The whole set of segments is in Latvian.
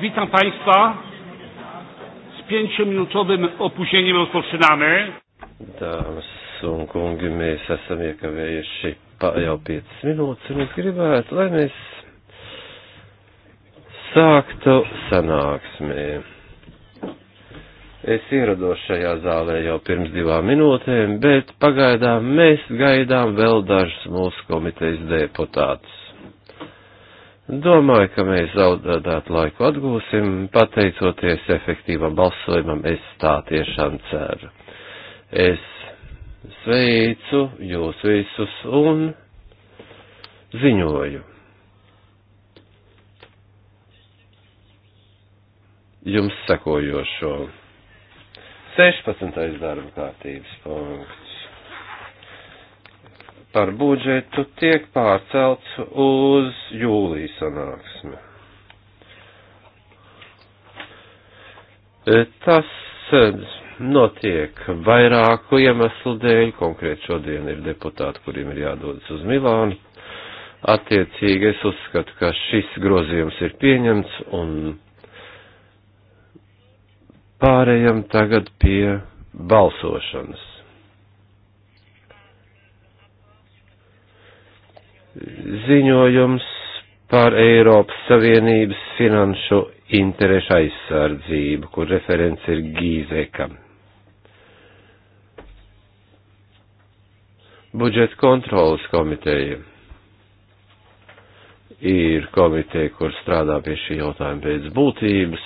Witam Państwa. Z pięciominutowym opóźnieniem rozpoczynamy. Dāmas un kungi, mēs esam iekavējuši jau 5 minūtes, un es gribētu, lai mēs sāktu sanāksmē. Es ierados šajā zālē jau pirms divām minūtēm, bet pagaidām mēs gaidām vēl dažus mūsu komitejas deputātus. Domāju, ka mēs zaudētu laiku atgūsim, pateicoties efektīvam balsojumam, es tā tiešām ceru. Es sveicu jūs visus un ziņoju. Jums sekojošo 16. darba kārtības punkts par budžetu tiek pārcelts uz jūlijas sanāksmi. Tas eh, notiek vairāku iemeslu dēļ, konkrēt šodien ir deputāti, kuriem ir jādodas uz Milānu. Attiecīgi es uzskatu, ka šis grozījums ir pieņemts un pārējam tagad pie balsošanas. ziņojums par Eiropas Savienības finanšu interešu aizsardzību, kur referents ir Gīzeka. Budžeta kontrolas komiteja ir komiteja, kur strādā pie šī jautājuma pēc būtības,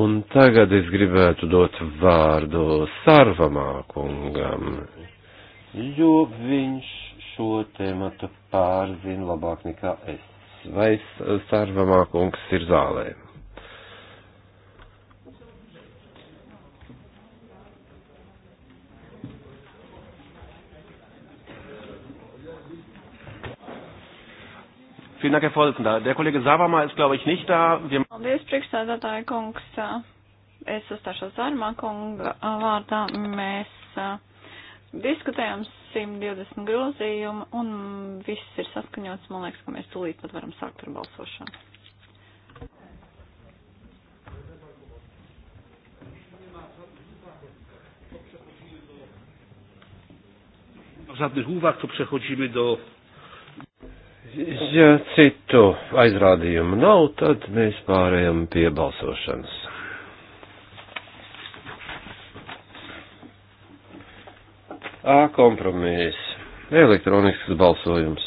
un tagad es gribētu dot vārdu Sarvamā kungam, jo viņš šo tēmatu pārzina labāk nekā es. Vai sarvamā kungs ir zālē? Vielen Dank, Herr Vorsitzender. Der Kollege Savama ist, glaube ich, nicht da. Wir Paldies, priekšsēdētāja kungs. Es uzstāšos Zārmā kunga vārdā. Mēs uh, diskutējam 120 grozījumu un viss ir saskaņots. Man liekas, ka mēs tūlīt pat varam sākt ar balsošanu. żadnych uwag, to przechodzimy do. Ja citu aizrādījumu nav, tad mēs pārējām pie balsošanas. A kompromiss. Elektronisks balsojums.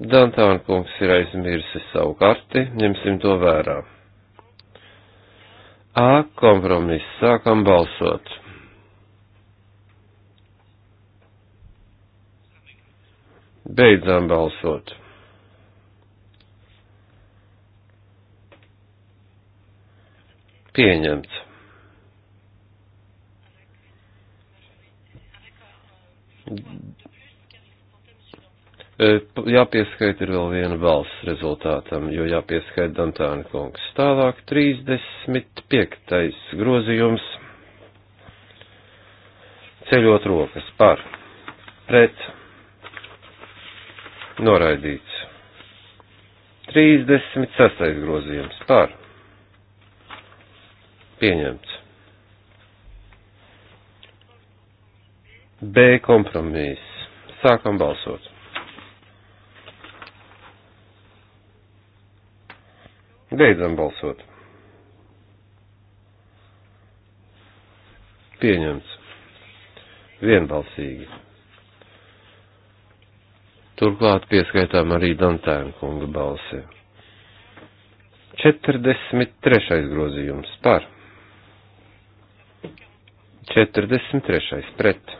Dantāna kungs ir aizmirsis savu karti, ņemsim to vērā. A kompromiss, sākam balsot. Beidzām balsot. Pieņemts. jāpieskaita ir vēl viena valsts rezultātam, jo jāpieskaita Dantāna kungs. Tālāk 35. grozījums ceļot rokas par, pret, noraidīts. 36. grozījums par, pieņemts. B kompromiss. Sākam balsot. Beidzam balsot. Pieņemts. Vienbalsīgi. Turklāt pieskaitām arī Dantēna kunga balsi. 43. grozījums par. 43. pret.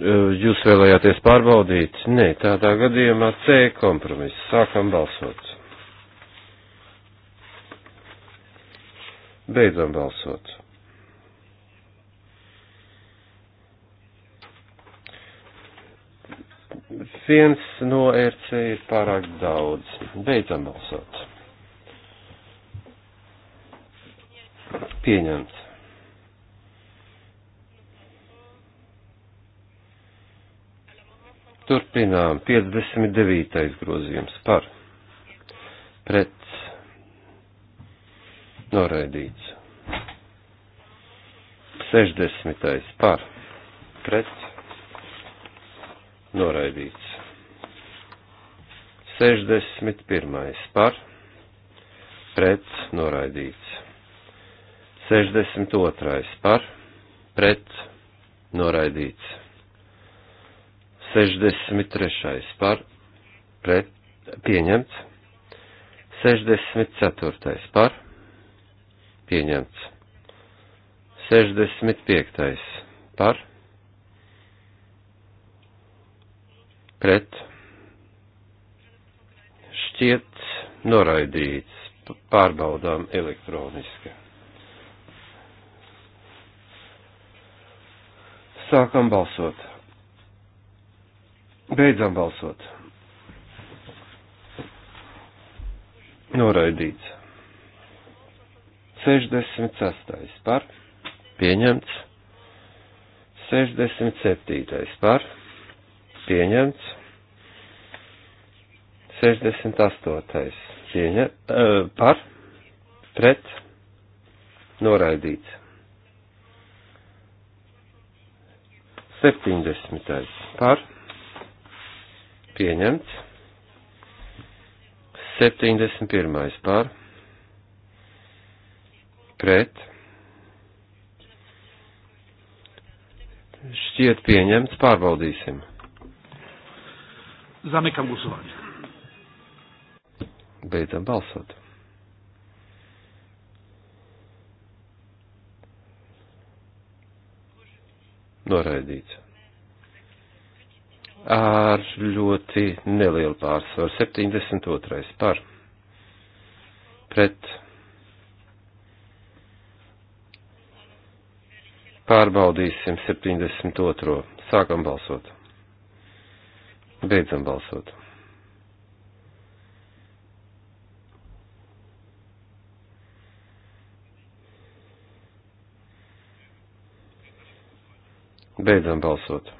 Eh, jūs vēlējāties pārbaudīt? Nē, tādā gadījumā C kompromiss. Sākam balsot. Beidzam balsot. Viens no RC ir pārāk daudz. Beidzam balsot. Pieņemts. Turpinām 59. grozījums par pret noraidīts. 60. par pret noraidīts. 61. par pret noraidīts. 62. par pret noraidīts. 63. par pret pieņemts. 64. par pieņemts. 65. par pret šķiet noraidīts. Pārbaudām elektroniski. Sākam balsot. Beidzam balsot. Noraidīts. 66. par. Pieņemts. 67. par. Pieņemts. 68. Pieņa, uh, par. Pret. Noraidīts. 70. par pieņemts. 71. par pret šķiet pieņemts, pārbaudīsim. Zamekam gusovāņu. Beidzam balsot. Noraidīts ar ļoti nelielu pārsvaru. 72. par pret pārbaudīsim 72. Sākam balsot. Beidzam balsot. Beidzam balsot.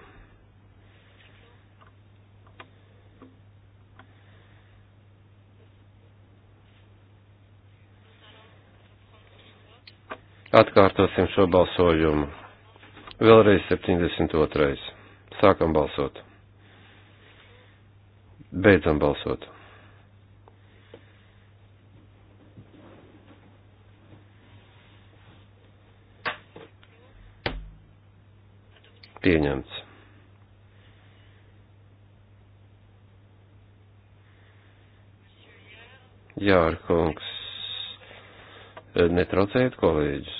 Atkārtosim šo balsojumu. Vēlreiz 72. Sākam balsot. Beidzam balsot. Pieņemts. Jārkungs, netraucējiet kolēģis.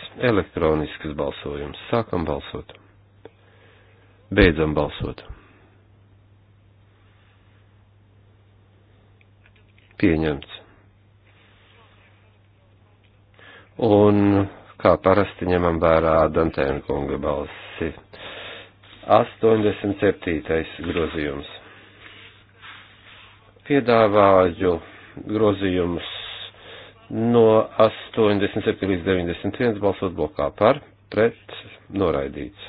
Elektronisks balsojums. Sākam balsot. Beidzam balsot. Pieņemts. Un kā parasti ņemam vērā Dantēna kunga balsi. 87. grozījums. Piedāvāju grozījumus no 87 līdz 91 balsot blokā par, pret, noraidīts.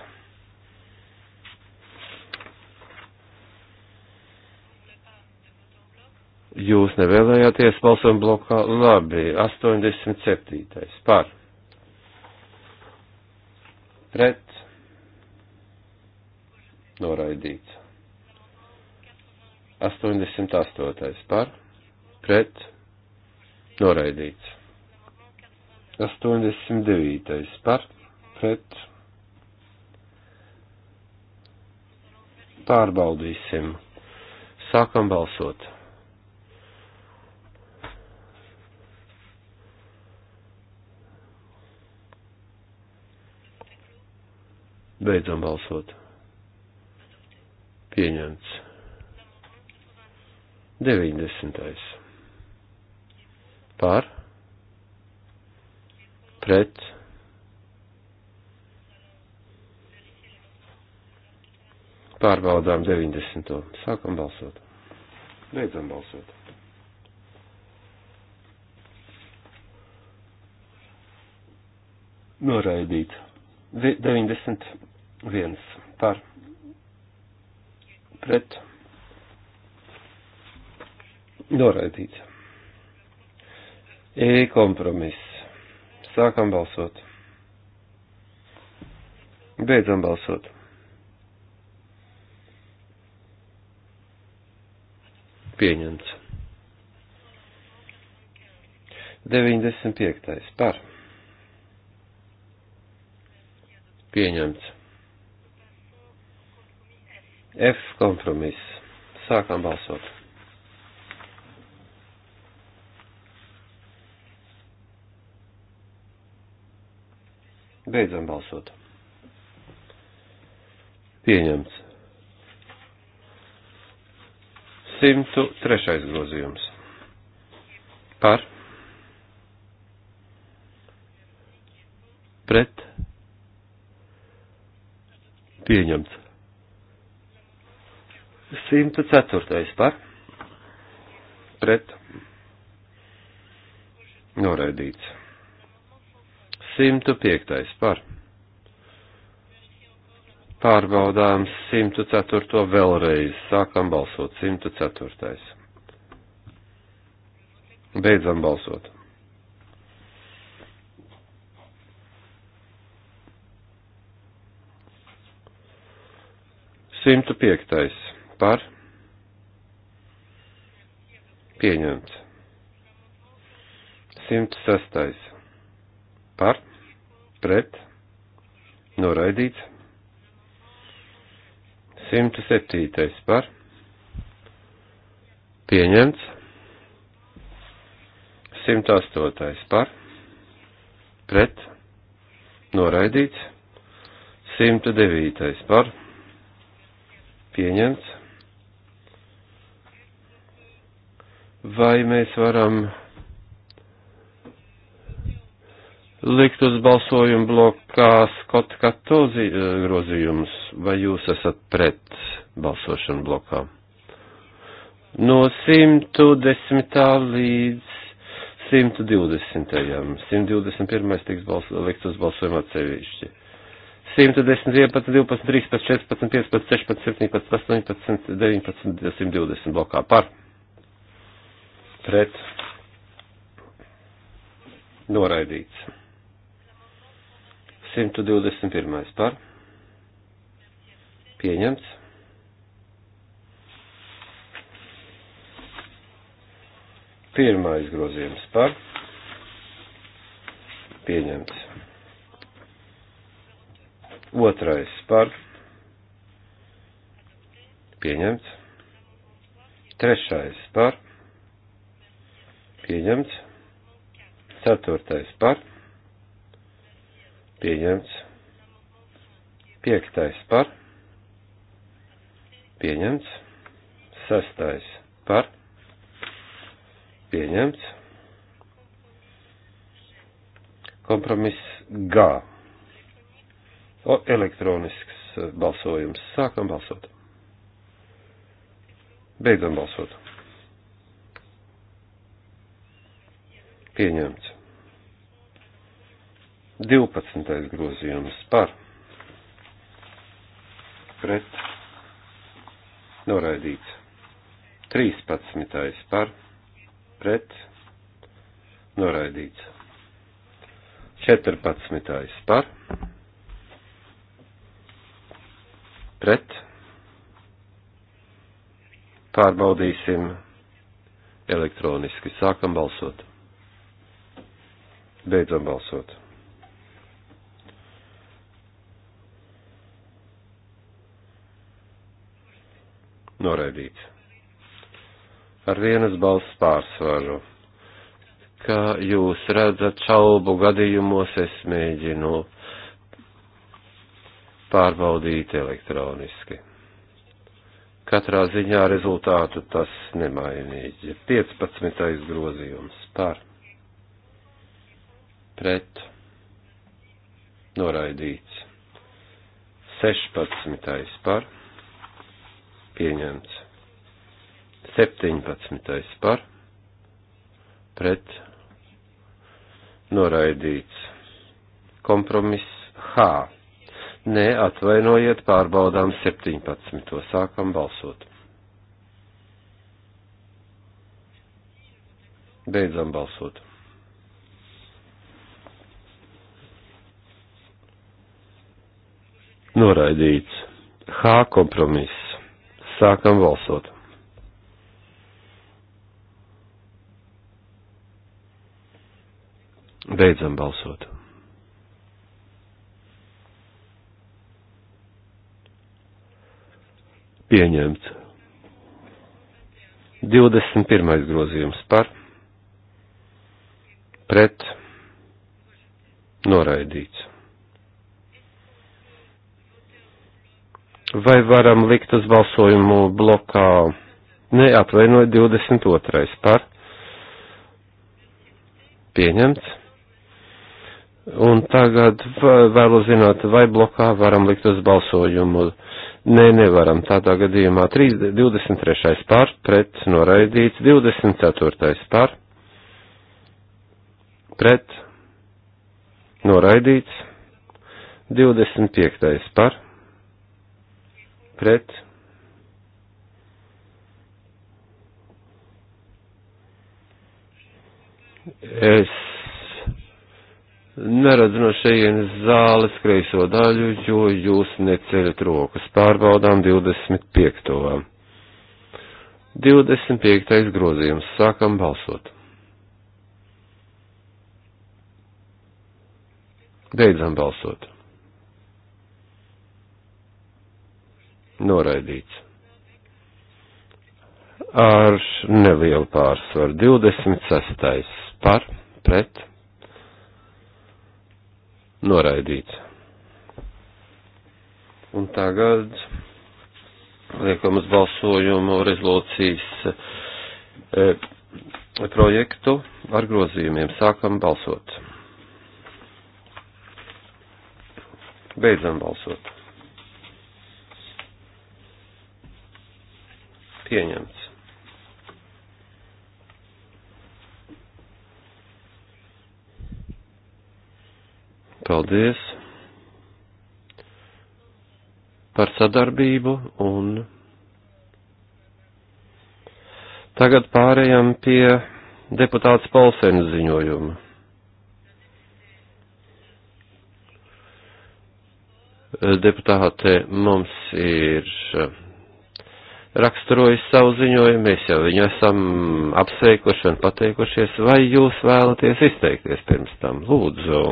Jūs nevēlējāties balsojumu blokā? Labi, 87. par. Pret. Noraidīts. 88. par. Pret noraidīts. 89. par pret pārbaudīsim. Sākam balsot. Beidzam balsot. Pieņemts. 90 par pret pārbaudām 90. Sākam balsot. Beidzam balsot. Noraidīt. 91 par pret noraidīt. E kompromiss. Sākam balsot. Beidzam balsot. Pieņemts. 95. par. Pieņemts. F kompromiss. Sākam balsot. Beidzam balsot. Pieņemts. 103. grozījums. Par. Pret. Pieņemts. 104. par. Pret. Noraidīts. 105. par. Pārbaudām 104. vēlreiz. Sākam balsot 104. Beidzam balsot. Simtu piektais par pieņemts. Simtu sestais par, pret, noraidīts. 107. par, pieņemts. 108. par, pret, noraidīts. 109. par, pieņemts. Vai mēs varam likt uz balsojumu blokā Skota Kato grozījums, vai jūs esat pret balsošanu blokā? No 110. līdz 120. 121. tiks balso, likt uz balsojumu atsevišķi. 110, 11, 12, 13, 14, 15, 16, 17, 18, 19, 120 blokā par. Pret. Noraidīts. 121. par. Pieņemts. Pirmais grozījums par. Pieņemts. Otrais par. Pieņemts. Trešais par. Pieņemts. Ceturtais par Pieņemts. Piektais par. Pieņemts. Sestais par. Pieņemts. Kompromiss G. O, elektronisks balsojums. Sākam balsot. Beidzam balsot. Pieņemts. 12. grozījums par pret noraidīts. 13. par pret noraidīts. 14. par pret pārbaudīsim elektroniski. Sākam balsot. Beidzam balsot. noraidīts. Ar vienas balss pārsvaru. Kā jūs redzat, šaubu gadījumos es mēģinu pārbaudīt elektroniski. Katrā ziņā rezultātu tas nemainīgi. 15. grozījums par pret noraidīts. 16. par pret pieņemts. 17. par pret noraidīts. Kompromiss H. Nē, atvainojiet, pārbaudām 17. sākam balsot. Beidzam balsot. Noraidīts. H kompromiss Sākam balsot. Beidzam balsot. Pieņemts. 21. grozījums par, pret, noraidīts. Vai varam likt uz balsojumu blokā? Nē, atvainojiet, 22. par. Pieņemts. Un tagad vēlu zināt, vai blokā varam likt uz balsojumu. Nē, nevaram. Tādā gadījumā 3, 23. pār pret noraidīts, 24. pār pret noraidīts, 25. pār pret Es neredzu no šejienes zāles kreiso daļu, jo jūs neceļat rokas. Pārbaudām 25. 25. grozījums. Sākam balsot. Beidzam balsot. noraidīts. Ar nelielu pārsvaru 26. par, pret, noraidīts. Un tagad liekam uz balsojumu rezolūcijas e, projektu ar grozījumiem. Sākam balsot. Beidzam balsot. pieņemts. Paldies par sadarbību un tagad pārējām pie deputāts Polsēnas ziņojuma. deputāte, mums ir raksturojis savu ziņojumu, mēs jau viņu esam apsveikuši un pateikušies, vai jūs vēlaties izteikties pirms tam? Lūdzu.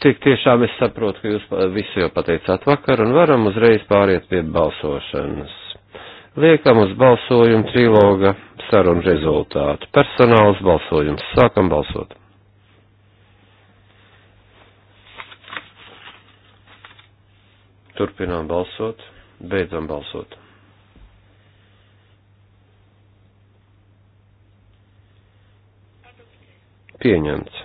Tik tiešām es saprotu, ka jūs visu jau pateicāt vakar un varam uzreiz pāriet pie balsošanas. Liekam uz balsojumu triloga sarunu rezultātu. Personāls balsojums. Sākam balsot. Turpinām balsot, beidzam balsot. Pieņemts.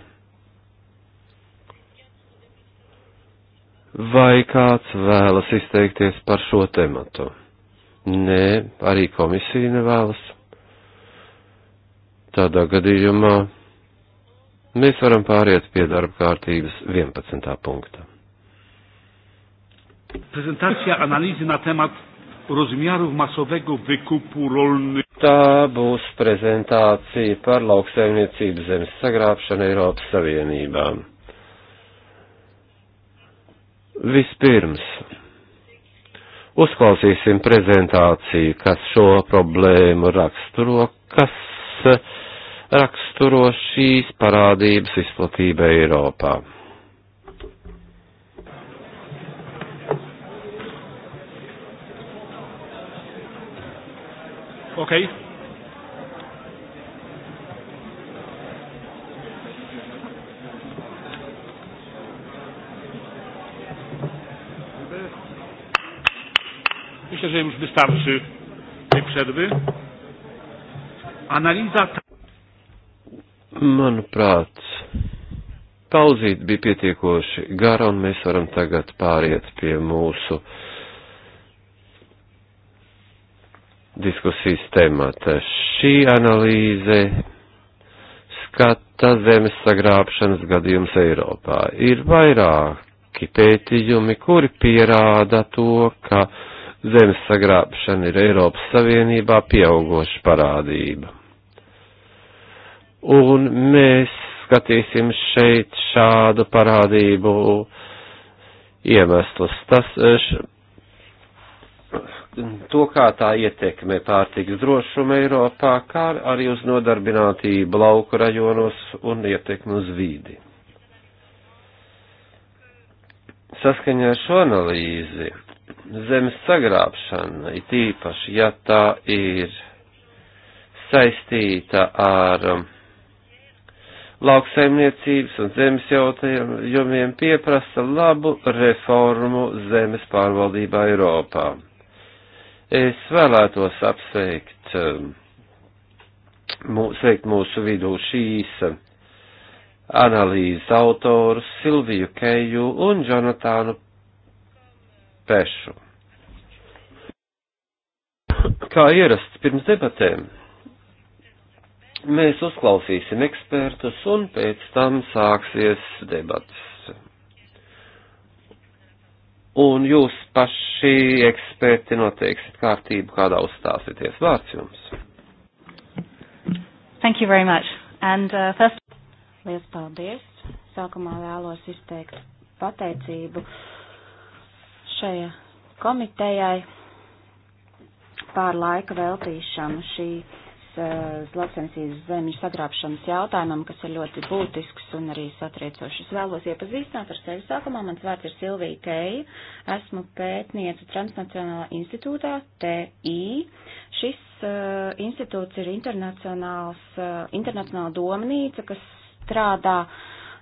Vai kāds vēlas izteikties par šo tematu? Nē, arī komisija nevēlas. Tādā gadījumā mēs varam pāriet pie darba kārtības 11. punkta. Prezentācija analīze na temat rozmiarów masowego wykupu rolnych. Tā būs prezentācija par lauksaimniecības zemes sagrābšanu Eiropas Savienībā. Vispirms uzklausīsim prezentāciju, kas šo problēmu raksturo, kas raksturo šīs parādības izplatība Eiropā. Okay. Myślę, że już wystarczy tej przerwy. Analiza. Manuprāt, pauzīt bija pietiekoši gara, un mēs varam tagad pāriet pie mūsu diskusijas temata. Šī analīze skata zemes sagrābšanas gadījums Eiropā. Ir vairāki pētījumi, kuri pierāda to, ka zemes sagrābšana ir Eiropas Savienībā pieaugoša parādība. Un mēs skatīsim šeit šādu parādību iemeslus. Tas, š, to, kā tā ietekmē pārtiks drošumu Eiropā, kā arī uz nodarbinātību lauku rajonos un ietekmi uz vīdi. Saskaņā ar šo analīzi zemes sagrābšana ir tīpaši, ja tā ir saistīta ar um, lauksaimniecības un zemes jautājumiem pieprasa labu reformu zemes pārvaldībā Eiropā Es vēlētos apsveikt um, mū, sveikt mūsu vidū šīs um, analīzes autorus Silviju Keju un Jonatānu Pešu. Kā ierasts pirms debatēm, mēs uzklausīsim ekspertus un pēc tam sāksies debats un jūs paši eksperti noteiksiet kārtību, kādā uzstāsieties. Vārds jums. Thank you very much. And uh, first, liels paldies. Sākumā vēlos izteikt pateicību šajā komitejai pār laika veltīšanu šī uh, eh, lauksaimniecības zemju sagrābšanas jautājumam, kas ir ļoti būtisks un arī satriecošs. Es vēlos iepazīstināt ar sevi sākumā. Mans vārds ir Silvija Teja. Esmu pētniece Transnacionālā institūtā TI. Šis uh, institūts ir internacionāls, uh, internacionāla domnīca, kas strādā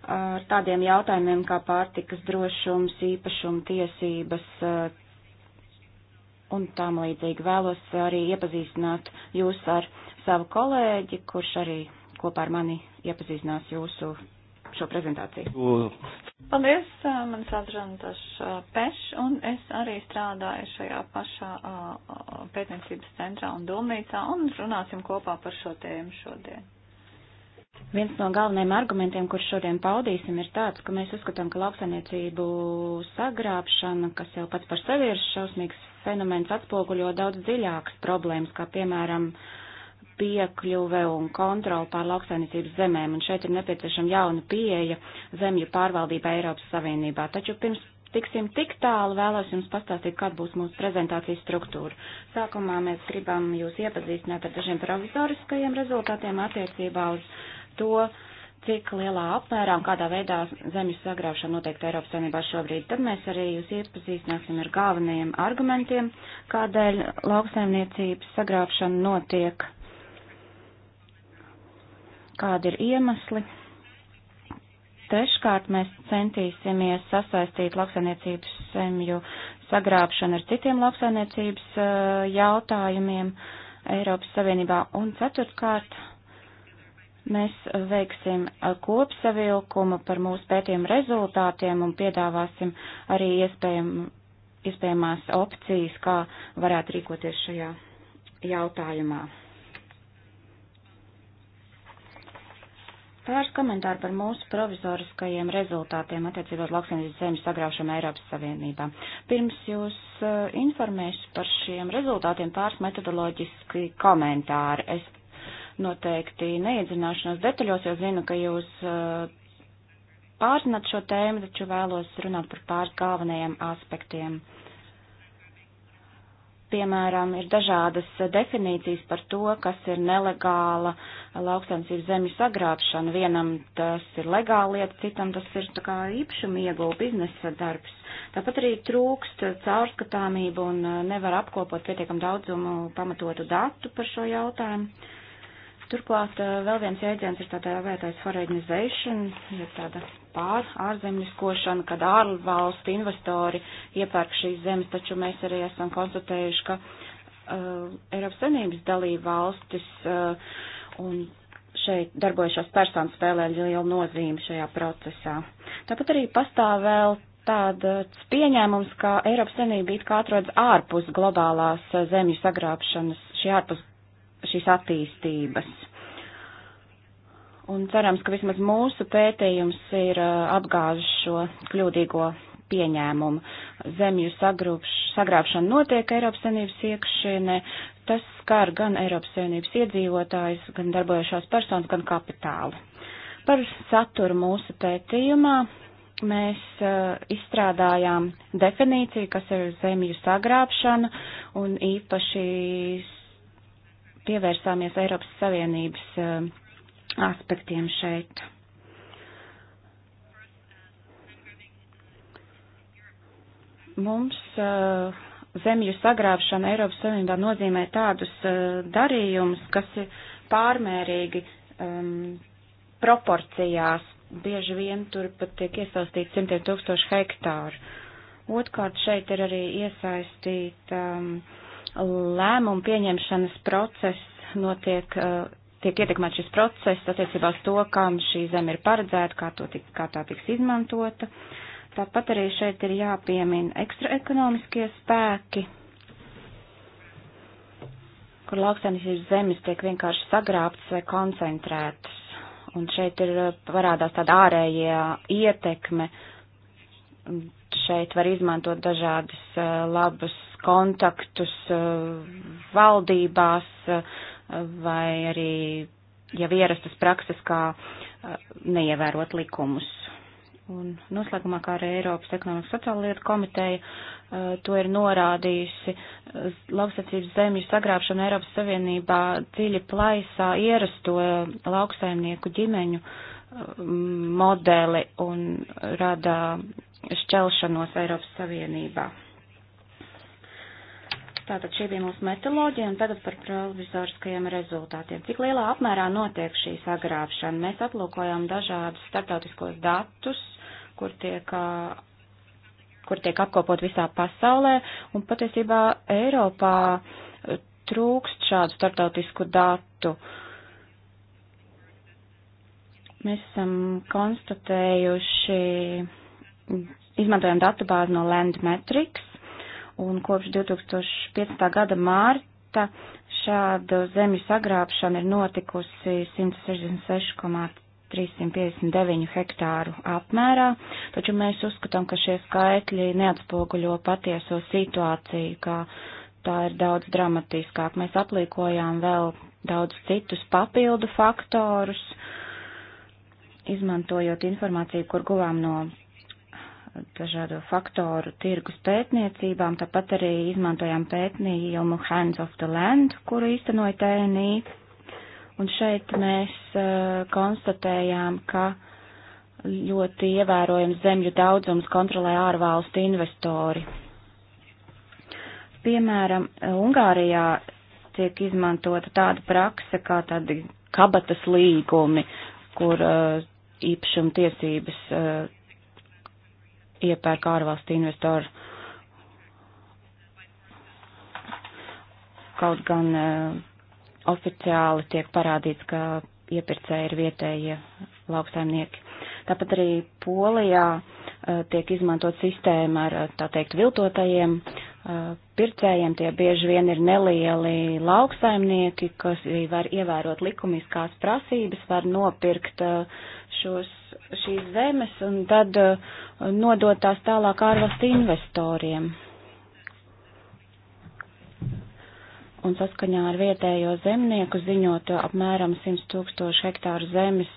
ar tādiem jautājumiem kā pārtikas drošums, īpašuma tiesības, uh, un tam līdzīgi vēlos arī iepazīstināt jūs ar savu kolēģi, kurš arī kopā ar mani iepazīstinās jūsu šo prezentāciju. Paldies, man sauc Žantaš Peš, un es arī strādāju šajā pašā pētniecības centrā un domnīcā, un runāsim kopā par šo tēmu šodien. Viens no galvenajiem argumentiem, kurš šodien paudīsim, ir tāds, ka mēs uzskatām, ka lauksainiecību sagrābšana, kas jau pats par sevi ir šausmīgs fenomens, atspoguļo daudz dziļākas problēmas, kā piemēram uh, piekļuve un kontrola pār lauksainicības zemēm, un šeit ir nepieciešama jauna pieeja zemju pārvaldībā Eiropas Savienībā. Taču pirms tiksim tik tālu, vēlos jums pastāstīt, kāda būs mūsu prezentācijas struktūra. Sākumā mēs gribam jūs iepazīstināt ar dažiem provizoriskajiem rezultātiem attiecībā uz to, cik lielā apmērā un kādā veidā zemju sagraušana noteikti Eiropas Savienībā šobrīd. Tad mēs arī jūs iepazīstināsim ar galvenajiem argumentiem, kādēļ lauksaimniecības sagraušana notiek kādi ir iemesli. Treškārt mēs centīsimies sasaistīt lauksainiecības zemju sagrābšanu ar citiem lauksainiecības eh, jautājumiem Eiropas Savienībā. Un ceturtkārt mēs veiksim eh, kopsavilkumu par mūsu pētījumu rezultātiem un piedāvāsim arī iespējam, iespējamās opcijas, kā varētu rīkoties šajā jautājumā. Pāris komentāri par mūsu provizoriskajiem rezultātiem attiecībā uz lauksaimniecības zemes sagraušanu Eiropas Savienībā. Pirms jūs eh, informēšu par šiem rezultātiem pāris metodoloģiski komentāri. Es noteikti neiedzināšanos detaļos, jo zinu, ka jūs eh, pārzināt šo tēmu, taču vēlos runāt par pāris galvenajiem aspektiem. Piemēram, ir dažādas definīcijas par to, kas ir nelegāla lauksaimniecības zemes sagrābšana. Vienam tas ir legāla lieta, citam tas ir tā kā īpašuma ieguva biznesa darbs. Tāpat arī trūkst caurskatāmību un uh, nevar apkopot pietiekam daudzumu pamatotu datu par šo jautājumu. Turklāt uh, vēl viens jēdziens ir tāda vērtais foreignization, ir tāda pār ārzemniskošanu, kad ārvalstu investori iepērk šīs zemes, taču mēs arī esam konstatējuši, ka uh, Eiropas Savienības dalība valstis uh, un šeit darbojušās personas spēlē lielu nozīmi šajā procesā. Tāpat arī pastāv vēl tāds pieņēmums, ka Eiropas Savienība it kā atrodas ārpus globālās uh, zemju sagrābšanas, šī ārpus šīs attīstības. Un cerams, ka vismaz mūsu pētījums ir uh, apgāzis šo kļūdīgo pieņēmumu. Zemju sagrūpš, sagrābšana notiek Eiropas Savienības iekšienē. Tas skar gan Eiropas Savienības iedzīvotājus, gan darbojošās personas, gan kapitālu. Par saturu mūsu pētījumā mēs uh, izstrādājām definīciju, kas ir zemju sagrābšana un īpaši pievērsāmies Eiropas Savienības uh, aspektiem šeit. Mums uh, zemju sagrāvšana Eiropas Savienībā nozīmē tādus uh, darījumus, kas ir pārmērīgi um, proporcijās. Bieži vien tur pat tiek iesaistīts simtiem tūkstoši hektāru. Otkārt šeit ir arī iesaistīta um, lēmumu pieņemšanas process, notiek uh, tiek ietekmēts šis process attiecībā uz to, kam šī zeme ir paredzēta, kā, tik, kā tā tiks izmantota. Tāpat arī šeit ir jāpiemina ekstraekonomiskie spēki, kur lauksainisības zemes tiek vienkārši sagrābtas vai koncentrētas. Un šeit ir eh, parādās tāda ārējā ietekme. Šeit var izmantot dažādas eh, labas kontaktus eh, valdībās, vai arī jau ierastas prakses, kā eh, neievērot likumus. Un noslēgumā, kā arī Eiropas ekonomikas sociāla lieta komiteja eh, to ir norādījusi, eh, lauksacības zemju sagrābšana Eiropas Savienībā dziļi plaisā ierasto lauksaimnieku ģimeņu modeli un rada šķelšanos Eiropas Savienībā. Tātad šī bija mūsu metoloģija un tagad par provizoriskajiem rezultātiem. Cik lielā apmērā notiek šī sagrābšana? Mēs aplūkojām dažādus startautiskos datus, kur tiek, kur tiek apkopot visā pasaulē, un patiesībā Eiropā trūkst šādu startautisku datu. Mēs esam konstatējuši, izmantojam datubāzi no Landmetrics, un kopš 2015. gada mārta šādu zemju sagrābšana ir notikusi 166,359 hektāru apmērā, taču mēs uzskatām, ka šie skaitļi neatspoguļo patieso situāciju, kā tā ir daudz dramatiskāk. Mēs aplīkojām vēl daudz citus papildu faktorus, izmantojot informāciju, kur guvām no dažādu faktoru tirgus pētniecībām, tāpat arī izmantojām pētnījumu Hands of the Land, kuru īstenoja TNI. Un šeit mēs uh, konstatējām, ka ļoti ievērojams zemju daudzums kontrolē ārvalstu investori. Piemēram, Ungārijā tiek izmantota tāda prakse kā tādi kabatas līgumi, kur uh, īpašuma tiesības uh, iepērk ārvalstu investoru. Kaut gan uh, oficiāli tiek parādīts, ka iepirkēji ir vietējie lauksaimnieki. Tāpat arī Polijā uh, tiek izmantot sistēma ar e, tā teikt viltotajiem uh, pircējiem. Tie bieži vien ir nelieli lauksaimnieki, kas var ievērot likumiskās prasības, var nopirkt uh, šos šīs zemes un tad uh, nodot tās tālāk ārvalstu investoriem. Un saskaņā ar vietējo zemnieku ziņot, uh, apmēram 100 tūkstoši hektāru zemes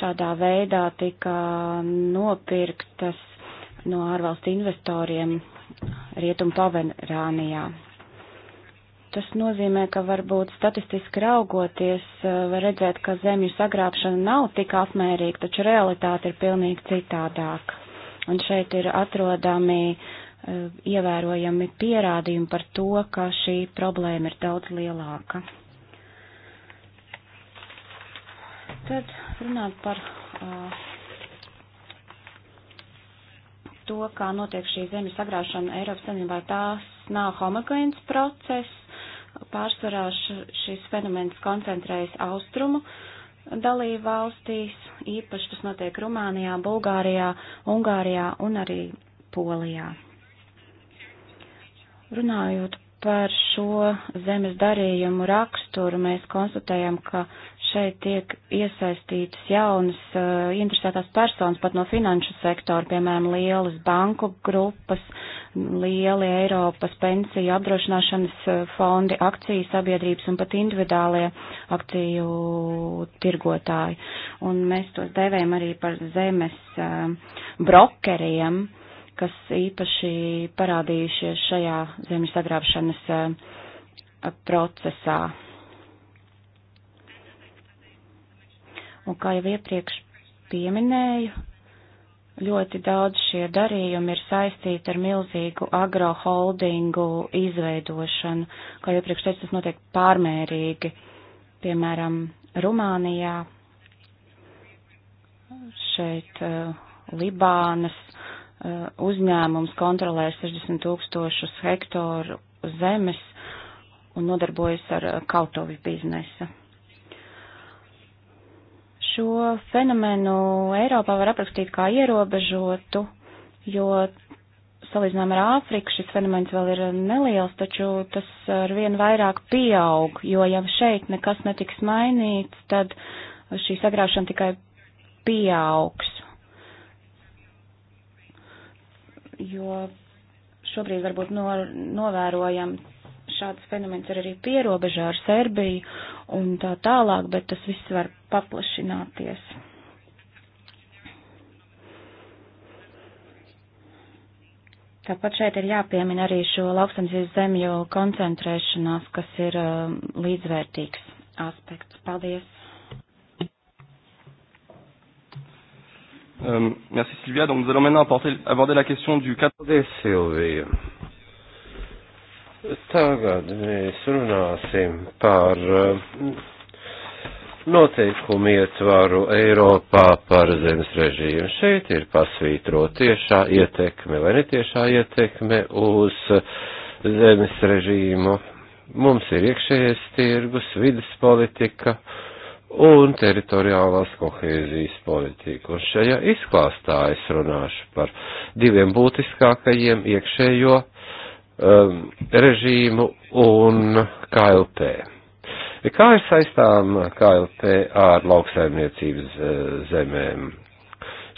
šādā veidā tika uh, nopirktas no ārvalstu investoriem Rietumpavenrānijā. Tas nozīmē, ka varbūt statistiski raugoties eh, var redzēt, ka zemju sagrābšana nav tik apmērīga, taču realitāte ir pilnīgi citādāka. Un šeit ir atrodami eh, ievērojami pierādījumi par to, ka šī problēma ir daudz lielāka. Tad runāt par uh, to, kā notiek šī zemju sagrāšana Eiropas Savienībā, tās nav homogēns process, Pārsvarā šis fenomens koncentrējas austrumu dalību valstīs, īpaši tas notiek Rumānijā, Bulgārijā, Ungārijā un arī Polijā. Runājot par šo zemes darījumu raksturu mēs konstatējam, ka šeit tiek iesaistītas jaunas uh, interesētās personas pat no finanšu sektora, piemēram, lielas banku grupas, lieli Eiropas pensiju apdrošināšanas uh, fondi, akciju sabiedrības un pat individuālie akciju tirgotāji. Un mēs tos devējam arī par zemes uh, brokeriem. Uh, kas īpaši parādījušies šajā zemes sagrābšanas eh, procesā. Un kā jau iepriekš pieminēju, ļoti daudz šie darījumi ir saistīti ar milzīgu agroholdingu izveidošanu. Kā jau iepriekš teicu, tas notiek pārmērīgi. Piemēram, Rumānijā, šeit eh, Libānas Uh, uzņēmums kontrolē 60 tūkstošus hektāru zemes un nodarbojas ar uh, kautovi biznesa. Šo fenomenu Eiropā var aprakstīt kā ierobežotu, jo salīdzinām ar Āfriku šis fenomens vēl ir neliels, taču tas ar vien vairāk pieaug, jo ja šeit nekas netiks mainīts, tad šī sagraušana tikai pieaugs. jo šobrīd varbūt no, novērojam šāds fenomens ir arī pierobežā ar Serbiju un tā tālāk, bet tas viss var paplašināties. Tāpat šeit ir jāpiemina arī šo lauksaimniecības zemju koncentrēšanās, kas ir um, līdzvērtīgs aspekts. Paldies! Euh, merci Sylvia. Donc nous allons maintenant apporter, aborder la question du 4. Paldies, Silvija. Tagad mēs runāsim par uh, noteikumu ietvaru Eiropā par zemes režīmu. Šeit ir pasvītrot tiešā ietekme vai netiešā ietekme uz zemes režīmu. Mums ir iekšējais tirgus, vidas politika. Uh, un teritoriālās kohēzijas politiku. Un šajā izklāstā es runāšu par diviem būtiskākajiem iekšējo um, režīmu un KLP. Kā ir saistām KLP ar lauksaimniecības eh, zemēm?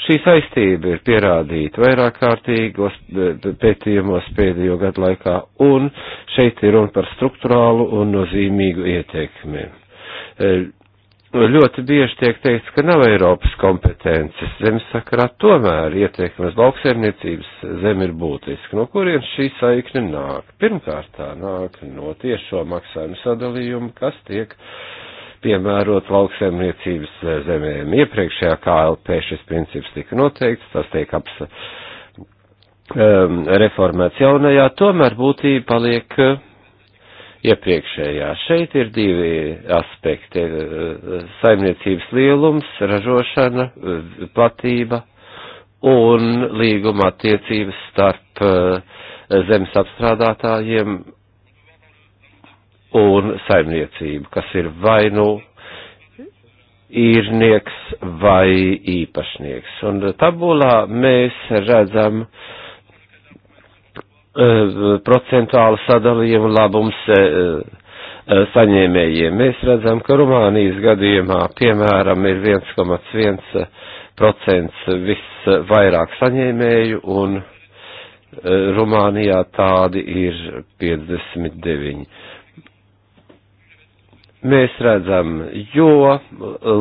Šī saistība ir pierādīta vairāk kārtīgos eh, pētījumos pēdējo gadu laikā, un šeit ir runa par struktūrālu un nozīmīgu ietekmi. Eh, ļoti bieži tiek teikts, ka nav Eiropas kompetences zemes sakarā, tomēr ietekmes lauksaimniecības zem ir būtiska. No kurien šī saikne nāk? Pirmkārt, tā nāk no tiešo maksājumu sadalījumu, kas tiek piemērot lauksaimniecības zemēm. Iepriekšējā KLP šis princips tika noteikts, tas tiek aps um, reformēts jaunajā, tomēr būtība paliek. Uh, iepriekšējā. Šeit ir divi aspekti - saimniecības lielums, ražošana, platība un līguma attiecības starp eh, zemes apstrādātājiem un saimniecību, kas ir vai nu īrnieks vai īpašnieks. Un tabulā mēs redzam uh, E, procentuālu sadalījumu labums e, e, saņēmējiem. Mēs redzam, ka Rumānijas gadījumā, piemēram, ir 1,1% visvairāk saņēmēju, un Rumānijā tādi ir 59. Mēs redzam, jo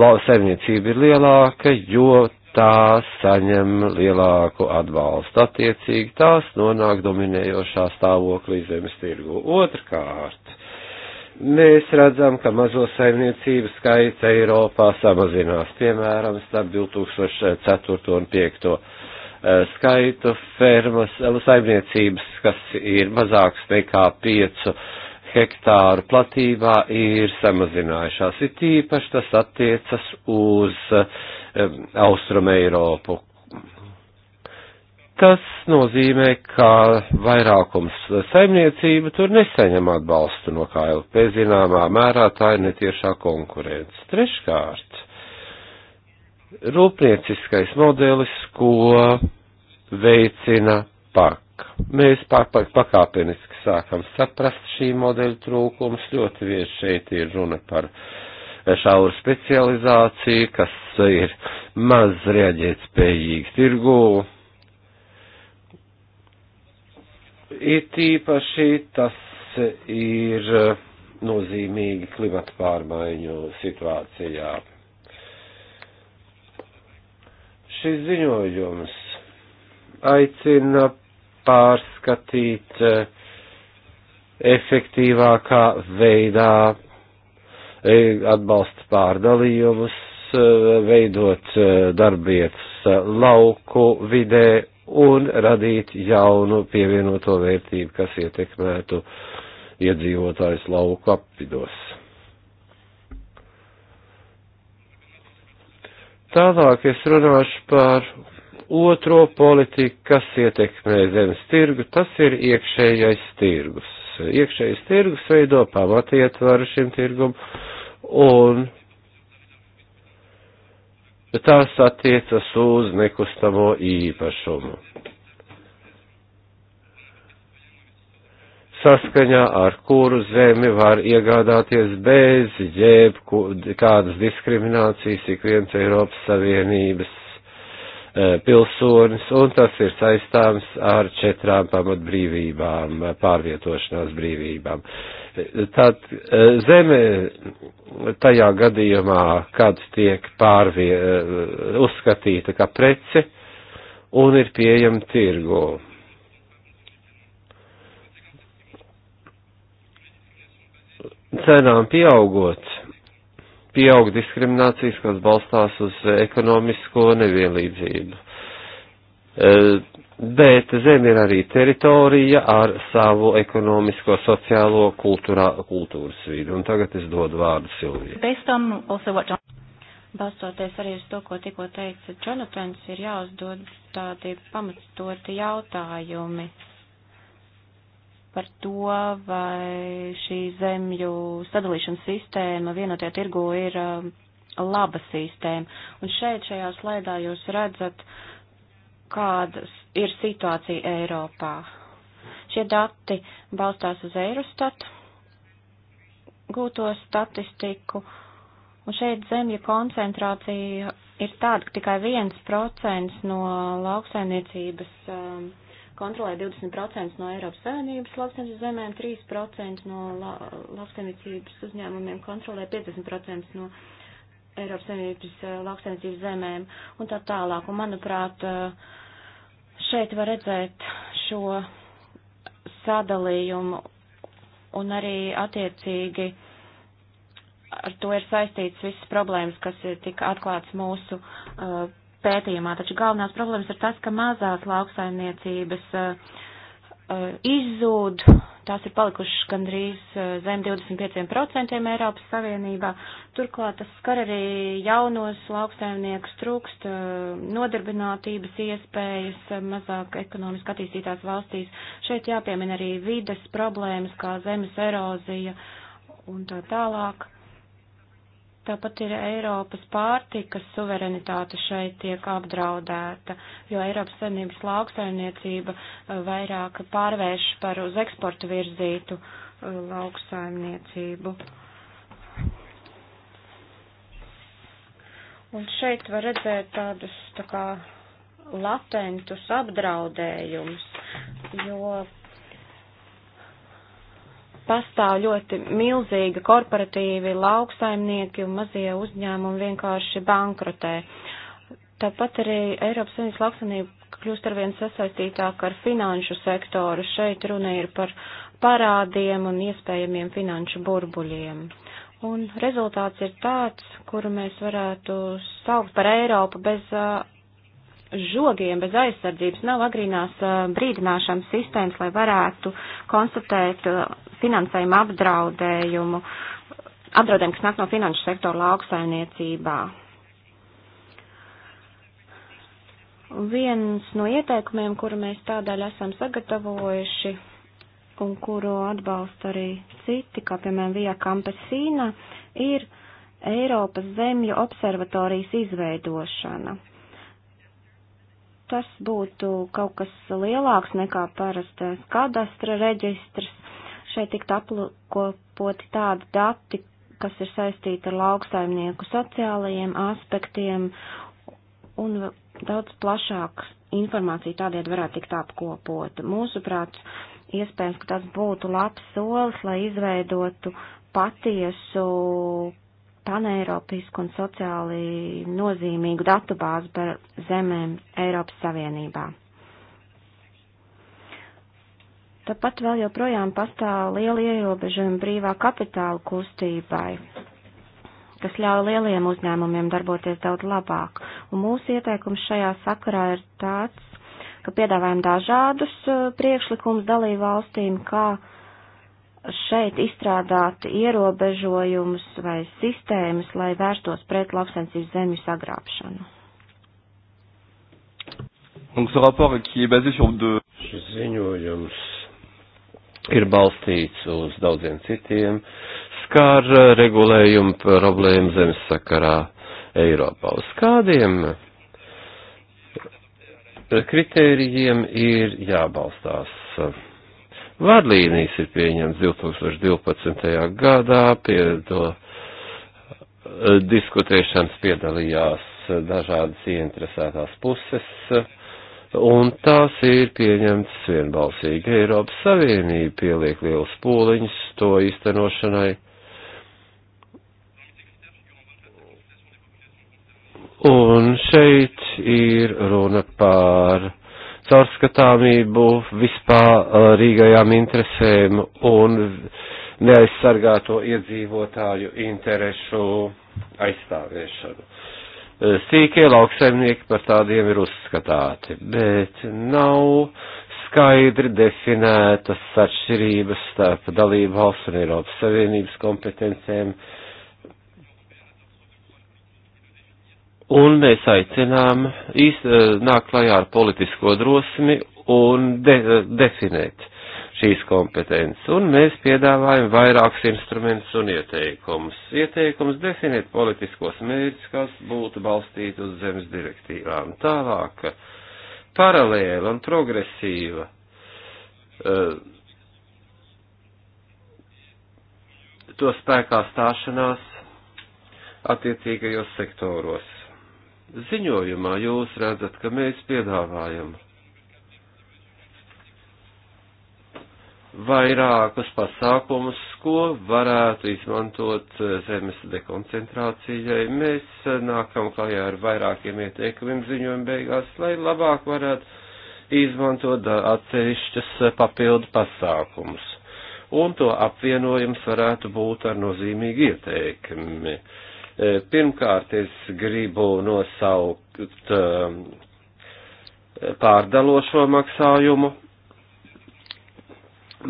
lauksaimniecība ir lielāka, jo tā saņem lielāku atbalstu. Attiecīgi tās nonāk dominējošā stāvoklī zemes tirgu. Otrkārt, mēs redzam, ka mazo saimniecību skaits Eiropā samazinās, piemēram, starp 2004 un 2005 e, skaitu fermas, e, saimniecības, kas ir mazāks nekā 5 hektāru platībā, ir samazinājušās. It īpaši tas attiecas uz uh, Eh, Austrum Eiropu. Tas nozīmē, ka vairākums saimniecība tur nesaņem atbalstu no KLP zināmā mērā, tā ir netiešā konkurence. Treškārt, rūpnieciskais modelis, ko veicina pak. Mēs pakāpeniski sākam saprast šī modeļa trūkums, ļoti vieši šeit ir runa par uh, šaura specializācija, kas ir maz rēģēt spējīgs tirgū. It īpaši tas ir nozīmīgi klimata pārmaiņu situācijā. Šis ziņojums aicina pārskatīt eh, efektīvākā veidā E, atbalsta pārdalījumus, e, veidot e, darbietas lauku vidē un radīt jaunu pievienoto vērtību, kas ietekmētu iedzīvotājs lauku apvidos. Tālāk es runāšu par otro politiku, kas ietekmē zemes tirgu, tas ir iekšējais tirgus. Iekšējais tirgus veido pamatietvaru šim tirgum, un tās attiecas uz nekustamo īpašumu. saskaņā ar kuru zemi var iegādāties bez jebkādas diskriminācijas ik viens Eiropas Savienības E, pilsonis, un tas ir saistāms ar četrām pamatbrīvībām, pārvietošanās brīvībām. Tad e, zeme tajā gadījumā, kad tiek pārvie, e, uzskatīta kā prece un ir pieejama tirgū. Cenām pieaugot, pieaug diskriminācijas, kas balstās uz ekonomisko nevienlīdzību. E, bet zem ir arī teritorija ar savu ekonomisko, sociālo kultūrā, kultūras vidi. Un tagad es dodu vārdu Silvijai. Balstoties arī uz to, ko tikko teica Jonatans, ir jāuzdod tādi pamatstoti jautājumi par to, vai šī zemju sadalīšanas sistēma vienotajā tirgu ir um, laba sistēma. Un šeit šajā slaidā jūs redzat, kāda ir situācija Eiropā. Šie dati balstās uz Eurostat gūto statistiku, un šeit zemju koncentrācija ir tāda, ka tikai viens procents no lauksainiecības um, kontrolē 20% no Eiropas Savienības lauksaimniecības zemēm, 3% no la, lauksaimniecības uzņēmumiem kontrolē 50% no Eiropas Savienības eh, lauksaimniecības zemēm un tā tālāk. Un, manuprāt, eh, šeit var redzēt šo sadalījumu un arī attiecīgi ar to ir saistīts visas problēmas, kas ir tik atklāts mūsu uh, pētījumā, taču galvenās problēmas ir tas, ka mazās lauksaimniecības eh, eh, izzūd, tās ir palikušas gandrīz eh, zem 25% Eiropas Savienībā. Turklāt tas skar arī jaunos lauksaimniekus, trūkst nodarbinātības iespējas mazāk ekonomiski attīstītās valstīs. Šeit jāpiemina arī vides problēmas, kā zemes erozija un tā tālāk. Tāpat ir Eiropas pārtikas suverenitāte šeit tiek apdraudēta, jo Eiropas saimnības lauksaimniecība e, vairāk pārvērš par uz eksportu virzītu e, lauksaimniecību. Un šeit var redzēt tādus tā kā latentus apdraudējumus, jo pastāv ļoti milzīga korporatīvi, lauksaimnieki un mazie uzņēmumi vienkārši bankrotē. Tāpat arī Eiropas Savienības lauksaimnieka kļūst arvien sasaistītāka ar finanšu sektoru. Šeit runa ir par parādiem un iespējamiem finanšu burbuļiem. Un rezultāts ir tāds, kuru mēs varētu saukt par Eiropu bez uh, žogiem bez aizsardzības nav agrīnās brīdināšanas sistēmas, lai varētu konstatēt finansējuma apdraudējumu, apdraudējumu, kas nāk no finanšu sektora lauksaimniecībā. Viens no ieteikumiem, kuru mēs tādēļ esam sagatavojuši un kuru atbalsta arī citi, kā piemēram Vija Kampesīna, ir Eiropas zemju observatorijas izveidošana tas būtu kaut kas lielāks nekā parastais kadastra reģistrs. Šeit tiktu aplūkoti tādi dati, kas ir saistīti ar lauksaimnieku sociālajiem aspektiem un daudz plašāk informācija tādēļ varētu tikt apkopota. Mūsuprāt, iespējams, ka tas būtu labs solis, lai izveidotu patiesu paneiropisku un sociāli nozīmīgu datubāzi par zemēm Eiropas Savienībā. Tāpat vēl joprojām pastāv liela ierobežojuma brīvā kapitāla kustībai, kas ļauj lieliem uzņēmumiem darboties daudz labāk. Un mūsu ieteikums šajā sakarā ir tāds, ka piedāvājam dažādus eh, priekšlikumus dalību valstīm, kā uh, šeit izstrādāt ierobežojumus vai sistēmas, lai vērstos pret lauksensības zemju sagrābšanu. Donc ce rapport qui est basé sur deux. Šis ziņojums ir balstīts uz daudziem citiem, skar regulējumu problēmu zemes sakarā Eiropā. Uz kādiem kritērijiem ir jābalstās? Vadlīnijas ir pieņemts 2012. gadā, pie to eh, diskutēšanas piedalījās dažādas ieinteresētās puses, un tās ir pieņemts vienbalsīgi. Eiropas Savienība pieliek lielus pūliņus to īstenošanai. Un šeit ir runa par caurskatāmību vispārīgajām uh, interesēm un neaizsargāto iedzīvotāju interešu aizstāviešanu. Uh, sīkie lauksaimnieki par tādiem ir uzskatāti, bet nav skaidri definētas atšķirības starp dalību valsts un Eiropas Savienības kompetencēm uh, Un mēs aicinām īst, eh, nākt klajā ar politisko drosmi un de, eh, definēt šīs kompetences. Un mēs piedāvājam vairākus instrumentus un ieteikumus. Ieteikums definēt politiskos mērķus, kas būtu balstīti uz zemes direktīvām. Tālāk, paralēla un progresīva. Uh, to spēkā stāšanās attiecīgajos sektoros. Ziņojumā jūs redzat, ka mēs piedāvājam vairākus pasākumus, ko varētu izmantot zemes dekoncentrācijai. Mēs nākam klajā ar vairākiem ieteikumiem ziņojumu beigās, lai labāk varētu izmantot atsevišķas papildu pasākumus. Un to apvienojums varētu būt ar nozīmīgu ieteikumu Eh, pirmkārt, es gribu nosaukt eh, pārdalošo maksājumu,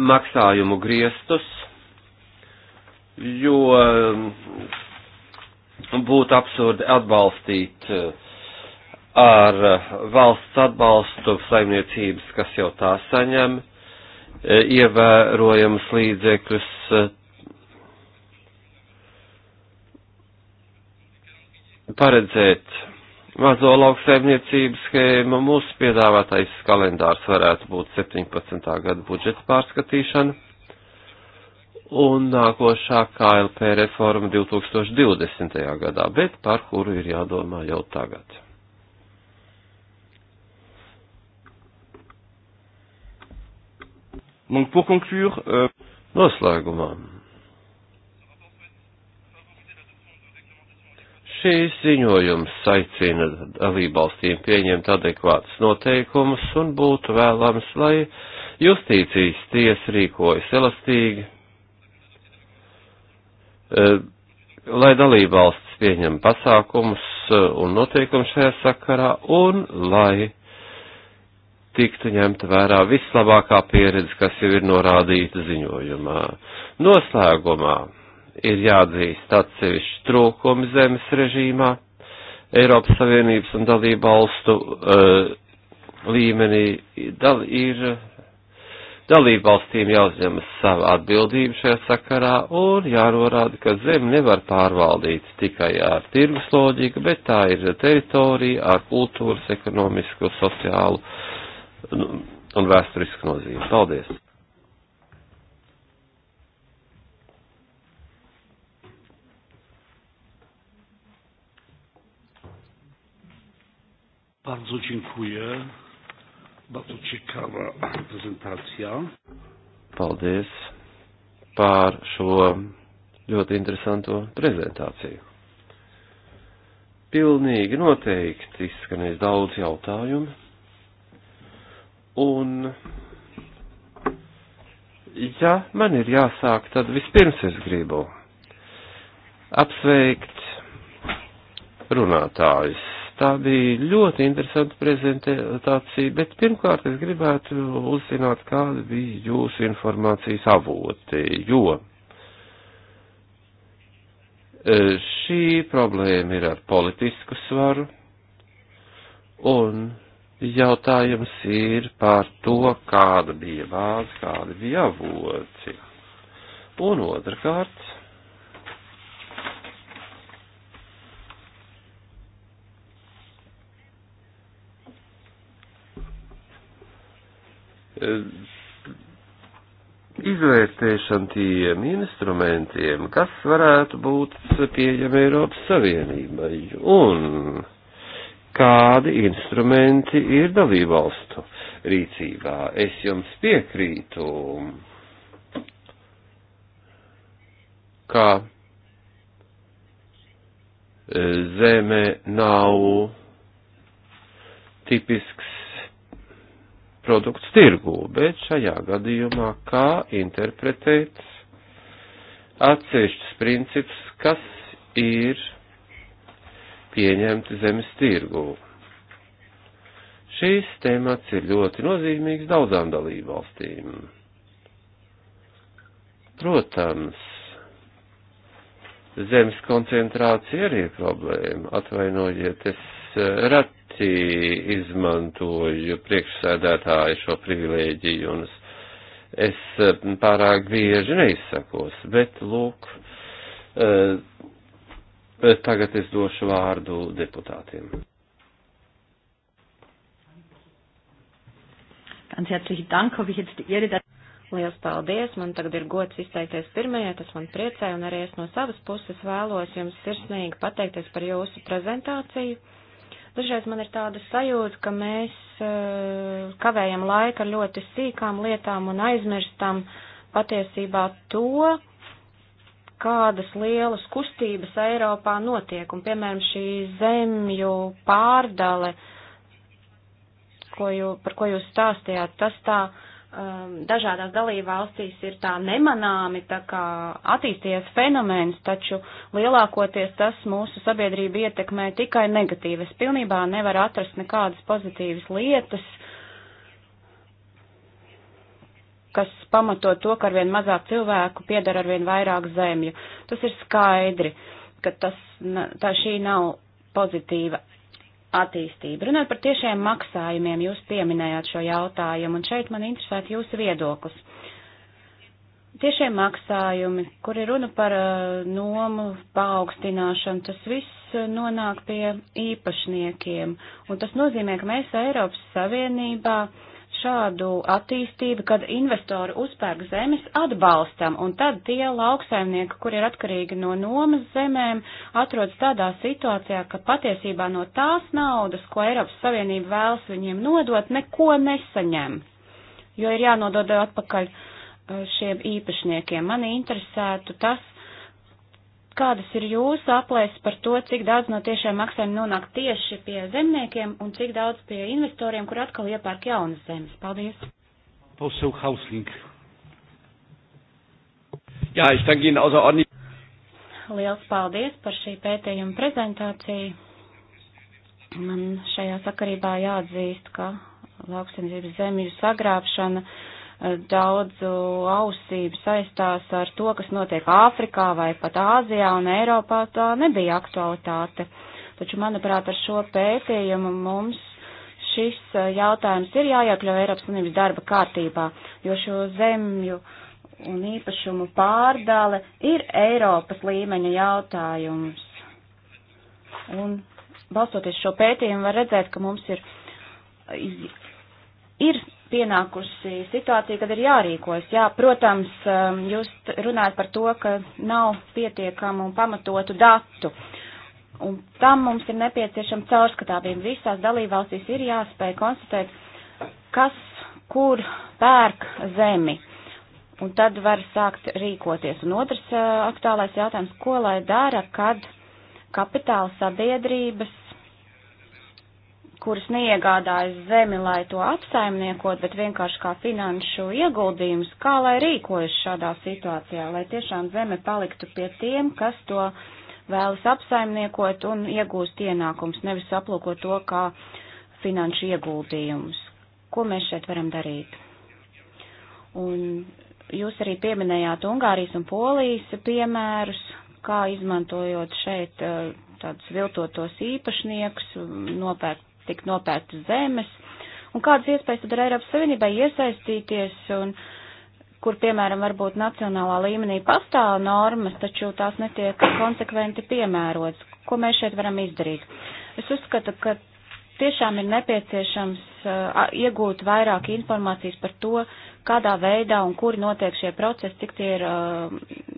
maksājumu griestus, jo mm, būtu absurdi atbalstīt eh, ar valsts atbalstu saimniecības, kas jau tā saņem, ievērojamas līdzekļus paredzēt mazo lauksaimniecību schēmu. Mūsu piedāvātais kalendārs varētu būt 17. gada budžeta pārskatīšana un nākošā KLP reforma 2020. gadā, bet par kuru ir jādomā jau tagad. Donc pour conclure, euh... noslēgumā. Šīs ziņojums aicina dalībvalstīm pieņemt adekvātus noteikumus un būtu vēlams, lai justīcijas tiesa rīkojas elastīgi, e, lai dalībvalsts pieņem pasākumus e, un noteikumus šajā sakarā un lai tiktu ņemta vērā vislabākā pieredze, kas jau ir norādīta ziņojumā. Noslēgumā ir jāatzīst atsevišķi trūkumi zemes režīmā, Eiropas Savienības un dalību valstu uh, līmenī dal, ir dalību valstīm jāuzņemas sava atbildība šajā sakarā un jānorāda, ka zemi nevar pārvaldīt tikai ar tirgus loģiku, bet tā ir teritorija ar kultūras, ekonomisku, sociālu nu, un vēsturisku nozīmi. Paldies! Bardzo dziękuję. Bardzo ciekawa prezentācijā. Paldies par šo ļoti interesanto prezentāciju. Pilnīgi noteikti izskanēs daudz jautājumu. Un, ja man ir jāsāk, tad vispirms es gribu apsveikt runātājus Tā bija ļoti interesanta prezentācija, bet pirmkārt es gribētu uzzināt, kāda bija jūsu informācijas avoti, jo e, šī problēma ir ar politisku svaru, un jautājums ir par to, kāda bija bāze, kāda bija avoti. Un otrkārt, Eh, izvērtēšana tiem instrumentiem, kas varētu būt pieejami Eiropas Savienībai un kādi instrumenti ir dalībvalstu rīcībā. Es jums piekrītu, ka eh, zeme nav tipisks produkts tirgū, bet šajā gadījumā kā interpretēt atsevišķus principus, kas ir pieņemti zemes tirgū. Šīs temats ir ļoti nozīmīgs daudzām dalībvalstīm. Protams, zemes koncentrācija arī ir problēma. Atvainojiet, es eh, rat ļoti izmantoju priekšsēdētāju šo privilēģiju un es eh, pārāk bieži neizsakos, bet lūk, eh, tagad es došu vārdu deputātiem. Ganz herzlichen Dank, habe ich jetzt die Ehre, dass Liels paldies! Man tagad ir gods izteikties pirmajai, tas man priecē, un arī es no savas puses vēlos jums sirsnīgi pateikties par jūsu prezentāciju. Dažreiz man ir tāda sajūta, ka mēs eh, kavējam laika ļoti sīkām lietām un aizmirstam patiesībā to, kādas lielas kustības Eiropā notiek. Un, piemēram, šī zemju pārdale, ko jū, par ko jūs stāstījāt, tas tā um, dažādās dalībvalstīs ir tā nemanāmi, tā kā attīstījies fenomens, taču lielākoties tas mūsu sabiedrību ietekmē tikai negatīvi. Es pilnībā nevaru atrast nekādas pozitīvas lietas, kas pamato to, ka arvien mazāk cilvēku piedara arvien vairāk zemju. Tas ir skaidri, ka tas, tā šī nav pozitīva attīstību. Runājot par tiešiem maksājumiem, jūs pieminējāt šo jautājumu, un šeit man interesētu jūsu viedoklis. Tiešie maksājumi, kur ir runa par uh, nomu paaugstināšanu, tas viss uh, nonāk pie īpašniekiem, un tas nozīmē, ka mēs Eiropas Savienībā uh, šādu attīstību, kad investori uzpērk zemes, atbalstam, un tad tie lauksaimnieki, kur ir atkarīgi no nomas zemēm, atrodas tādā situācijā, ka patiesībā no tās naudas, ko Eiropas Savienība vēlas viņiem nodot, neko nesaņem, jo ir jānodod atpakaļ eh, šiem īpašniekiem. Mani interesētu tas, Kādas ir jūsu aplēses par to, cik daudz no tiešiem maksājumiem nonāk tieši pie zemniekiem un cik daudz pie investoriem, kur atkal iepērk jaunas zemes? Paldies! Posel Hausling. Jā, es danke Ihnen außerordentlich. Liels paldies par šī pētījuma prezentāciju. Man šajā sakarībā jāatzīst, ka lauksimniecības zemju sagrābšana uh, Eh, daudzu ausību saistās ar to, kas notiek Āfrikā vai pat Āzijā, un Eiropā tā nebija aktualitāte. Taču, manuprāt, ar šo pētījumu mums šis eh, jautājums ir jāiekļauj Eiropas Unības darba kārtībā, jo šo zemju un īpašumu pārdāle ir Eiropas līmeņa jautājums. Un balstoties šo pētījumu var redzēt, ka mums ir, ir pienākusi situācija, kad ir jārīkojas. Jā, protams, um, jūs runājat par to, ka nav pietiekamu un pamatotu datu. Un tam mums ir nepieciešama caurskatāvība. Visās dalībvalstīs ir jāspēj konstatēt, kas, kur pērk zemi. Un tad var sākt rīkoties. Un otrs uh, aktuālais jautājums, ko lai dara, kad kapitāla sabiedrības kuras neiegādājas zemi, lai to apsaimniekot, bet vienkārši kā finanšu ieguldījums, kā lai rīkojas šādā situācijā, lai tiešām zeme paliktu pie tiem, kas to vēlas apsaimniekot un iegūst ienākums, nevis aplūkot to kā finanšu ieguldījumus. Ko mēs šeit varam darīt? Un jūs arī pieminējāt Ungārijas un Polijas piemērus, kā izmantojot šeit eh, tādus viltotos īpašniekus, nopērkt tik nopērta zemes, un kādas iespējas tad ir Eiropas Savienībai iesaistīties, un kur, piemēram, varbūt nacionālā līmenī pastāv normas, taču tās netiek konsekventi piemērotas. Ko mēs šeit varam izdarīt? Es uzskatu, ka tiešām ir nepieciešams uh, iegūt vairāk informācijas par to, kādā veidā un kuri notiek šie procesi, cik tie ir uh,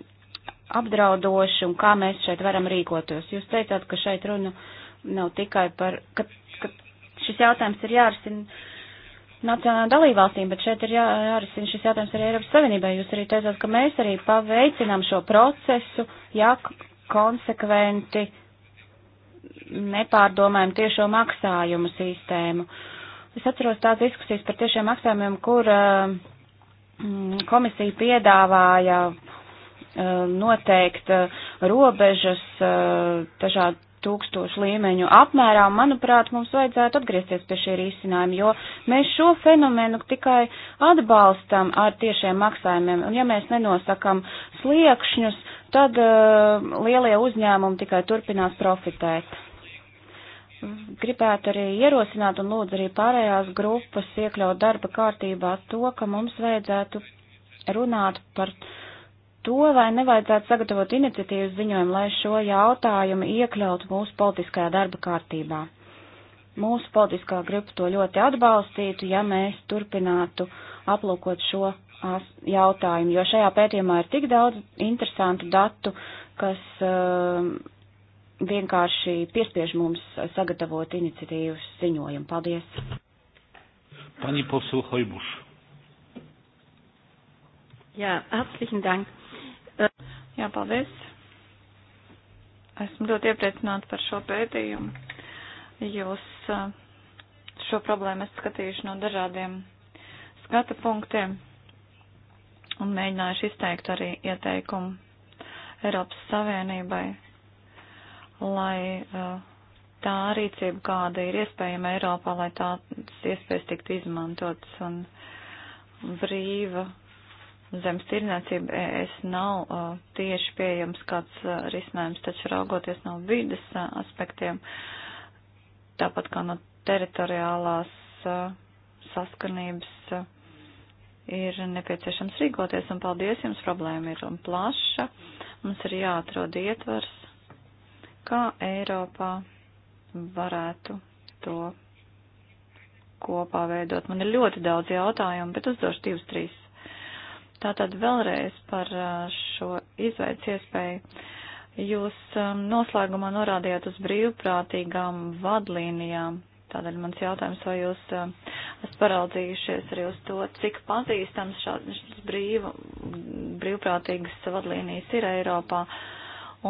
apdraudoši un kā mēs šeit varam rīkoties. Jūs teicāt, ka šeit runa nav tikai par, ka šis jautājums ir jārisina nacionālām dalībvalstīm, bet šeit ir jā, jārisina šis jautājums arī Eiropas Savienībai. Jūs arī teicāt, ka mēs arī paveicinām šo procesu, ja konsekventi nepārdomājam tiešo maksājumu sistēmu. Es atceros tās diskusijas par tiešiem maksājumiem, kur uh, komisija piedāvāja uh, noteikt uh, robežas dažādu tūkstošu līmeņu apmērā, manuprāt, mums vajadzētu atgriezties pie šī risinājuma, jo mēs šo fenomenu tikai atbalstam ar tiešiem maksājumiem, un ja mēs nenosakam sliekšņus, tad uh, lielie uzņēmumi tikai turpinās profitēt. Gribētu arī ierosināt un lūdzu arī pārējās grupas iekļaut darba kārtībā to, ka mums vajadzētu runāt par uh, to, vai nevajadzētu sagatavot iniciatīvas ziņojumu, lai šo jautājumu iekļautu mūsu politiskajā darba kārtībā. Mūsu politiskā grupa to ļoti atbalstītu, ja mēs turpinātu aplūkot šo jautājumu, jo šajā pētījumā ir tik daudz interesantu datu, kas uh, vienkārši piespiež mums sagatavot iniciatīvas ziņojumu. Paldies! Pani Posu Hojbuš. Jā, herzlichen Dank. Jā, paldies. Esmu ļoti iepriecināta par šo pētījumu. Jūs šo problēmu esat skatījuši no dažādiem skatu punktiem un mēģinājuši izteikt arī ieteikumu Eiropas Savienībai, lai tā rīcība, kāda ir iespējama Eiropā, lai tās iespējas tiktu izmantotas un brīva zemes tirniecība ES nav uh, tieši pieejams kāds uh, risinājums, taču raugoties no vides uh, aspektiem, tāpat kā no teritoriālās uh, saskanības, uh, ir nepieciešams rīkoties, un paldies jums, problēma ir plaša, mums ir jāatrod ietvars, kā Eiropā varētu to kopā veidot. Man ir ļoti daudz jautājumu, bet uzdošu divus, trīs. Tātad vēlreiz par šo izveids iespēju. Jūs noslēgumā norādījāt uz brīvprātīgām vadlīnijām. Tādēļ mans jautājums, vai jūs esat paraudzījušies arī uz to, cik pazīstams šādas brīvu, brīvprātīgas vadlīnijas ir Eiropā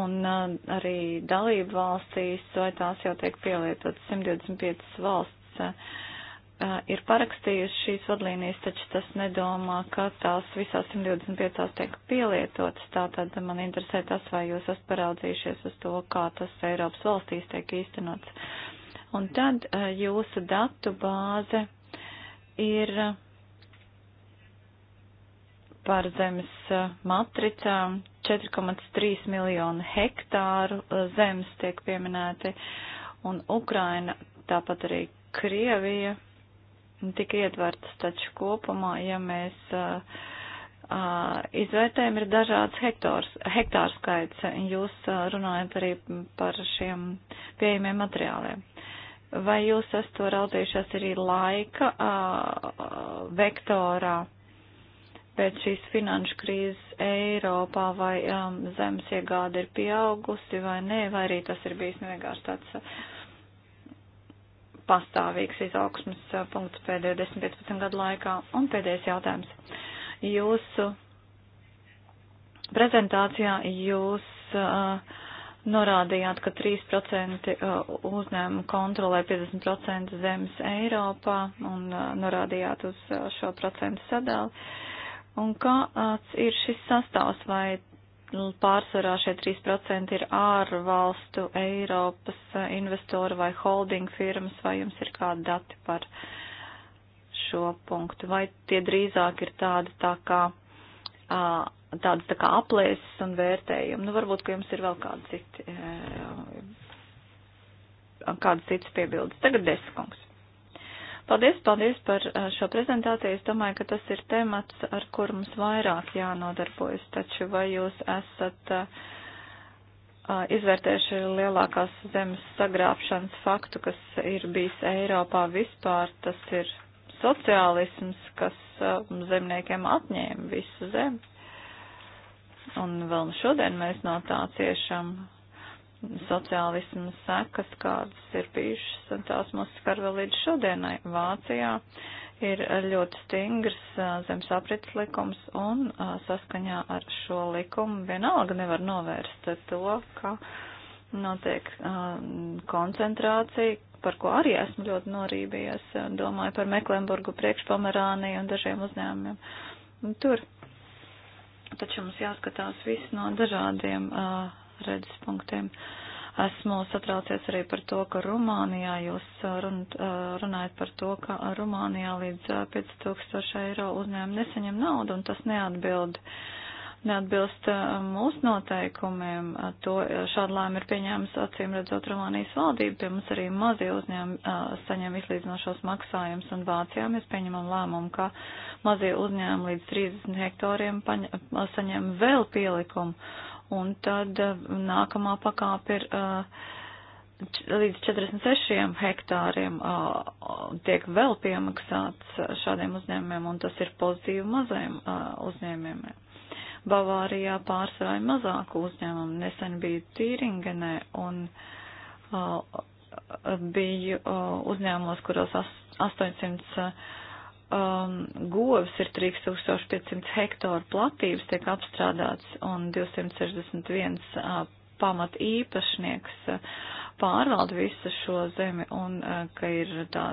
un arī dalību valstīs, vai tās jau tiek pielietotas 125 valsts ir parakstījusi šīs vadlīnijas, taču tas nedomā, ka tās visās 125 tiek pielietotas. Tātad man interesē tas, vai jūs esat paraudzījušies uz to, kā tas Eiropas valstīs tiek īstenots. Un tad jūsu datu bāze ir par zemes matricām 4,3 miljonu hektāru zemes tiek pieminēti, un Ukraina, tāpat arī Krievija tika ietvertas, taču kopumā, ja mēs uh, uh, izvērtējam, ir dažāds hektors, hektāru skaits. Jūs uh, runājat arī par šiem pieejamiem materiāliem. Vai jūs esat to raudzījušies arī laika uh, vektorā? pēc šīs finanšu krīzes Eiropā vai um, zemes iegāde ir pieaugusi vai nē, vai arī tas ir bijis vienkārši tāds pastāvīgs izaugsmas punkts pēdējo 10-15 gadu laikā. Un pēdējais jautājums. Jūsu prezentācijā jūs uh, norādījāt, ka 3% uzņēmumu kontrolē 50% zemes Eiropā un uh, norādījāt uz šo procentu sadali. Un kāds ir šis sastāvs, vai Nu, pārsvarā šie 3% ir ārvalstu Eiropas eh, investoru vai holding firmas, vai jums ir kādi dati par šo punktu, vai tie drīzāk ir tādi tā kā, tādas tā kā aplēses un vērtējumi, nu varbūt, ka jums ir vēl kādi citi, eh, kādas citas piebildes. Tagad deskungs. Paldies, paldies par uh, šo prezentāciju. Es domāju, ka tas ir temats, ar kur mums vairāk jānodarbojas. Taču vai jūs esat uh, uh, izvērtējuši lielākās zemes sagrābšanas faktu, kas ir bijis Eiropā vispār? Tas ir sociālisms, kas zemniekiem atņēma visu zemi. Un vēl nu šodien mēs no tā ciešam sociālismu sekas, kādas ir bijušas, un tās mūs skar vēl līdz šodienai. Vācijā ir ļoti stingrs zemes aprits likums, un saskaņā ar šo likumu vienalga nevar novērst to, ka notiek koncentrācija, par ko arī esmu ļoti norībījies, domāju par Meklenburgu, Priekšpomerāniju un dažiem uzņēmumiem. Tur. Taču mums jāskatās viss no dažādiem uh, redzes punktiem. Esmu satraucies arī par to, ka Rumānijā jūs uh, run, uh, runājat par to, ka Rumānijā līdz 5000 uh, eiro uzņēmumi nesaņem naudu un tas neatbild. Neatbilst mūsu noteikumiem. To šādu lēmu ir pieņēmis acīm redzot Rumānijas valdība. Pie mums arī mazie uzņēmumi saņem izlīdzinošos maksājumus un Vācijā mēs pieņemam lēmumu, ka mazie uzņēmumi līdz 30 hektāriem saņem vēl pielikumu un tad eh, nākamā pakāpe ir eh, līdz 46 hektāriem eh, tiek vēl piemaksāts šādiem uzņēmumiem, un tas ir pozitīvi mazajiem uzņēmumiem. Bavārijā pārsvarā ir mazāku uzņēmumu. Nesen biju Tīringenē un biju uzņēmumos, kuros 800 um, govs ir 3500 hektāru platības, tiek apstrādāts un 261 uh, pamat īpašnieks uh, pārvalda visu šo zemi un uh, ka ir tā,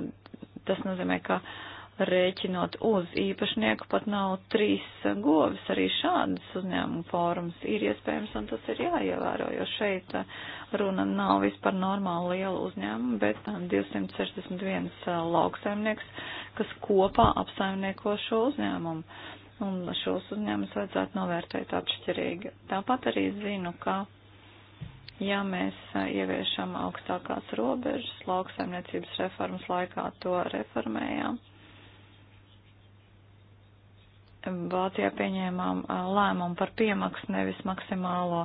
tas nozīmē, ka uh, rēķinot uz īpašnieku pat nav trīs govis, arī šādas uzņēmuma formas ir iespējams un tas ir jāievēro, jo šeit uh, runa nav vispār normāli liela uzņēmuma, bet 261 um, uh, lauksaimnieks, kas kopā apsaimnieko šo uzņēmumu. Un šos uzņēmumus vajadzētu novērtēt atšķirīgi. Tāpat arī zinu, ka ja mēs uh, ieviešam augstākās robežas, lauksaimniecības reformas laikā to reformējām Vācijā pieņēmām lēmumu par piemaksu, nevis maksimālo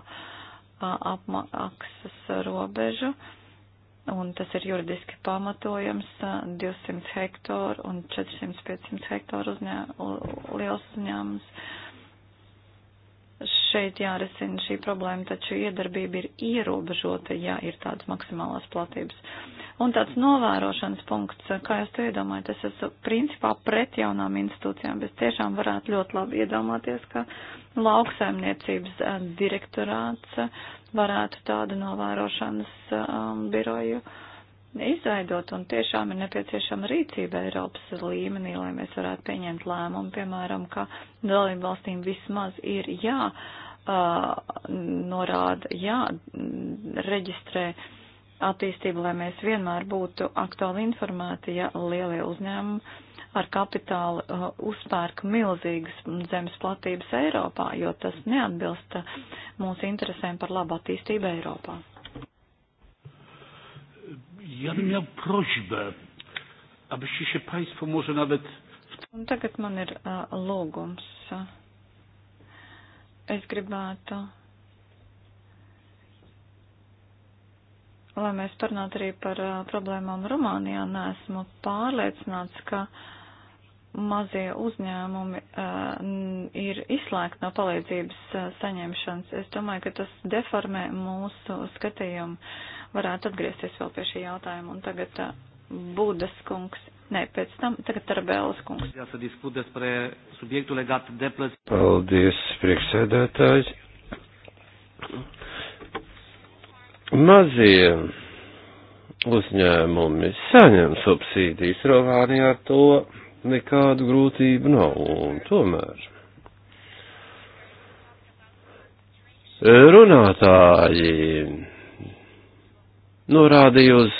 apmaksas robežu, un tas ir juridiski pamatojams 200 hektāru un 400-500 hektāru uzņē, liels uzņēmums. Šeit jārisina šī problēma, taču iedarbība ir ierobežota, ja ir tādas maksimālās platības. Un tāds novērošanas punkts, kā jūs to iedomājat, es esmu principā pret jaunām institūcijām, bet tiešām varētu ļoti labi iedomāties, ka lauksaimniecības eh, direktorāts eh, varētu tādu novērošanas um, biroju izveidot, un tiešām ir nepieciešama rīcība Eiropas līmenī, lai mēs varētu pieņemt lēmumu, piemēram, ka dalību valstīm vismaz ir jā, uh, norāda, jā, reģistrē attīstību, lai mēs vienmēr būtu aktuāli informēti, ja lielie uzņēmumi ar kapitālu uh, uzpērk milzīgas zemes platības Eiropā, jo tas neatbilst uh, mūsu interesēm par labu attīstību Eiropā. Ja bym miał prośbę, abyście się Państwo może nawet. Un tagad man ir uh, lūgums. Es gribētu lai mēs parunātu arī par uh, problēmām Rumānijā, neesmu pārliecināts, ka mazie uzņēmumi uh, ir izslēgti no palīdzības uh, saņemšanas. Es domāju, ka tas deformē mūsu skatījumu. Varētu atgriezties vēl pie šī jautājuma. Un tagad uh, Budas kungs. Nē, pēc tam tagad Tarbēlas kungs. Paldies, priekšsēdētājs Mazie uzņēmumi saņem subsīdijas Rovānijā ar to nekādu grūtību nav, un tomēr. Runātāji norādīja uz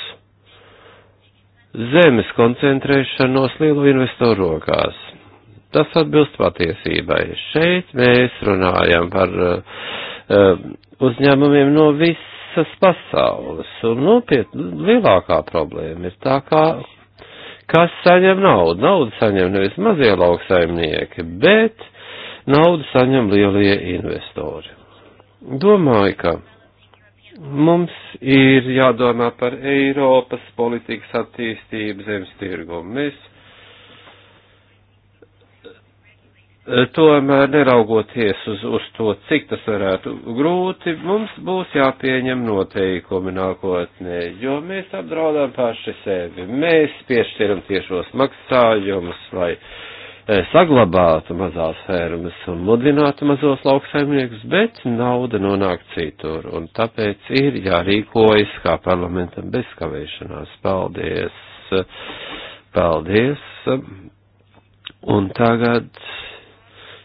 zemes koncentrēšanos lielu investoru rokās. Tas atbilst patiesībai. Šeit mēs runājam par uh, uzņēmumiem no viss visas pasaules, un nopietni lielākā problēma ir tā, kā, kas saņem naudu. Naudu saņem nevis mazie lauksaimnieki, bet naudu saņem lielie investori. Domāju, ka mums ir jādomā par Eiropas politikas attīstību zemes tirgumu. Mēs Eh, tomēr neraugoties uz, uz to, cik tas varētu grūti, mums būs jāpieņem noteikumi nākotnē, jo mēs apdraudām paši sevi. Mēs piešķiram tiešos maksājumus, lai eh, saglabātu mazās fermas un mudinātu mazos lauksaimniekus, bet nauda nonāk citur, un tāpēc ir jārīkojas kā parlamentam bez kavēšanās. Paldies! Paldies! Un tagad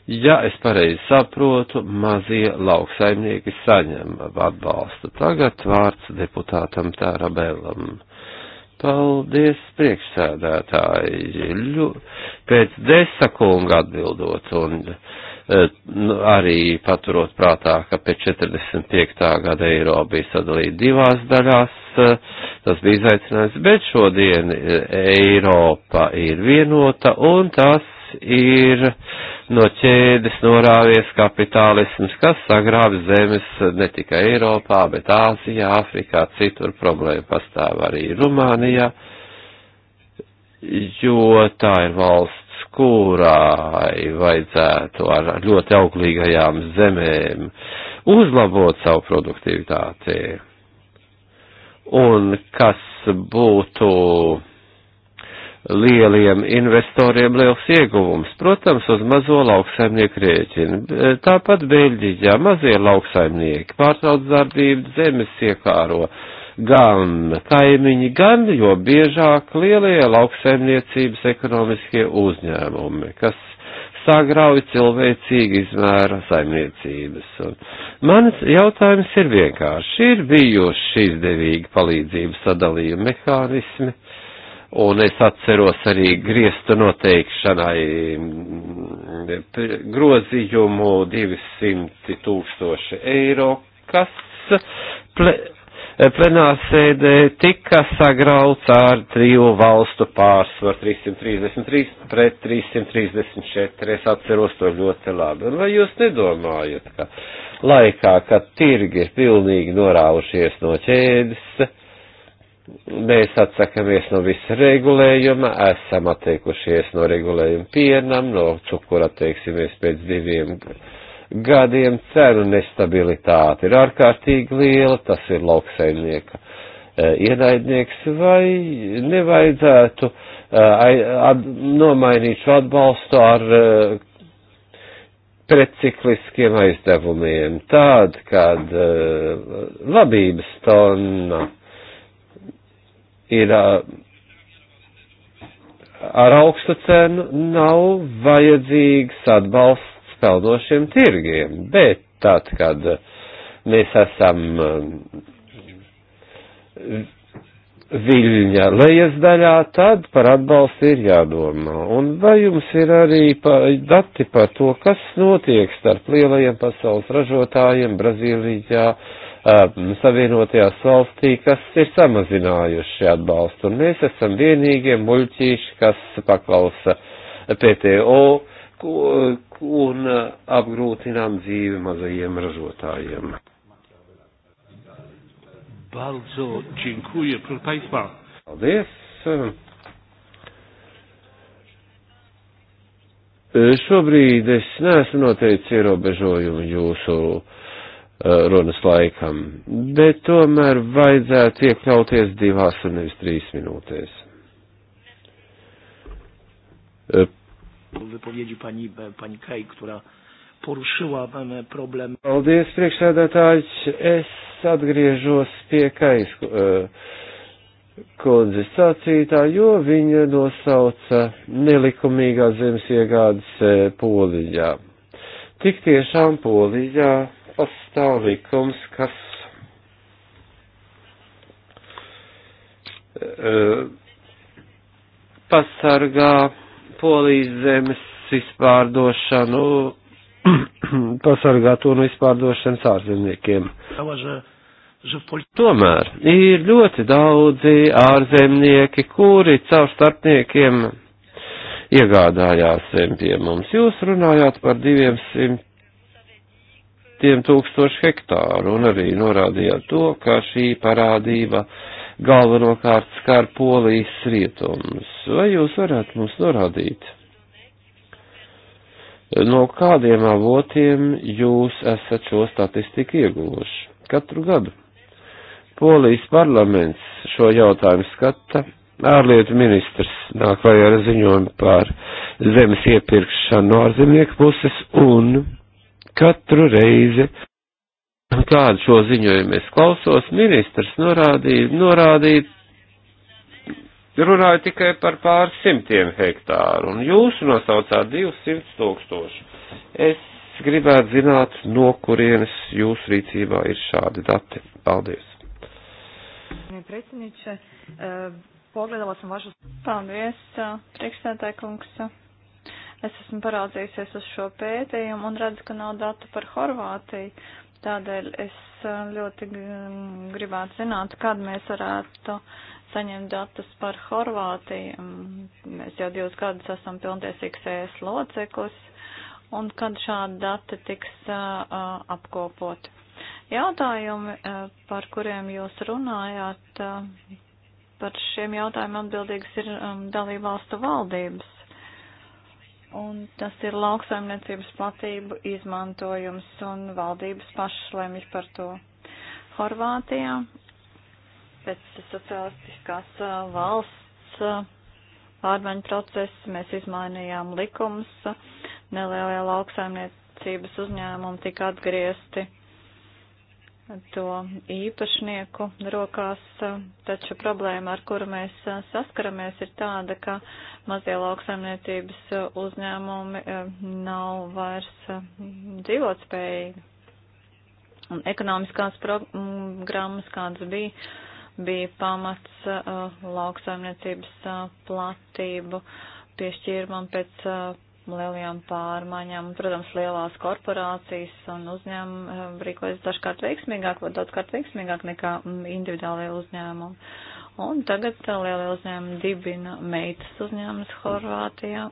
Ja es pareizi saprotu, mazie lauksaimnieki saņem atbalstu. Tagad vārds deputātam Tārabēlam. Paldies, priekšsēdētāji. Ļu, pēc desakunga atbildot un e, nu, arī paturot prātā, ka pēc 45. gada eiro bija sadalīta divās daļās, e, tas bija izaicinājums, bet šodien e, Eiropa ir vienota un tas ir no ķēdes norāvies kapitālisms, kas sagrābi zemes ne tikai Eiropā, bet Āzijā, Āfrikā, citur problēma pastāv arī Rumānijā, jo tā ir valsts, kurai vajadzētu ar ļoti auglīgajām zemēm uzlabot savu produktivitāti. Un kas būtu lieliem investoriem liels ieguvums, protams, uz mazo lauksaimnieku rēķinu. Tāpat Beļģiģā mazie lauksaimnieki pārtrauc darbību zemes iekāro gan kaimiņi, gan, jo biežāk lielie lauksaimniecības ekonomiskie uzņēmumi, kas sagrauj cilvēcīgi izmēra saimniecības. Un mans jautājums ir vienkārši, ir bijuši izdevīgi palīdzības sadalījuma mehānismi Un es atceros arī griesta noteikšanai mm, grozījumu 200 tūkstoši eiro, kas ple, plenārsēdē tika sagrauts ar triju valstu pārsvaru 333 pret 334. Es atceros to ļoti labi. Un vai jūs nedomājat, ka laikā, kad tirgi ir pilnīgi norāvušies no ķēdes, mēs atsakamies no visa regulējuma, esam atteikušies no regulējuma pienam, no cukura atteiksimies pēc diviem gadiem, cenu nestabilitāte ir ārkārtīgi liela, tas ir lauksaimnieka e, ienaidnieks, vai nevajadzētu e, nomainīt šo atbalstu ar e, precikliskiem aizdevumiem, tād, kad labības tonna ir ar augstu cenu, nav vajadzīgs atbalsts peldošiem tirgiem, bet tad, kad mēs esam viļņa lejas daļā, tad par atbalstu ir jādomā. Un vai jums ir arī pa, dati par to, kas notiek starp lielajiem pasaules ražotājiem Brazīlijā, Um, savienotajās valstī, kas ir samazinājuši atbalstu, un mēs esam vienīgie muļķīši, kas paklausa PTO un uh, apgrūtinām dzīvi mazajiem ražotājiem. Bardzo dziękuję, proszę Państwa. Paldies. E, šobrīd es neesmu noteicis ierobežojumu jūsu uh, Uh, runas laikam, bet tomēr vajadzētu iekļauties divās un nevis trīs minūtēs. Uh, Paldies, priekšsēdētājs. Es atgriežos pie Kais uh, kundzes sacītā, jo viņa nosauca nelikumīgā zemes iegādes Polijā. Tik tiešām Polijā pastāv likums, kas e, pasargā polijas zemes izpārdošanu, pasargā to no izpārdošanas ārzemniekiem. Tomēr ir ļoti daudzi ārzemnieki, kuri caur starpniekiem iegādājās zem pie mums. Jūs runājāt par 200 simtiem tūkstošu hektāru, un arī norādījāt to, ka šī parādība galvenokārt skar polijas rietumus. Vai jūs varētu mums norādīt, no kādiem avotiem jūs esat šo statistiku ieguvuši katru gadu? Polijas parlaments šo jautājumu skata ārlietu ministrs nāk vai ar ziņojumu par zemes iepirkšanu no ārzemnieku puses un katru reizi, kādu šo ziņojumu es klausos, ministrs norādīja, norādīja, runāja tikai par pāris simtiem hektāru, un jūs nosaucāt 200 tūkstoši. Es gribētu zināt, no kurienes jūsu rīcībā ir šādi dati. Paldies! Eh, Paldies, eh, priekšstādākungs. Es esmu paraudzījusies uz šo pētījumu un redzu, ka nav datu par Horvātiju. Tādēļ es eh, ļoti mm, gribētu zināt, kad mēs varētu saņemt datus par Horvātiju. Mm, mēs jau divus gadus esam pilntiesīgs ES loceklis un kad šādi dati tiks uh, apkopoti. Jautājumi, uh, par kuriem jūs runājāt, uh, par šiem jautājumiem atbildīgas ir um, mm, dalībvalstu valdības un tas ir lauksaimniecības platību izmantojums, un valdības pašas lemj par to. Horvātijā pēc sociālistiskās valsts pārmaiņu procesa mēs izmainījām likumus, nelielie lauksaimniecības uzņēmumi tika atgriezti to īpašnieku rokās, taču problēma, ar kuru mēs saskaramies, ir tāda, ka mazie lauksaimniecības uzņēmumi eh, nav vairs eh, dzīvotspējīgi. Un ekonomiskās programmas, mm, kādas bija, bija pamats eh, lauksaimniecības platību piešķīrumam pēc lielajām pārmaiņām. Protams, lielās korporācijas un uzņēmumi eh, rīkojas dažkārt veiksmīgāk, vai daudzkārt veiksmīgāk nekā mm, individuālajie uzņēmumi. Un tagad eh, lielie uzņēmumi dibina meitas uzņēmumus Horvātijā.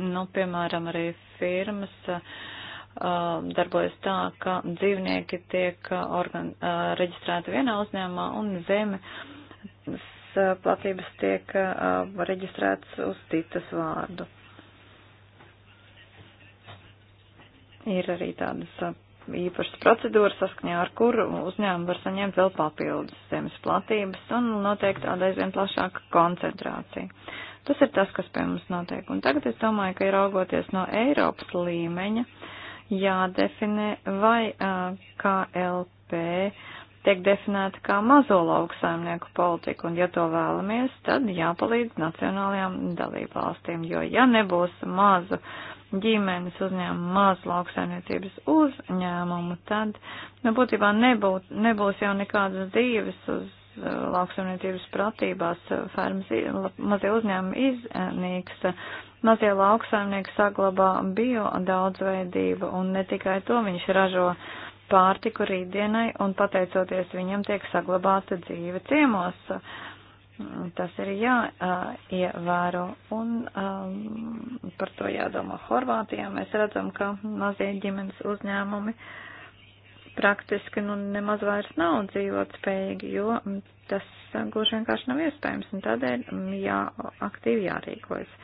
Nu, piemēram, arī firmas eh, darbojas tā, ka dzīvnieki tiek organ, reģistrēti vienā uzņēmumā un zeme platības tiek reģistrētas uz citas vārdu. Ir arī tādas īpašas procedūras, saskaņā ar kuru uzņēmumi var saņemt vēl papildus zemes platības un noteikti tāda aizvien plašāka koncentrācija. Tas ir tas, kas pie mums notiek. Un tagad es domāju, ka ir augoties no Eiropas līmeņa jādefinē, vai uh, KLP tiek definēta kā mazo lauksaimnieku politika, un ja to vēlamies, tad jāpalīdz nacionālajām dalībvalstīm, jo ja nebūs mazu uh, ģimenes uzņēmumu, maz lauksainiecības uzņēmumu, tad, nu, būtībā nebūt, nebūs jau nekādas dzīves uz uh, lauksainiecības pratībās, fermas mazie uzņēmumi iznīks, mazie lauksaimnieki saglabā bio daudzveidību un ne tikai to viņš ražo pārtiku rītdienai un pateicoties viņam tiek saglabāta dzīve ciemos. Uh, Tas ir jāievēro un um, par to jādomā Horvātijā. Mēs redzam, ka mazie ģimenes uzņēmumi praktiski nu, nemaz vairs nav dzīvot spējīgi, jo tas gluži vienkārši nav iespējams un tādēļ um, jā, aktīvi jārīkojas.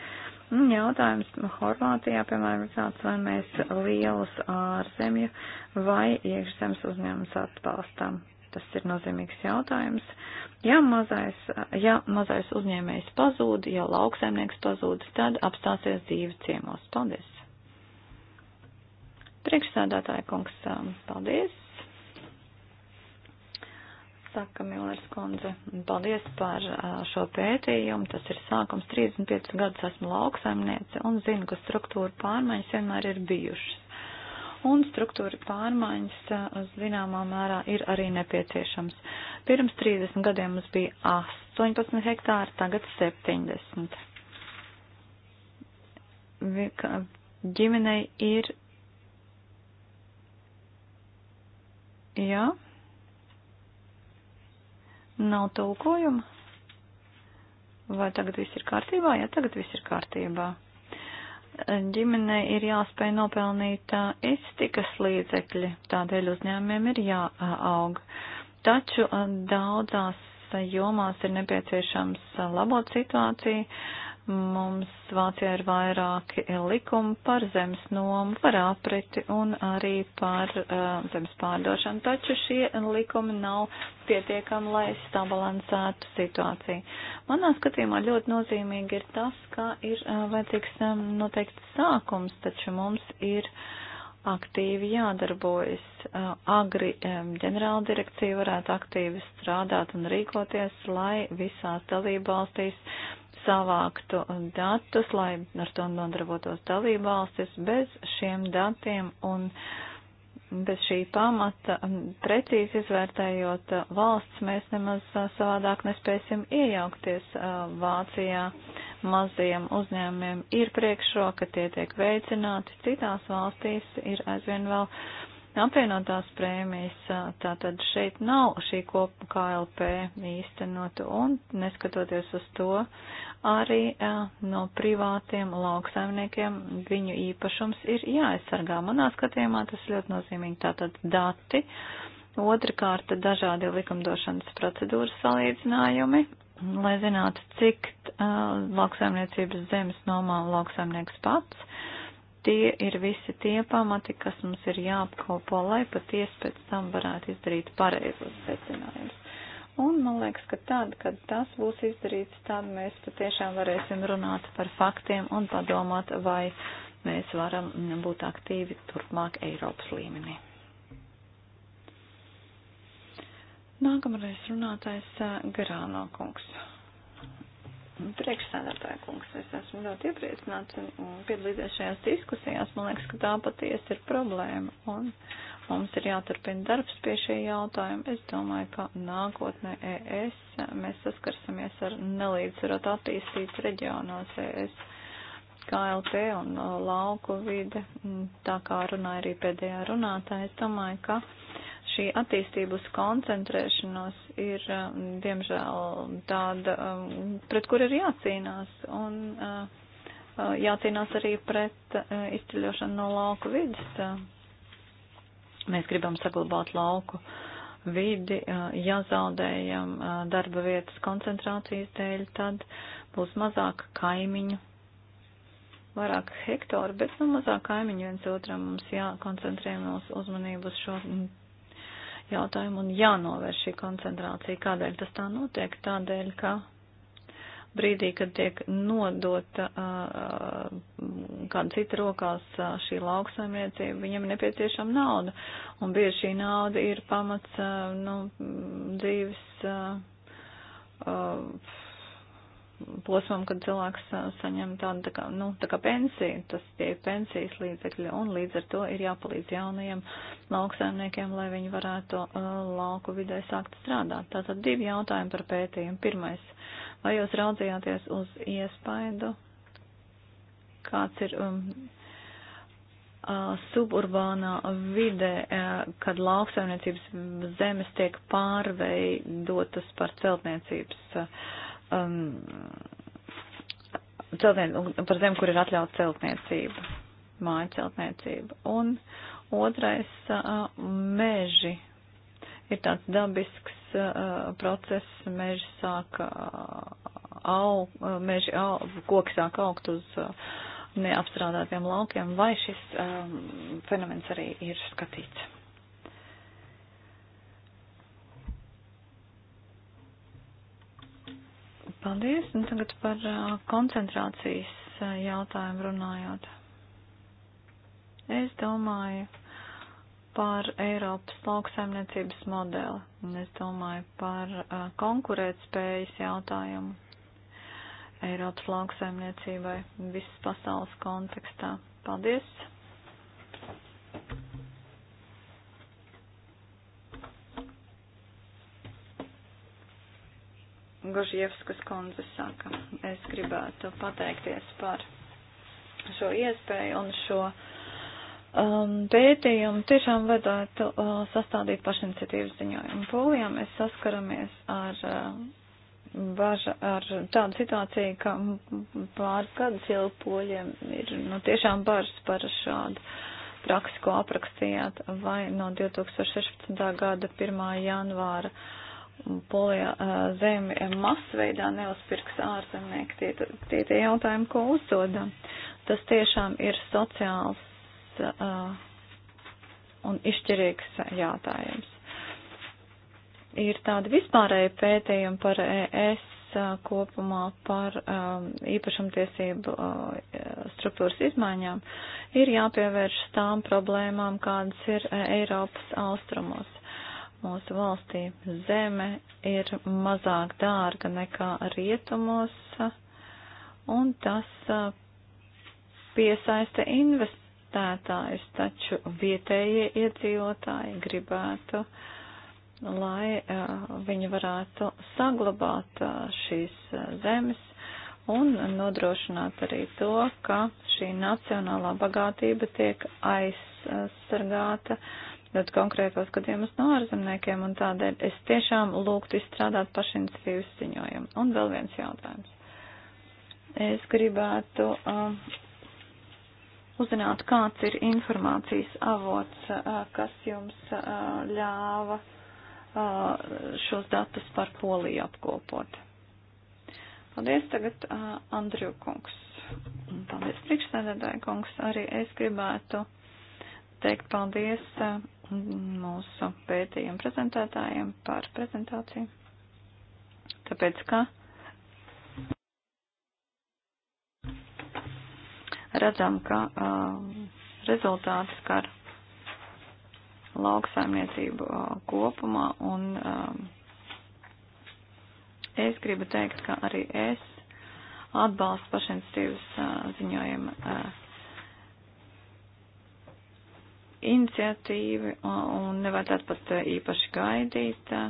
Jautājums Horvātijā, piemēram, ir tāds, vai mēs lielus ārzemju vai iekšzemes uzņēmumus atbalstām. Tas ir nozīmīgs jautājums. Ja mazais, ja mazais uzņēmējs pazūd, ja lauksaimnieks pazūd, tad apstāsies dzīve ciemos. Paldies! Priekšsādātāja kungs, um, paldies! Saka Milers kundze, paldies par uh, šo pētījumu. Tas ir sākums 35 gadus esmu lauksaimniece un zinu, ka struktūra pārmaiņas vienmēr ir bijušas un struktūra pārmaiņas zināmā mērā ir arī nepieciešams. Pirms 30 gadiem mums bija 18 hektāri, tagad 70. Ģimenei ir. Jā? Nav tulkojuma? Vai tagad viss ir kārtībā? Jā, tagad viss ir kārtībā ģimenei ir jāspēj nopelnīt iztikas līdzekļi, tādēļ uzņēmumiem ir jāaug. Taču daudzās jomās ir nepieciešams labot situāciju, Mums Vācijā ir vairāki likumi par zemes nomu, par apriti un arī par uh, zemes pārdošanu, taču šie likumi nav pietiekami, lai stabilizētu situāciju. Manā skatījumā ļoti nozīmīgi ir tas, ka ir uh, vajadzīgs um, noteikts sākums, taču mums ir uh, aktīvi jādarbojas. Agri ģenerāla direkcija varētu aktīvi strādāt un rīkoties, lai visās dalībvalstīs savāktu datus, lai ar to nodarbotos dalībvalstis bez šiem datiem un bez šī pamata. Precīzi izvērtējot valsts, mēs nemaz savādāk nespēsim iejaukties Vācijā. Uh, mazajiem uzņēmumiem ir priekšroka, tie tiek veicināti. Citās valstīs ir aizvien vēl apvienotās prēmijas, tātad šeit nav šī kopa KLP īstenota un, neskatoties uz to, arī no privātiem lauksaimniekiem viņu īpašums ir jāaizsargā. Manā skatījumā tas ļoti nozīmīgi, tātad dati. Otrakārt, dažādi likumdošanas procedūras salīdzinājumi lai zinātu, cik uh, lauksaimniecības zemes nomā lauksaimnieks pats. Tie ir visi tie pamati, kas mums ir jāapkopo, lai patiesi pēc tam varētu izdarīt pareizos secinājumus. Un man liekas, ka tad, kad tas būs izdarīts, tad mēs patiešām varēsim runāt par faktiem un padomāt, vai mēs varam būt aktīvi turpmāk Eiropas līmenī. Nākamreiz runātais Garāno kungs. Priekšsēdētāja kungs, es esmu ļoti iepriecināts un, un piedalīties šajās diskusijās. Man liekas, ka tā patiesi ir problēma un mums ir jāturpina darbs pie šī jautājuma. Es domāju, ka nākotnē ES mēs saskarsimies ar nelīdzsvarot attīstību reģionos ES. KLP un lauku vide, tā kā runāja arī pēdējā runātāja, es domāju, ka Šī attīstības koncentrēšanos ir, um, diemžēl, tāda, um, pret kur ir jācīnās. Un uh, uh, jācīnās arī pret uh, izceļošanu no lauku vidas. Mēs gribam saglabāt lauku vidi, ja zaudējam darba vietas koncentrācijas dēļ, tad būs mazāk kaimiņu, vairāk hektāru, bet nu mazāk kaimiņu viens otram mums jākoncentrē mūsu uzmanību uz šo jautājumu un jānovērš šī koncentrācija. Kādēļ tas tā notiek? Tādēļ, ka brīdī, kad tiek nodota uh, kāda cita rokās uh, šī lauksaimniecība, viņam ir nepieciešama nauda. Un bieži šī nauda ir pamats uh, nu, dzīves. Uh, uh, posmam, kad cilvēks saņem tādu tā kā, nu, tā kā pensiju, tas tie ir pensijas līdzekļi, un līdz ar to ir jāpalīdz jaunajiem lauksaimniekiem, lai viņi varētu uh, lauku vidē sākt strādāt. Tātad divi jautājumi par pētījumu. Pirmais, vai jūs raudzījāties uz iespaidu, kāds ir um, suburbānā vidē, kad lauksaimniecības zemes tiek pārveidotas par celtniecības um, celtniec, par zemi, kur ir atļauta celtniecība, māja celtniecība. Un otrais uh, meži ir tāds dabisks uh, process, meži sāk uh, au, uh, meži au, koki sāk augt uz uh, neapstrādātiem laukiem, vai šis um, fenomens arī ir skatīts. Paldies. Un nu, tagad par koncentrācijas jautājumu runājot. Es domāju par Eiropas lauksaimniecības modeli. Es domāju par konkurētspējas jautājumu Eiropas lauksaimniecībai visas pasaules kontekstā. Paldies! Gožievskas kundze saka, es gribētu pateikties par šo iespēju un šo um, pētījumu. Tiešām vajadzētu uh, sastādīt pašiniciatīvas ziņojumu. Polijā mēs saskaramies ar uh, baža ar tādu situāciju, ka pāris gadus jau poļiem ir nu, tiešām bažas par šādu praksi, ko aprakstījāt, vai no 2016. gada 1. janvāra polijā zemi masveidā neuzpirks ārzemnieki. Tie, tie tie jautājumi, ko uzdodam, tas tiešām ir sociāls uh, un izšķirīgs jātājums. Ir tādi vispārēji pētījumi par ES kopumā par um, īpašumtiesību uh, struktūras izmaiņām, ir jāpievērš tām problēmām, kādas ir Eiropas austrumos mūsu valstī zeme ir mazāk dārga nekā rietumos, un tas piesaista investētājus, taču vietējie iedzīvotāji gribētu, lai viņi varētu saglabāt šīs zemes un nodrošināt arī to, ka šī nacionālā bagātība tiek aizsargāta. Uh, ļoti konkrētos gadījumus no ārzemniekiem, un tādēļ es tiešām lūgtu izstrādāt pašiniciatīvas ziņojumu. Un vēl viens jautājums. Es gribētu uh, uzzināt, kāds ir informācijas avots, uh, kas jums uh, ļāva uh, šos datus par poliju apkopot. Paldies tagad, uh, Andriju kungs. Paldies, priekšsēdētāji kungs. Arī es gribētu teikt paldies uh, mūsu pētījumu prezentētājiem par prezentāciju. Tāpēc, ka redzam, ka uh, rezultāti skar lauksaimniecību uh, kopumā, un uh, es gribu teikt, ka arī es atbalstu pašinstīvas uh, ziņojuma uh, iniciatīvi un nevajadzētu pat e, īpaši gaidīt. E,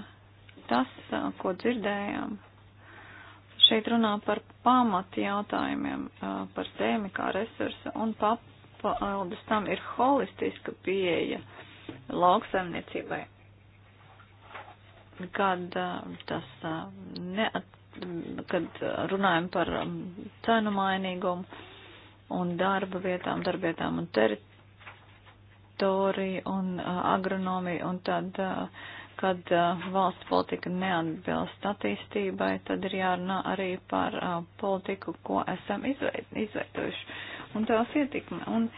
tas, e, ko dzirdējām, šeit runā par pamatu jautājumiem, par tēmi kā resursa un papildus tam ir holistiska pieeja lauksaimniecībai, kad tas neat, kad runājam par cenu mainīgumu un darba vietām, darbietām un teritoriju laboratorija un uh, agronomija, un tad, uh, kad uh, valsts politika neatbilst attīstībai, tad ir jārunā arī par politiku, ko esam izveidojuši, un tās ietekme. Un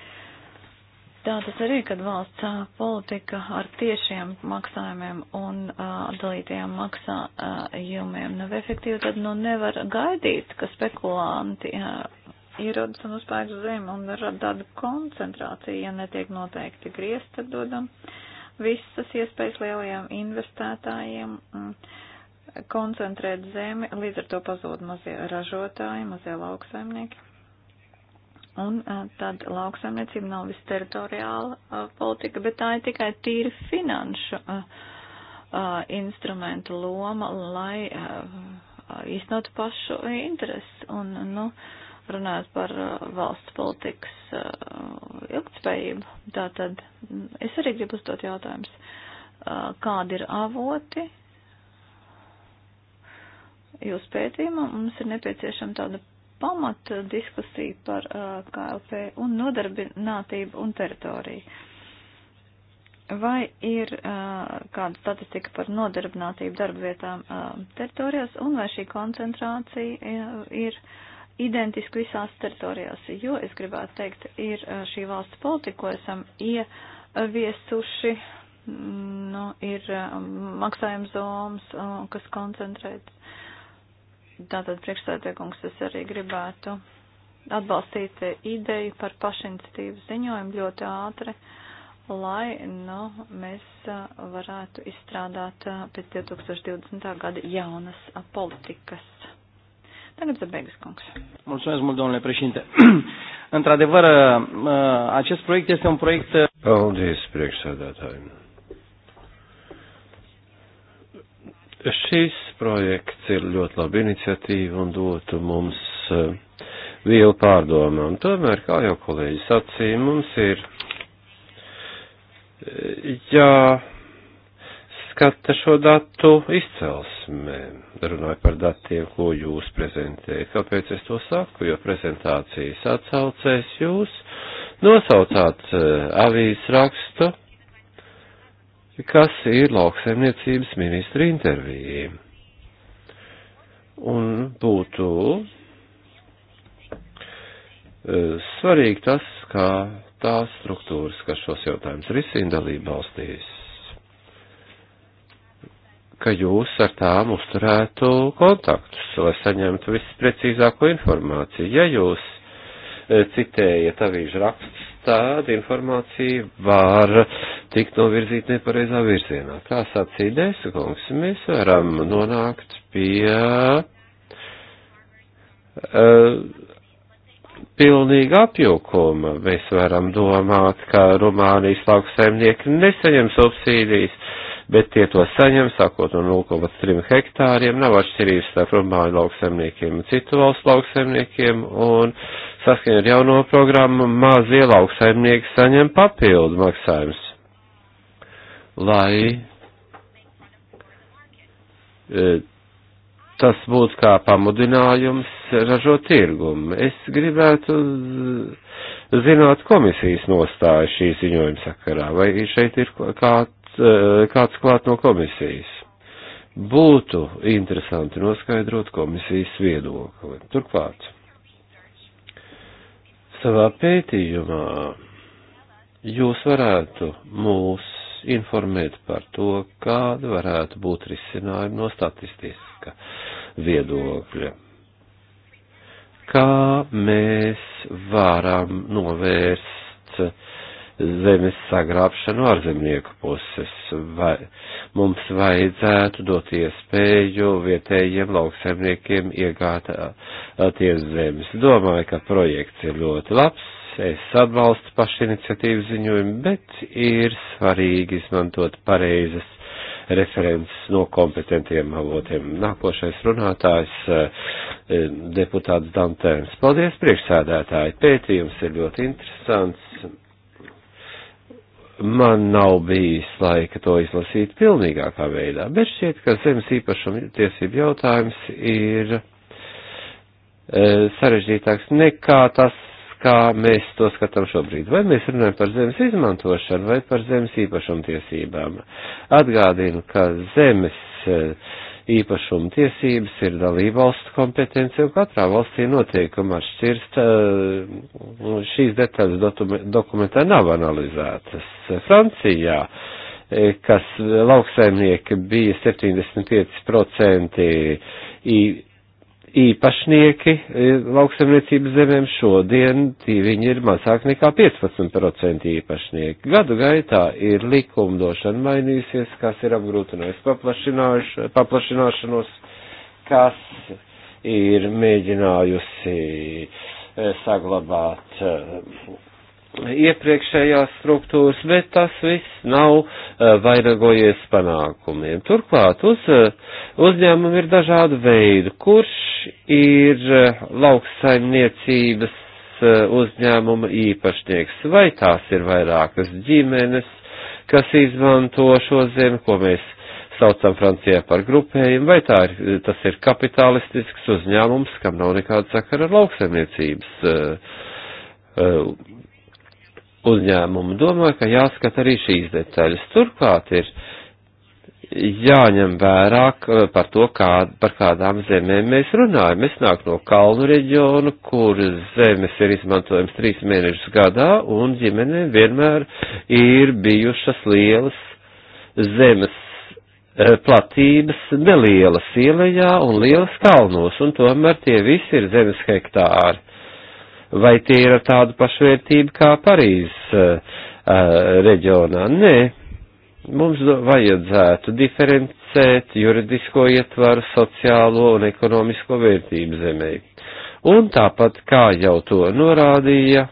tā tas arī, kad valsts politika ar tiešiem maksājumiem un atdalītajiem maksājumiem nav efektīva, tad nu nevar gaidīt, ka spekulanti. Jā, ierodas un uzpērk zem un rada tādu koncentrāciju, ja netiek noteikti griezt, tad dodam visas iespējas lielajiem investētājiem mm, koncentrēt zemi, līdz ar to pazūd mazie ražotāji, mazie lauksaimnieki. Un eh, tad lauksaimniecība nav viss teritoriāla eh, politika, bet tā ir tikai tīri finanšu eh, instrumentu loma, lai īstenotu pašu interesi. Un, nu, uh, runājot par uh, valsts politikas uh, ilgtspējību. Tātad mm, es arī gribu uzdot jautājumus, uh, kādi ir avoti jūsu pētījumā. Mums ir nepieciešama tāda pamata diskusija par KLP un nodarbinātību un teritoriju. Vai ir uh, kāda statistika par nodarbinātību darba vietām uh, teritorijās, un vai šī koncentrācija uh, ir uh, identiski visās teritorijās, jo, es gribētu teikt, ir šī valsts politika, ko esam ieviesuši, nu, ir maksājums zonas, kas koncentrēts. Tātad priekšstādiekungs es arī gribētu atbalstīt ideju par pašiniciatīvu ziņojumu ļoti ātri, lai, nu, mēs varētu izstrādāt pēc 2020. gada jaunas politikas. Tagad Zebegas kungs. Mulțumesc mult, domnule președinte. Într-adevăr, uh, acest proiect este un proiect... Uh, Paldies, priekšsēdētājiem. Šis projekts ir ļoti laba iniciatīva un dotu mums vielu uh, pārdomām. Tomēr, kā jau kolēģis sacīja, mums ir jā. Ja jāskata šo datu izcelsme. Runāju par datiem, ko jūs prezentējat. Kāpēc es to saku? Jo prezentācijas atsaucēs jūs nosaucāt eh, avīzes rakstu, kas ir lauksaimniecības ministra intervija. Un būtu eh, svarīgi tas, kā tās struktūras, kas šos jautājumus risina dalību valstīs, ka jūs ar tām uzturētu kontaktus, lai saņemtu visprecīzāko informāciju. Ja jūs e, citējat avīžu rakstus, tad informācija var tikt novirzīta nepareizā virzienā. Kā sacīja Dēsakungs, mēs varam nonākt pie uh, pilnīga apjukuma. Mēs varam domāt, ka Rumānijas lauksaimnieki nesaņem subsīdijas bet tie to saņem, sākot no 0,3 hektāriem, nav atšķirības starp Rumāņu lauksemniekiem un citu valstu lauksemniekiem, un saskaņā ar jauno programmu mazie lauksemnieki saņem papildu maksājums, lai e, tas būtu kā pamudinājums ražot tirgumu. Es gribētu zināt komisijas nostāju šī ziņojuma sakarā, vai šeit ir kā Eh, kāds klāt no komisijas. Būtu interesanti noskaidrot komisijas viedokli. Turklāt, savā pētījumā jūs varētu mūs informēt par to, kāda varētu būt risinājuma no statistiska viedokļa. Kā mēs varam novērst uh, zemes sagrābšanu ārzemnieku puses. Vai, mums vajadzētu dot iespēju vietējiem lauksaimniekiem iegāties zemes. Domāju, ka projekts ir ļoti labs, es atbalstu pašiniciatīvu ziņojumu, bet ir svarīgi izmantot pareizes references no kompetentiem avotiem. Nākošais runātājs e, deputāts Dantēns. Paldies, priekšsēdētāji! Pētījums ir ļoti interesants man nav bijis laika to izlasīt pilnīgākā veidā, bet šķiet, ka zemes īpašuma tiesību jautājums ir e, sarežģītāks nekā tas, kā mēs to skatām šobrīd. Vai mēs runājam par zemes izmantošanu vai par zemes īpašuma tiesībām? Atgādinu, ka zemes e, īpašuma tiesības ir dalībvalstu kompetence, un katrā valstī noteikuma atšķirst eh, šīs detaļas dokumentā nav analizētas. Francijā, eh, kas lauksaimnieki bija 75% īpašnieki e, lauksaimniecības zemēm šodien viņi ir mazāk nekā 15% īpašnieki. Gadu gaitā ir likumdošana mainījusies, kas ir apgrūtinājusi paplašināšanos, kas ir mēģinājusi e, saglabāt e, iepriekšējās struktūras, bet tas viss nav vainagojies panākumiem. Turklāt uz uzņēmumu ir dažādu veidu, kurš ir lauksaimniecības uzņēmuma īpašnieks, vai tās ir vairākas ģimenes, kas izmanto šo zemi, ko mēs saucam Francijā par grupējumu, vai tā ir, tas ir kapitalistisks uzņēmums, kam nav nekāda sakara ar lauksaimniecības uh, uh, uzņēmumu. Domāju, ka jāskata arī šīs detaļas. Turklāt ir jāņem vērā eh, par to, kā, par kādām zemēm mēs runājam. Es nāku no kalnu reģionu, kur zemes ir izmantojams trīs mēnešus gadā, un ģimenēm vienmēr ir bijušas lielas zemes eh, platības nelielas ielajā un lielas kalnos, un tomēr tie visi ir zemes hektāri vai tie ir ar tādu pašvērtību kā Parīzes uh, uh, reģionā. Nē, mums vajadzētu diferencēt juridisko ietvaru, sociālo un ekonomisko vērtību zemē. Un tāpat, kā jau to norādīja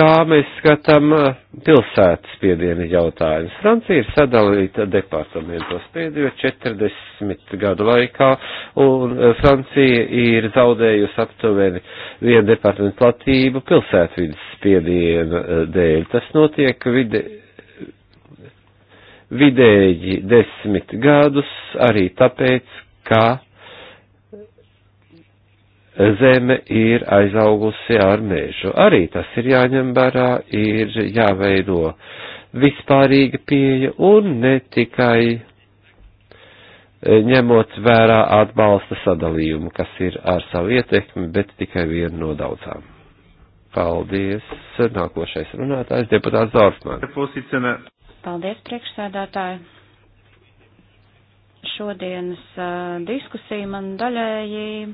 kā mēs skatām pilsētas spiedienu jautājumus. Francija ir sadalīta departamentos pēdējo 40 gadu laikā, un Francija ir zaudējusi aptuveni vienu departamentu platību pilsētvidas spiediena dēļ. Tas notiek vide, vidēji desmit gadus arī tāpēc, ka zeme ir aizaugusi ar mežu. Arī tas ir jāņem vērā, ir jāveido vispārīga pieeja un ne tikai e, ņemot vērā atbalsta sadalījumu, kas ir ar savu ietekmi, bet tikai vienu no daudzām. Paldies. Nākošais runātājs deputāts Dorfman. Paldies, priekšsēdētāji. Šodienas uh, diskusija man daļēji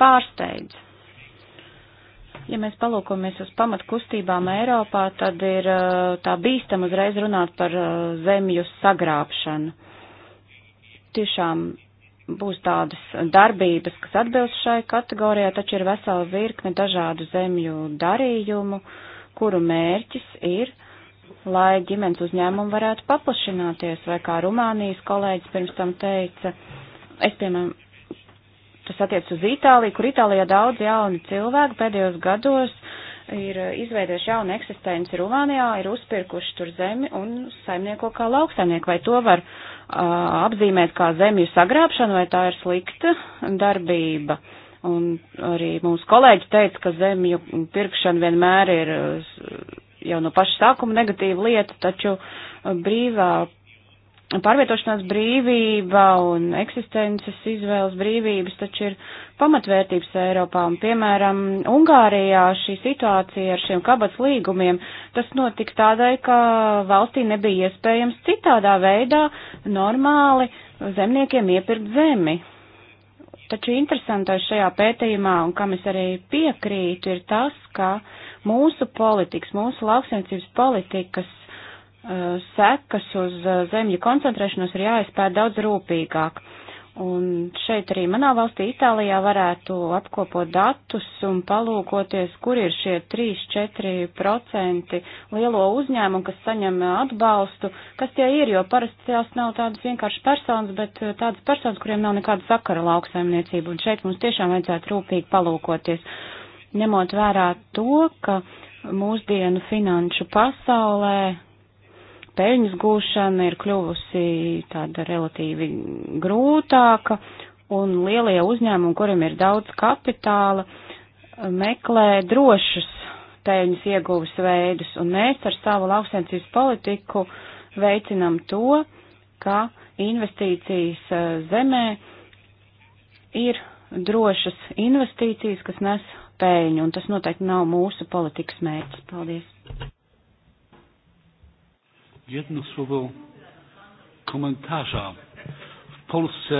pārsteidz. Ja mēs palūkojamies uz pamatkustībām Eiropā, tad ir uh, tā bīstam uzreiz runāt par uh, zemju sagrābšanu. Tiešām būs tādas darbības, kas atbilst šai kategorijai, taču ir vesela virkne dažādu zemju darījumu, kuru mērķis ir, lai ģimenes uzņēmumi varētu paplašināties, vai kā Rumānijas kolēģis pirms tam teica, es, piemēram, Tas attiec uz Itāliju, kur Itālijā daudz jauni cilvēki pēdējos gados ir eh, izveidojuši jaunu eksistenci Rumānijā, ir uzpirkuši tur zemi un saimnieko kā lauksaimnieku. Vai to var uh, apzīmēt kā zemju sagrābšanu, vai tā ir slikta darbība? Un arī mūsu kolēģi teica, ka zemju pirkšana vienmēr ir eh, jau no paša sākuma negatīva lieta, taču brīvā pārvietošanās brīvība un eksistences izvēles brīvības taču ir pamatvērtības Eiropā. Un, piemēram, Ungārijā šī situācija ar šiem kabats līgumiem, tas notika tādēļ, ka valstī nebija iespējams citādā veidā normāli zemniekiem iepirkt zemi. Taču interesantais šajā pētījumā, un kam es arī piekrītu, ir tas, ka mūsu politikas, mūsu lauksaimniecības politikas Uh, sekas uz uh, zemju koncentrēšanos ir jāizpēr daudz rūpīgāk. Un šeit arī manā valstī Itālijā varētu apkopot datus un palūkoties, kur ir šie 3-4% lielo uzņēmumu, kas saņem uh, atbalstu, kas tie ir, jo parasti tās nav tādas vienkāršas personas, bet tādas personas, kuriem nav nekāda sakara lauksaimniecība. Un šeit mums tiešām vajadzētu rūpīgi palūkoties, ņemot vērā to, ka mūsdienu finanšu pasaulē peļņas gūšana ir kļuvusi tāda relatīvi grūtāka, un lielie uzņēmumi, kuriem ir daudz kapitāla, meklē drošus peļņas ieguves veidus, un mēs ar savu lauksainicības politiku veicinam to, ka investīcijas e, zemē ir drošas investīcijas, kas nes peļņu, un tas noteikti nav mūsu politikas mērķis. Paldies! jedno słowo komentarza. W Polsce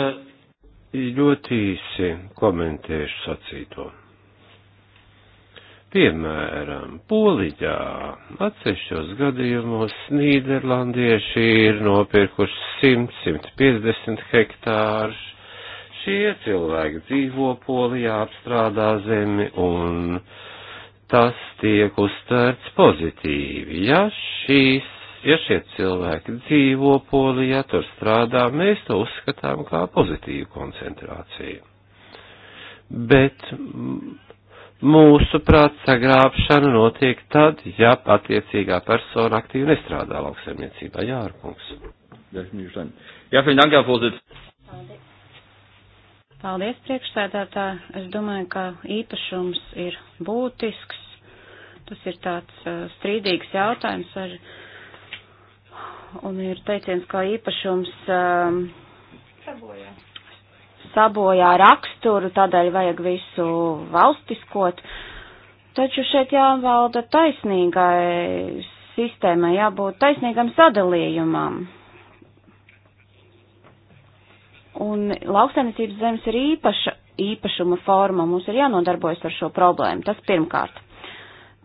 ļoti īsi komentēšu sacīto. Piemēram, Polijā atsevišķos gadījumos Nīderlandieši ir nopirkuši 100-150 hektārus. Šie cilvēki dzīvo Polijā, apstrādā zemi un tas tiek uztverts pozitīvi. Ja šīs Ja šie cilvēki dzīvo polijā, tur strādā, mēs to uzskatām kā pozitīvu koncentrāciju. Bet mūsu prāt sagrābšana notiek tad, ja attiecīgā persona aktīvi nestrādā lauksaimniecībā. Jā, Arkungs. Jā, Dank, Paldies. Paldies, priekšsēdētā. Es domāju, ka īpašums ir būtisks. Tas ir tāds uh, strīdīgs jautājums ar un ir teiciens, ka īpašums um, sabojā. sabojā raksturu, tādēļ vajag visu valstiskot. Taču šeit jāvalda taisnīgai sistēmai, jābūt taisnīgam sadalījumam. Un lauksainicības zemes ir īpaša īpašuma forma, mums ir jānodarbojas ar šo problēmu. Tas pirmkārt.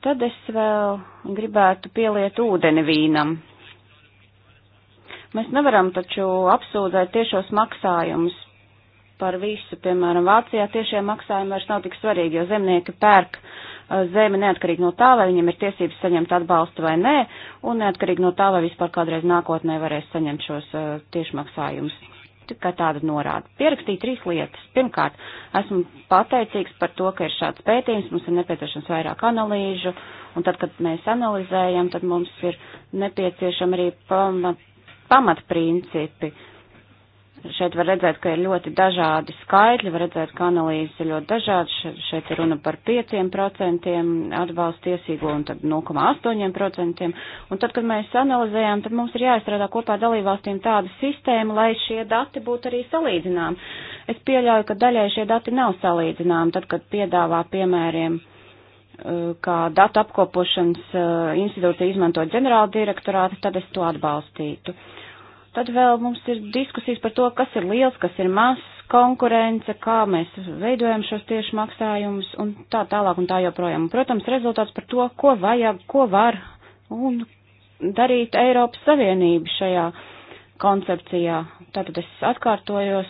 Tad es vēl gribētu pieliet ūdeni vīnam. Mēs nevaram taču apsūdzēt tiešos maksājumus par visu. Piemēram, Vācijā tiešie maksājumi vairs nav tik svarīgi, jo zemnieki pērk uh, zemi neatkarīgi no tā, vai viņiem ir tiesības saņemt atbalstu vai nē, un neatkarīgi no tā, vai vispār kādreiz nākotnē varēs saņemt šos uh, tiešmaksājumus. Tikai tāda norāda. Pierakstīju trīs lietas. Pirmkārt, esmu pateicīgs par to, ka ir šāds pētījums, mums ir nepieciešams vairāk analīžu, un tad, kad mēs analizējam, tad mums ir nepieciešama arī pamat pamatprincipi. Šeit var redzēt, ka ir ļoti dažādi skaitļi, var redzēt, ka analīzes ir ļoti dažādas. Šeit ir runa par 5% atbalstu tiesīgo un tad 0,8%. Un tad, kad mēs analizējām, tad mums ir jāizstrādā kopā dalībvalstīm tāda sistēma, lai šie dati būtu arī salīdzināmi. Es pieļauju, ka daļai šie dati nav salīdzināmi, tad, kad piedāvā piemēriem kā datu apkopošanas eh, institūcija izmantot ģenerāla direktorāti, tad es to atbalstītu. Tad vēl mums ir diskusijas par to, kas ir liels, kas ir mazs, konkurence, kā mēs veidojam šos tieši maksājumus un tā tālāk un tā joprojām. Protams, rezultāts par to, ko vajag, ko var un darīt Eiropas Savienība šajā koncepcijā. Tātad es atkārtojos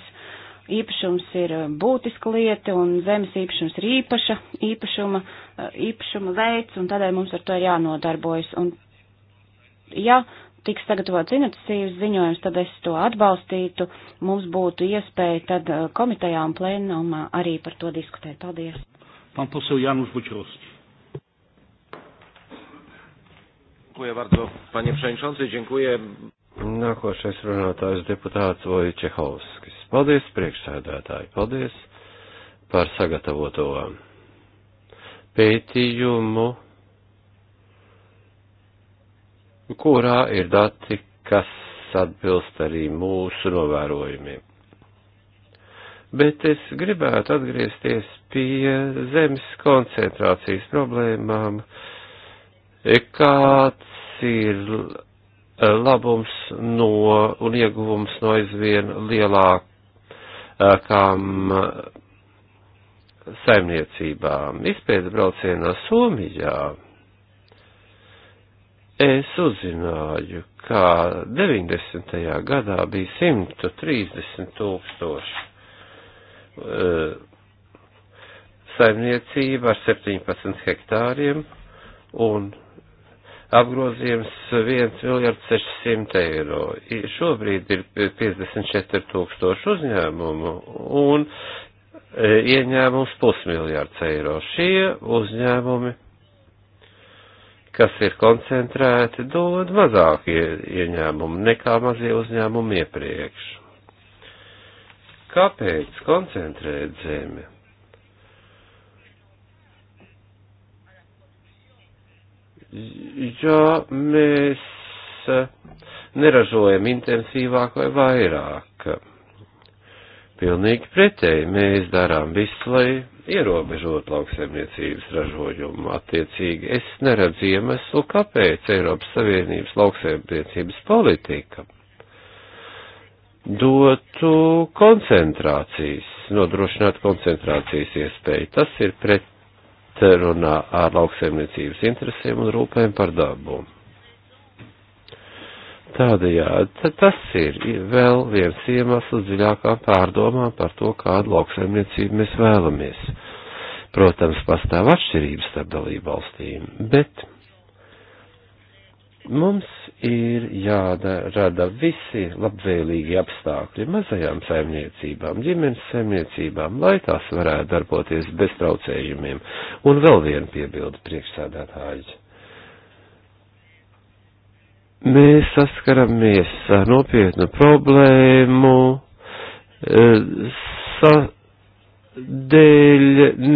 īpašums ir eh, būtiska lieta un zemes īpašums ir īpaša īpašuma, eh, īpašuma veids, un tādēļ mums ar to ir jānodarbojas. Un, ja tiks sagatavots iniciatīvas ziņojums, tad es to atbalstītu. Mums būtu iespēja tad eh, komitejā un plēnumā arī par to diskutēt. Paldies! Pan poseł Janusz Buciowski. Dziękuję bardzo, panie przewodniczący. Dziękuję. Nākošais runātājs deputāts Vojčehovskis. Paldies, priekšsēdētāji, paldies par sagatavoto pētījumu, kurā ir dati, kas atbilst arī mūsu novērojumiem. Bet es gribētu atgriezties pie zemes koncentrācijas problēmām, kāds ir labums no un ieguvums no aizvien lielāk kam saimniecībām. Izpēta braucienā Somijā es uzzināju, ka 90. gadā bija 130 tūkstoši saimniecība ar 17 hektāriem un apgrozījums 1 miljards 600 eiro. Šobrīd ir 54 tūkstoši uzņēmumu un e, ieņēmums pusmiljards eiro. Šie uzņēmumi, kas ir koncentrēti, dod mazāk ieņēmumu nekā mazie uzņēmumi iepriekš. Kāpēc koncentrēt zemi? jo mēs eh, neražojam intensīvāk vai vairāk. Pilnīgi pretēji, mēs darām visu, lai ierobežot lauksaimniecības ražojumu. Attiecīgi, es neredzu iemeslu, kāpēc Eiropas Savienības lauksaimniecības politika dotu koncentrācijas, nodrošināt koncentrācijas iespēju. Tas ir pret pretrunā ar lauksaimniecības interesēm un rūpēm par dabu. Tādējādi tas ir vēl viens iemesls dziļākām pārdomām par to, kādu lauksaimniecību mēs vēlamies. Protams, pastāv atšķirības starp dalību valstīm, bet Mums ir jārada visi labvēlīgi apstākļi mazajām saimniecībām, ģimenes saimniecībām, lai tās varētu darboties bez traucējumiem. Un vēl viena piebilda priekšsādātāji. Mēs saskaramies ar nopietnu problēmu eh, sa dēļ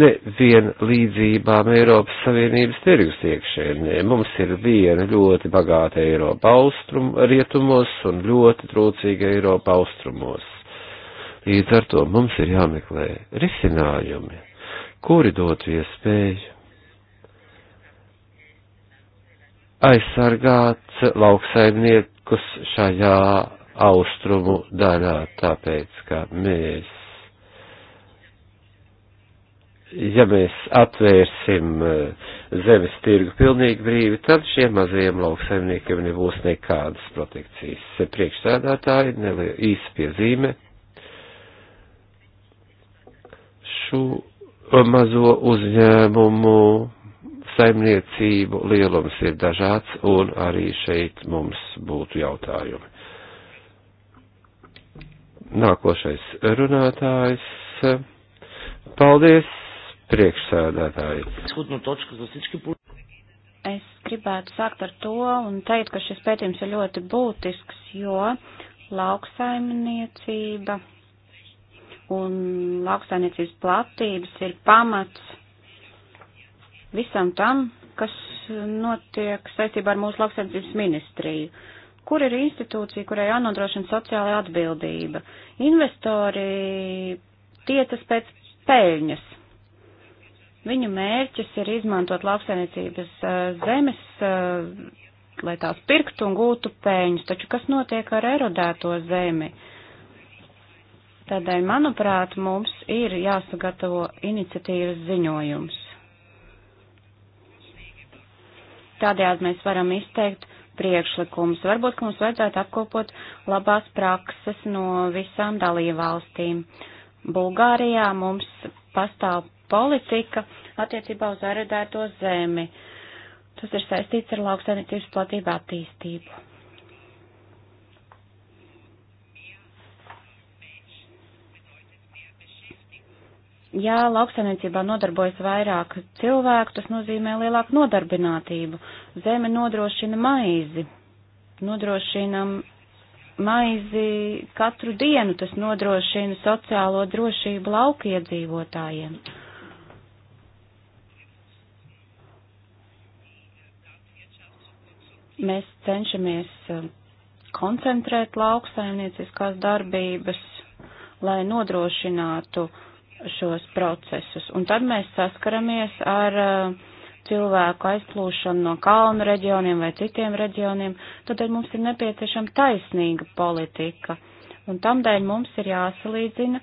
nevienlīdzībām Eiropas Savienības tirgus iekšēnē. Mums ir viena ļoti bagāta Eiropa austrum, rietumos un ļoti trūcīga Eiropa austrumos. Līdz ar to mums ir jāmeklē risinājumi, kuri dotu iespēju aizsargāt lauksaimniekus šajā austrumu daļā, tāpēc, ka mēs ja mēs atvērsim eh, zemes tirgu pilnīgi brīvi, tad šiem mazajiem lauksaimniekiem nebūs nekādas protekcijas. Priekšsēdētāji neliela īsa piezīme. Šo mazo uzņēmumu saimniecību lielums ir dažāds, un arī šeit mums būtu jautājumi. Nākošais runātājs. Paldies! priekšsēdētāji. Es gribētu sākt ar to un teikt, ka šis pētījums ir ļoti būtisks, jo lauksaimniecība un lauksaimniecības platības ir pamats visam tam, kas notiek saistībā ar mūsu lauksaimniecības ministriju. Kur ir institūcija, kurai jānodrošina sociāla atbildība? Investori tiecas pēc peļņas Viņu mērķis ir izmantot lauksainiecības uh, zemes, uh, lai tās pirktu un gūtu pēļņus, taču kas notiek ar erodēto zemi? Tādēļ, manuprāt, mums ir jāsagatavo iniciatīvas ziņojums. Tādējādi mēs varam izteikt priekšlikumus. Varbūt, ka mums vajadzētu apkopot labās prakses no visām dalībvalstīm. Bulgārijā mums pastāv politika attiecībā uz arendēto zemi. Tas ir saistīts ar lauksaimniecības platību attīstību. Ja lauksaimniecībā nodarbojas vairāk cilvēku, tas nozīmē lielāku nodarbinātību. Zeme nodrošina maizi, nodrošinam maizi katru dienu, tas nodrošina sociālo drošību laukiedzīvotājiem. iedzīvotājiem. Mēs cenšamies eh, koncentrēt lauksaimnieciskās darbības, lai nodrošinātu šos procesus. Un tad mēs saskaramies ar uh, cilvēku aizplūšanu no kalnu reģioniem vai citiem reģioniem, tad mums ir nepieciešama taisnīga politika. Un tamdēļ mums ir jāsalīdzina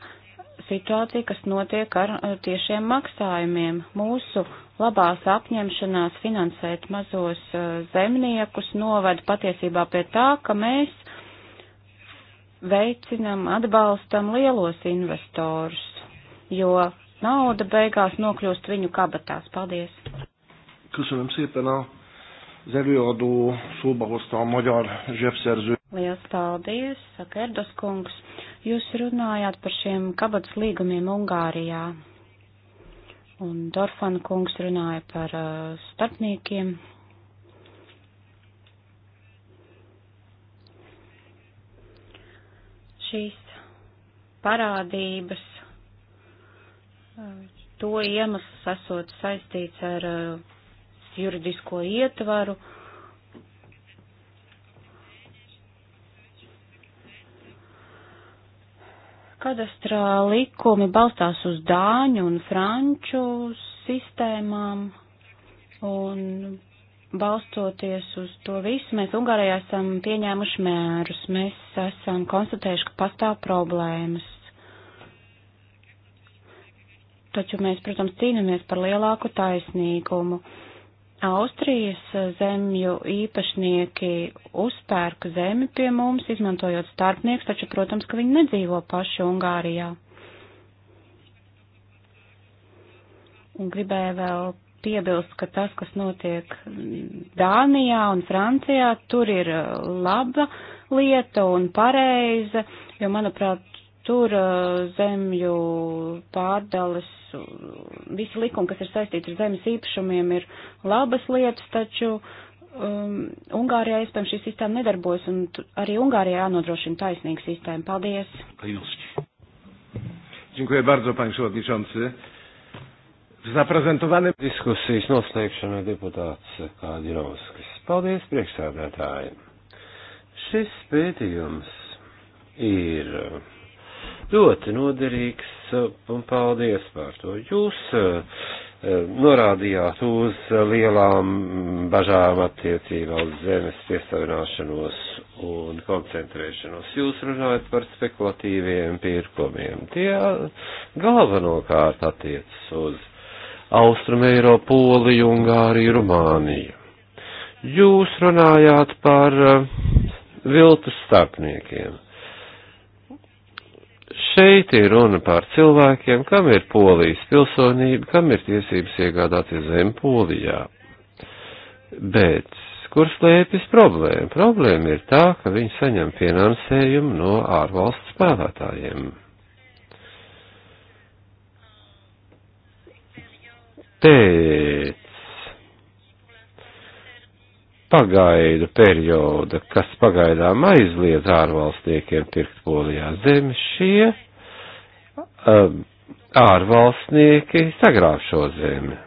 situācija, kas notiek ar tiešiem maksājumiem. Mūsu labās apņemšanās finansēt mazos uh, zemniekus novada patiesībā pie tā, ka mēs veicinam, atbalstam lielos investorus, jo nauda beigās nokļūst viņu kabatās. Paldies! Köszönöm szépen a az előadó szóba hozta a magyar zsebszerző. Liels paldies, saka Erdos kungs. Jūs runājāt par šiem kabatas līgumiem Ungārijā, un Dorfana kungs runāja par uh, starpniekiem. Šīs parādības, uh, to iemesls esot saistīts ar uh, juridisko ietvaru, uh, Kadastrā likumi balstās uz dāņu un franču sistēmām, un balstoties uz to visu, mēs Ungārijā esam pieņēmuši mērus, mēs esam konstatējuši, ka pastāv problēmas. Taču mēs, protams, cīnāmies par lielāku taisnīgumu. Uh, Austrijas eh, zemju īpašnieki uzpērka zemi pie mums, izmantojot starpnieks, taču, protams, ka viņi nedzīvo paši Ungārijā. Un gribēju vēl piebilst, ka tas, kas notiek Dānijā un Francijā, tur ir eh, laba lieta un pareiza, jo, manuprāt, Tur zemju pārdales, visi likumi, kas ir saistīti ar zemes īpašumiem, ir labas lietas, taču um, Ungārijā iespējams šī sistēma nedarbojas, un arī Ungārijā jānodrošina taisnīga sistēma. Paldies! Dziękuję bardzo, panie przewodniczący. Zaprezentowane diskusijas noslēgšanai deputāts Kādirovskis. Paldies priekšsēdētājiem. Šis pētījums ir ļoti noderīgs uh, un paldies par to. Jūs uh, uh, norādījāt uz lielām bažām attiecībā uz zemes piesavināšanos un koncentrēšanos. Jūs runājat par spekulatīviem pirkumiem. Tie galvenokārt attiecas uz Austrumēro, Poliju, Ungāriju, Rumāniju. Jūs runājāt par viltus starpniekiem Šeit ir runa par cilvēkiem, kam ir polijas pilsonība, kam ir tiesības iegādāties zem polijā. Bet kur slēpjas problēma? Problēma ir tā, ka viņi saņem finansējumu no ārvalstu spēlētājiem. Tēc pagaidu perioda, kas pagaidām aizliedz ārvalstniekiem pirkt polijā zemi, šie um, ārvalstnieki sagrāv šo zemi.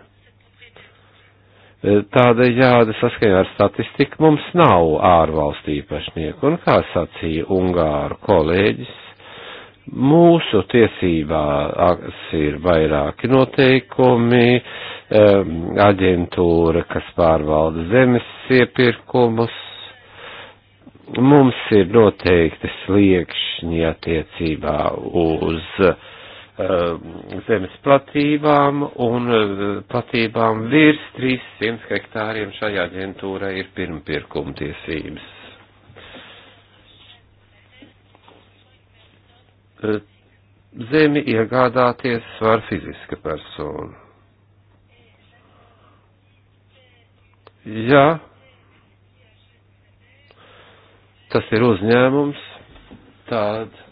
Ehm, Tāda jāda saskaņā ar statistiku mums nav ārvalstu īpašnieku, un kā sacīja Ungāru kolēģis, mūsu tiesībās ir vairāki noteikumi, ehm, aģentūra, kas pārvalda zemes iepirkumus, mums ir noteikti sliekšņi attiecībā uz uh, Uh, zemes platībām un uh, platībām virs 300 hektāriem šajā aģentūrā ir pirmpirkuma tiesības. Uh, zemi iegādāties var fiziska persona. Ja tas ir uzņēmums, tad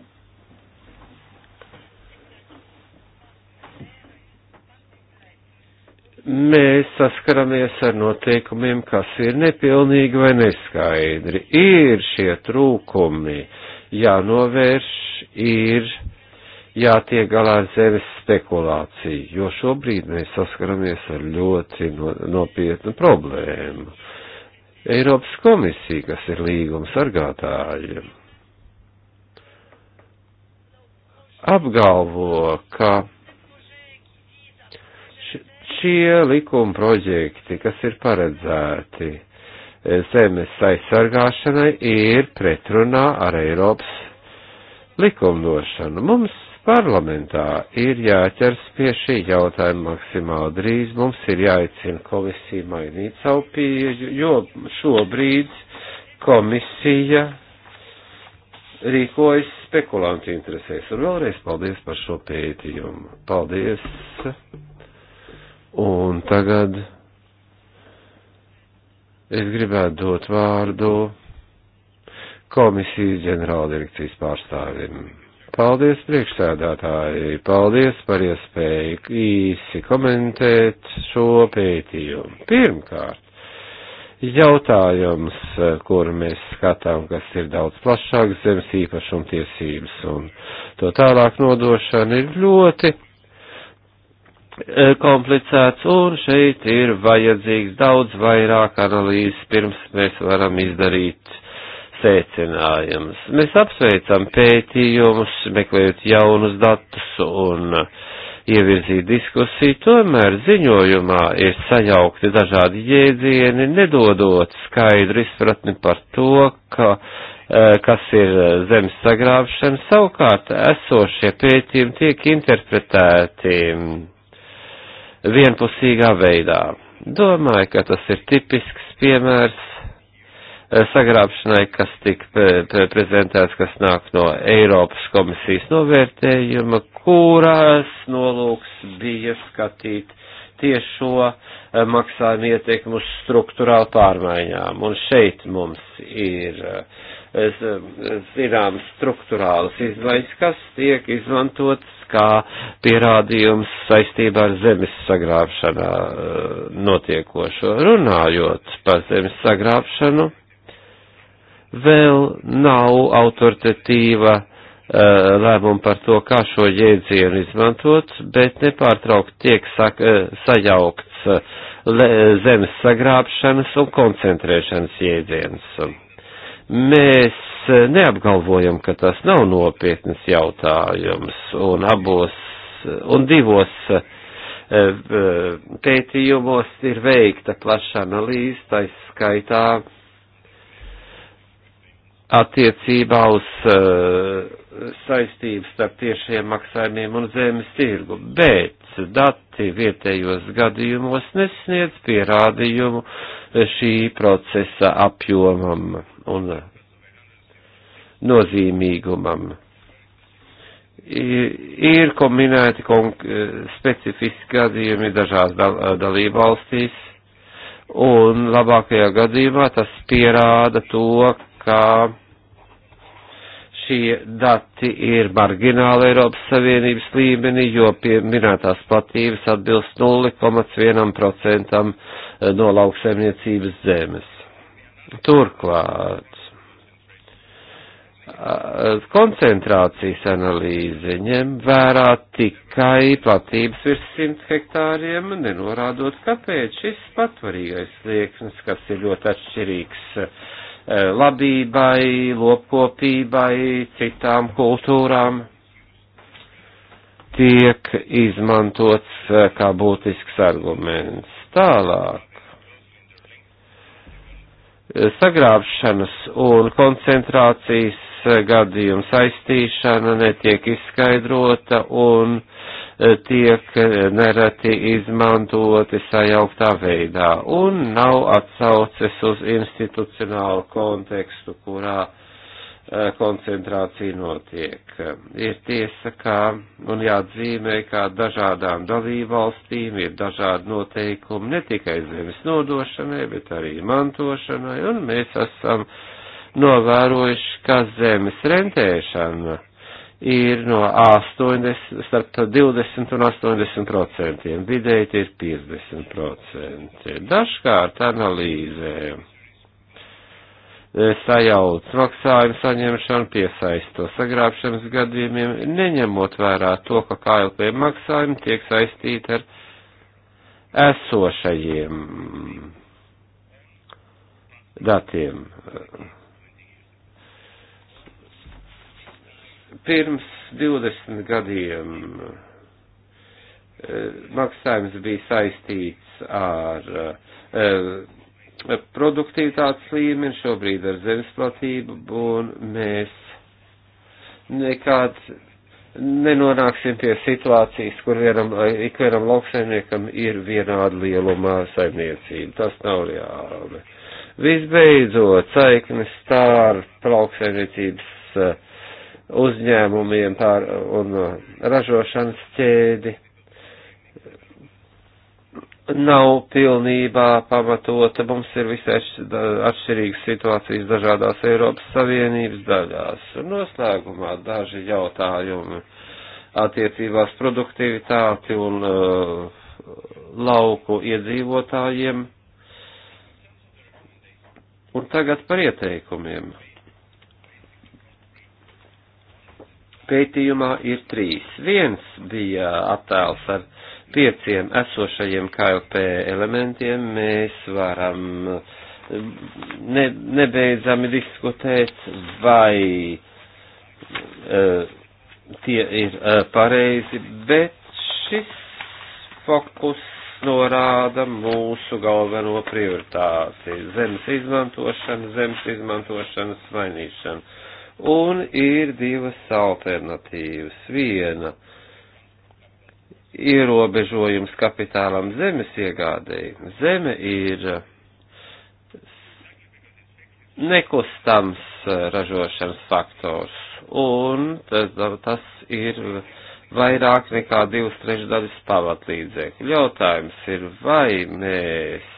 mēs saskaramies ar noteikumiem, kas ir nepilnīgi vai neskaidri. Ir šie trūkumi jānovērš, ir jātiek galā ar zemes spekulāciju, jo šobrīd mēs saskaramies ar ļoti no, nopietnu problēmu. Eiropas komisija, kas ir līguma sargātāja, apgalvo, ka šie likuma projekti, kas ir paredzēti zemes aizsargāšanai, ir pretrunā ar Eiropas likumdošanu. Mums parlamentā ir jāķers pie šī jautājuma maksimāli drīz. Mums ir jāicina komisija mainīt savu pieeju, jo šobrīd komisija rīkojas spekulantu interesēs. Un vēlreiz paldies par šo pētījumu. Paldies! Un tagad es gribētu dot vārdu komisijas ģenerāldirekcijas pārstāvim. Paldies priekšsēdētāji, paldies par iespēju īsi komentēt šo pētījumu. Pirmkārt, jautājums, kuru mēs skatām, kas ir daudz plašāk zemes īpašumtiesības un to tālāk nodošana ir ļoti E, komplicēts, un šeit ir vajadzīgs daudz vairāk analīzes, pirms mēs varam izdarīt secinājumus. Mēs apsveicam pētījumus, meklējot jaunus datus un ievirzīt diskusiju, tomēr ziņojumā ir sajaukti dažādi jēdzieni, nedodot skaidru izpratni par to, ka e, kas ir zemes sagrābšana, savukārt esošie pētījumi tiek interpretēti vienpusīgā veidā. Domāju, ka tas ir tipisks piemērs eh, sagrābšanai, kas tika pre pre prezentēts, kas nāk no Eiropas komisijas novērtējuma, kurās nolūks bija skatīt tiešo eh, maksājumu ietekmu uz struktūrālu pārmaiņām. Un šeit mums ir eh, zināmas struktūrālas izmaiņas, kas tiek izmantotas kā pierādījums saistībā ar zemes sagrābšanā eh, notiekošo. Runājot par zemes sagrābšanu, vēl nav autoritatīva eh, lēmumu par to, kā šo jēdzienu izmantot, bet nepārtraukt tiek sak, eh, sajaukts le, zemes sagrābšanas un koncentrēšanas jēdziens. Mēs Eh, neapgalvojam, ka tas nav nopietnas jautājums, un abos, eh, un divos eh, pētījumos ir veikta plaša analīze, taiskaitā attiecībā uz saistības starp tiešiem maksājumiem un zemes tirgu, bet dati vietējos gadījumos nesniedz pierādījumu šī procesa apjomam un nozīmīgumam. Ir kombinēti specifiski gadījumi dažās dal dalībvalstīs, un labākajā gadījumā tas pierāda to, ka šie dati ir margināli Eiropas Savienības līmenī, jo pie minētās platības atbilst 0,1% eh, no lauksaimniecības zemes. Turklāt Uh, koncentrācijas analīze ņem vērā tikai platības virs 100 hektāriem, nenorādot, kāpēc šis patvarīgais slieksnis, kas ir ļoti atšķirīgs uh, labībai, lopkopībai, citām kultūrām, tiek izmantots uh, kā būtisks arguments. Tālāk sagrābšanas un koncentrācijas gadījuma saistīšana netiek izskaidrota un e, tiek e, nereti izmantoti sajauktā veidā un nav atsauces uz institucionālu kontekstu, kurā e, koncentrācija notiek. Ir tiesa, kā un jāatzīmē, kā dažādām dalībvalstīm ir dažādi noteikumi ne tikai zemes nodošanai, bet arī mantošanai, un mēs esam uh, novērojuši, ka zemes rentēšana ir no 80, starp 20 un 80 procentiem, vidēji tie ir 50 procenti. Dažkārt analīzē e, sajauc maksājumu saņemšanu, piesaisto sagrābšanas gadījumiem, neņemot vērā to, ka KLP maksājumi tiek saistīti ar esošajiem datiem. Pirms 20 gadiem eh, maksājums bija saistīts ar eh, produktivitātes līmeni, šobrīd ar zemes platību, un mēs nekāds nenonāksim pie situācijas, kur vienam, ikvienam lauksaimniekam ir vienāda lieluma saimniecība. Tas nav reāli. Visbeidzot, saiknes starp lauksaimniecības eh, uzņēmumiem pār, un uh, ražošanas ķēdi nav pilnībā pamatota. Mums ir visai atšķirīgas situācijas dažādās Eiropas Savienības daļās. Un noslēgumā daži jautājumi attiecībās produktivitāti un uh, lauku iedzīvotājiem. Un tagad par ieteikumiem. pētījumā ir trīs. Viens bija attēls ar pieciem esošajiem KLP elementiem. Mēs varam eh, ne, nebeidzami diskutēt, vai uh, tie ir uh, pareizi, bet šis fokus norāda mūsu galveno prioritāti - zemes izmantošana, zemes izmantošanas mainīšana un ir divas alternatīvas. Viena ierobežojums kapitālam zemes iegādēji. Zeme ir nekustams ražošanas faktors, un tas ir vairāk nekā divas trešdaļas pavatlīdzekļu. Jautājums ir, vai mēs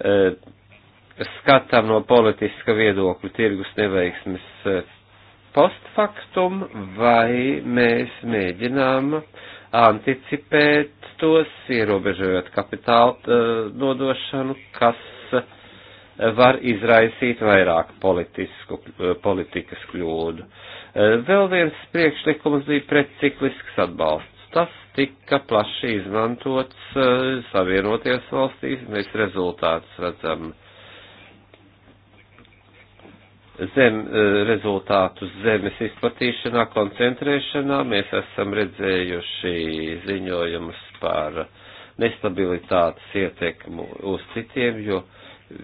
eh, skatām no politiska viedokļa tirgus neveiksmes eh, postfaktum, vai mēs mēģinām anticipēt tos, ierobežojot kapitāla eh, nodošanu, kas eh, var izraisīt vairāk politisku, politikas kļūdu. Vēl viens priekšlikums bija pretciklisks atbalsts. Tas tika plaši izmantots savienoties valstīs, mēs rezultātus redzam zem eh, rezultātus zemes izplatīšanā, koncentrēšanā. Mēs esam redzējuši ziņojumus par nestabilitātes ietekmu uz citiem, jo eh,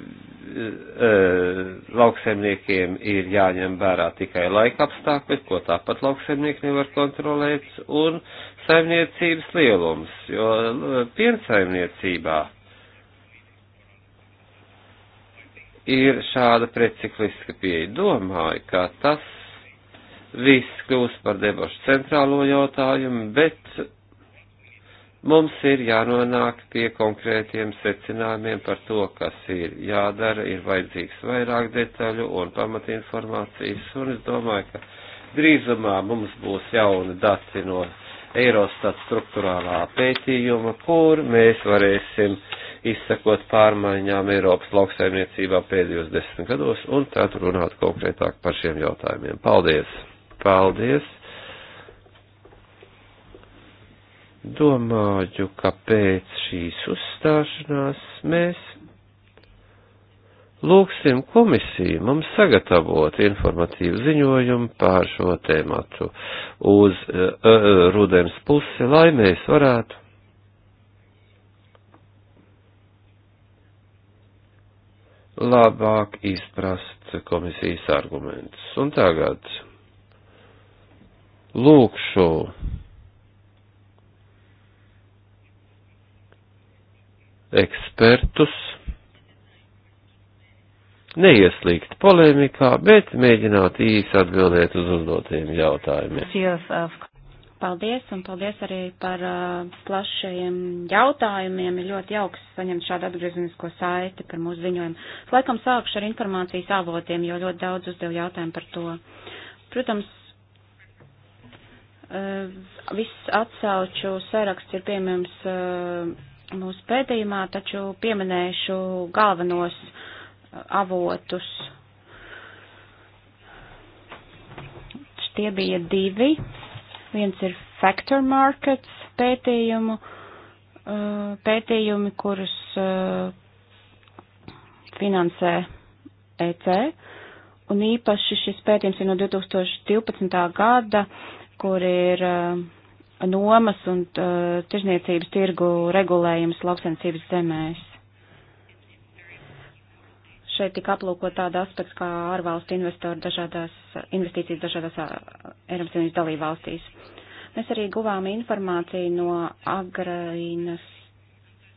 eh, lauksemniekiem ir jāņem vērā tikai laika apstākļi, ko tāpat lauksemnieki nevar kontrolēt, un saimniecības lielums, jo piensaimniecībā ir šāda precikliska pieeja. Domāju, ka tas viss kļūst par debašu centrālo jautājumu, bet mums ir jānonāk pie konkrētiem secinājumiem par to, kas ir jādara, ir vajadzīgs vairāk detaļu un pamatinformācijas, un es domāju, ka drīzumā mums būs jauni dati no Eurostat struktūrālā pētījuma, kur mēs varēsim uh, izsakot pārmaiņām Eiropas lauksaimniecībā pēdējos desmit gados un tad runāt konkrētāk par šiem jautājumiem. Paldies! Paldies! Domāju, ka pēc šīs uzstāšanās mēs lūgsim komisiju mums sagatavot informatīvu ziņojumu pār šo tēmatu uz uh, uh, rudens pusi, lai mēs varētu labāk izprast komisijas argumentus. Un tagad lūkšu ekspertus neieslīgt polemikā, bet mēģināt īsi atbildēt uz uzdotiem jautājumiem. Paldies, un paldies arī par uh, plašajiem jautājumiem. Ir ļoti jauks saņemt šādu atgriezenisko saiti par mūsu ziņojumu. Es laikam sākušu ar informācijas avotiem, jo ļoti daudz uzdevu jautājumu par to. Protams, uh, viss atsauču saraksts ir pieejams uh, mūsu pētījumā, taču pieminēšu galvenos uh, avotus. Tie bija divi Viens ir factor markets pētījumu, uh, pētījumi, kurus uh, finansē EC, un īpaši šis pētījums ir no 2012. gada, kur ir uh, nomas un tirzniecības tirgu regulējums lauksensības zemēs. Šeit tika aplūkot tāda aspekts kā ārvalstu investoru dažādās investīcijas dažādās Eiropas Savienības dalībvalstīs. Mēs arī guvām informāciju no Agrainas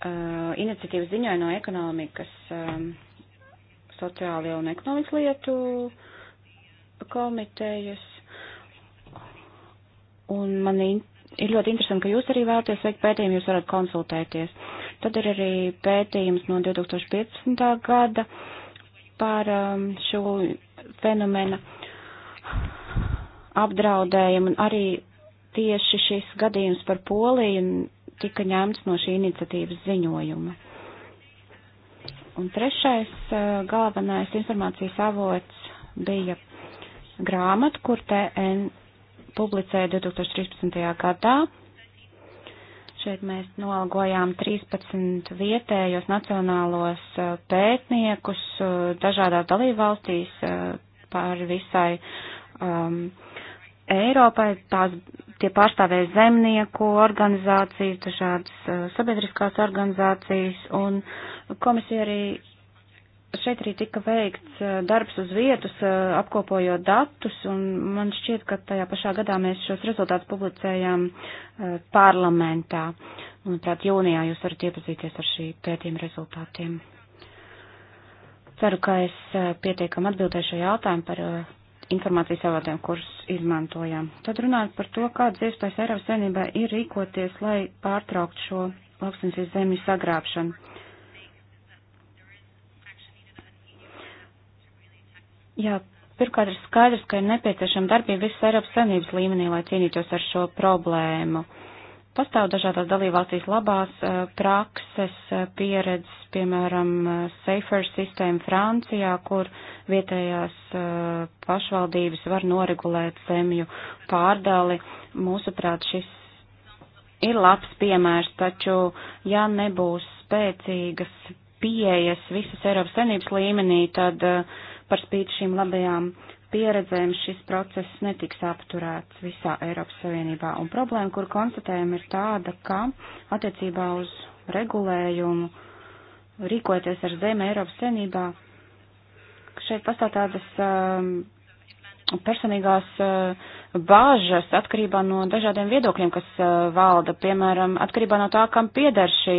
uh, iniciatīvas ziņoja no ekonomikas, um, sociālajā un ekonomikas lietu komitejas. Un man ir ļoti interesanti, ka jūs arī vēlaties veikt pētījumu, jūs varat konsultēties. Tad ir arī pētījums no 2015. gada par um, šo fenomena apdraudējumu. Arī tieši šis gadījums par Poliju tika ņemts no šī iniciatīvas ziņojuma. Un trešais uh, galvenais informācijas avots bija grāmata, kur TN publicēja 2013. gadā Šeit mēs noalgojām 13 vietējos nacionālos eh, pētniekus eh, dažādās dalībvalstīs eh, par visai um, Eiropai. Tās, tie pārstāvēja zemnieku organizācijas, dažādas sabiedriskās organizācijas, un komisija arī šeit arī tika veikts eh, darbs uz vietas, eh, apkopojot datus, un man šķiet, ka tajā pašā gadā mēs šos rezultātus publicējām eh, parlamentā. Manuprāt, jūnijā jūs varat iepazīties ar šī pētījuma rezultātiem. Ceru, ka es pietiekam atbildēšu jautājumu par informācijas avotiem, kurus izmantojām. Tad runājot par to, kādas iespējas Eiropas Savienībā ir rīkoties, lai pārtraukt šo lauksnes zemes sagrābšanu Jā, pirmkārt ir skaidrs, ka ir nepieciešama darbība visas Eiropas Savienības līmenī, lai cīnītos ar šo problēmu. Pastāv dažādās dalībvalstīs labās eh, prakses eh, pieredzes, piemēram, eh, Safer sistēma Francijā, kur vietējās pašvaldības var noregulēt zemju pārdali. Mūsuprāt, šis ir labs piemērs, taču, ja nebūs spēcīgas pieejas visas Eiropas Savienības līmenī, tad uh, Par spīti šīm labajām pieredzēm šis process netiks apturēts visā Eiropas Savienībā. Un problēma, kur konstatējam, ir tāda, ka attiecībā uz regulējumu rīkoties ar zemi Eiropas Savienībā, šeit pastāv tādas um, personīgās eh, bāžas atkarībā no dažādiem viedokļiem, kas eh, valda, piemēram, atkarībā no tā, kam pieder šī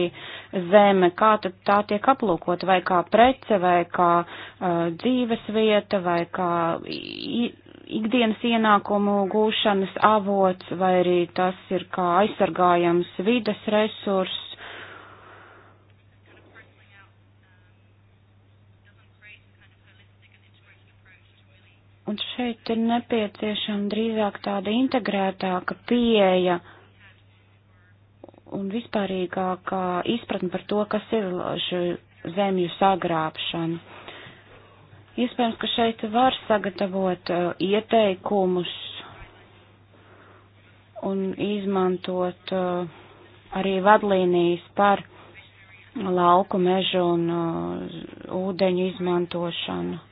zeme, kā tā tiek aplūkota, vai kā prece, vai kā uh, dzīves vieta, vai kā ikdienas ienākumu gūšanas avots, vai arī tas ir kā aizsargājams vides resurs, Un šeit ir nepieciešama drīzāk tāda integrētāka pieeja un vispārīgākā izpratne par to, kas ir šī zemju sagrābšana. Iespējams, ka šeit var sagatavot uh, ieteikumus un izmantot uh, arī vadlīnijas par lauku mežu un uh, ūdeņu izmantošanu.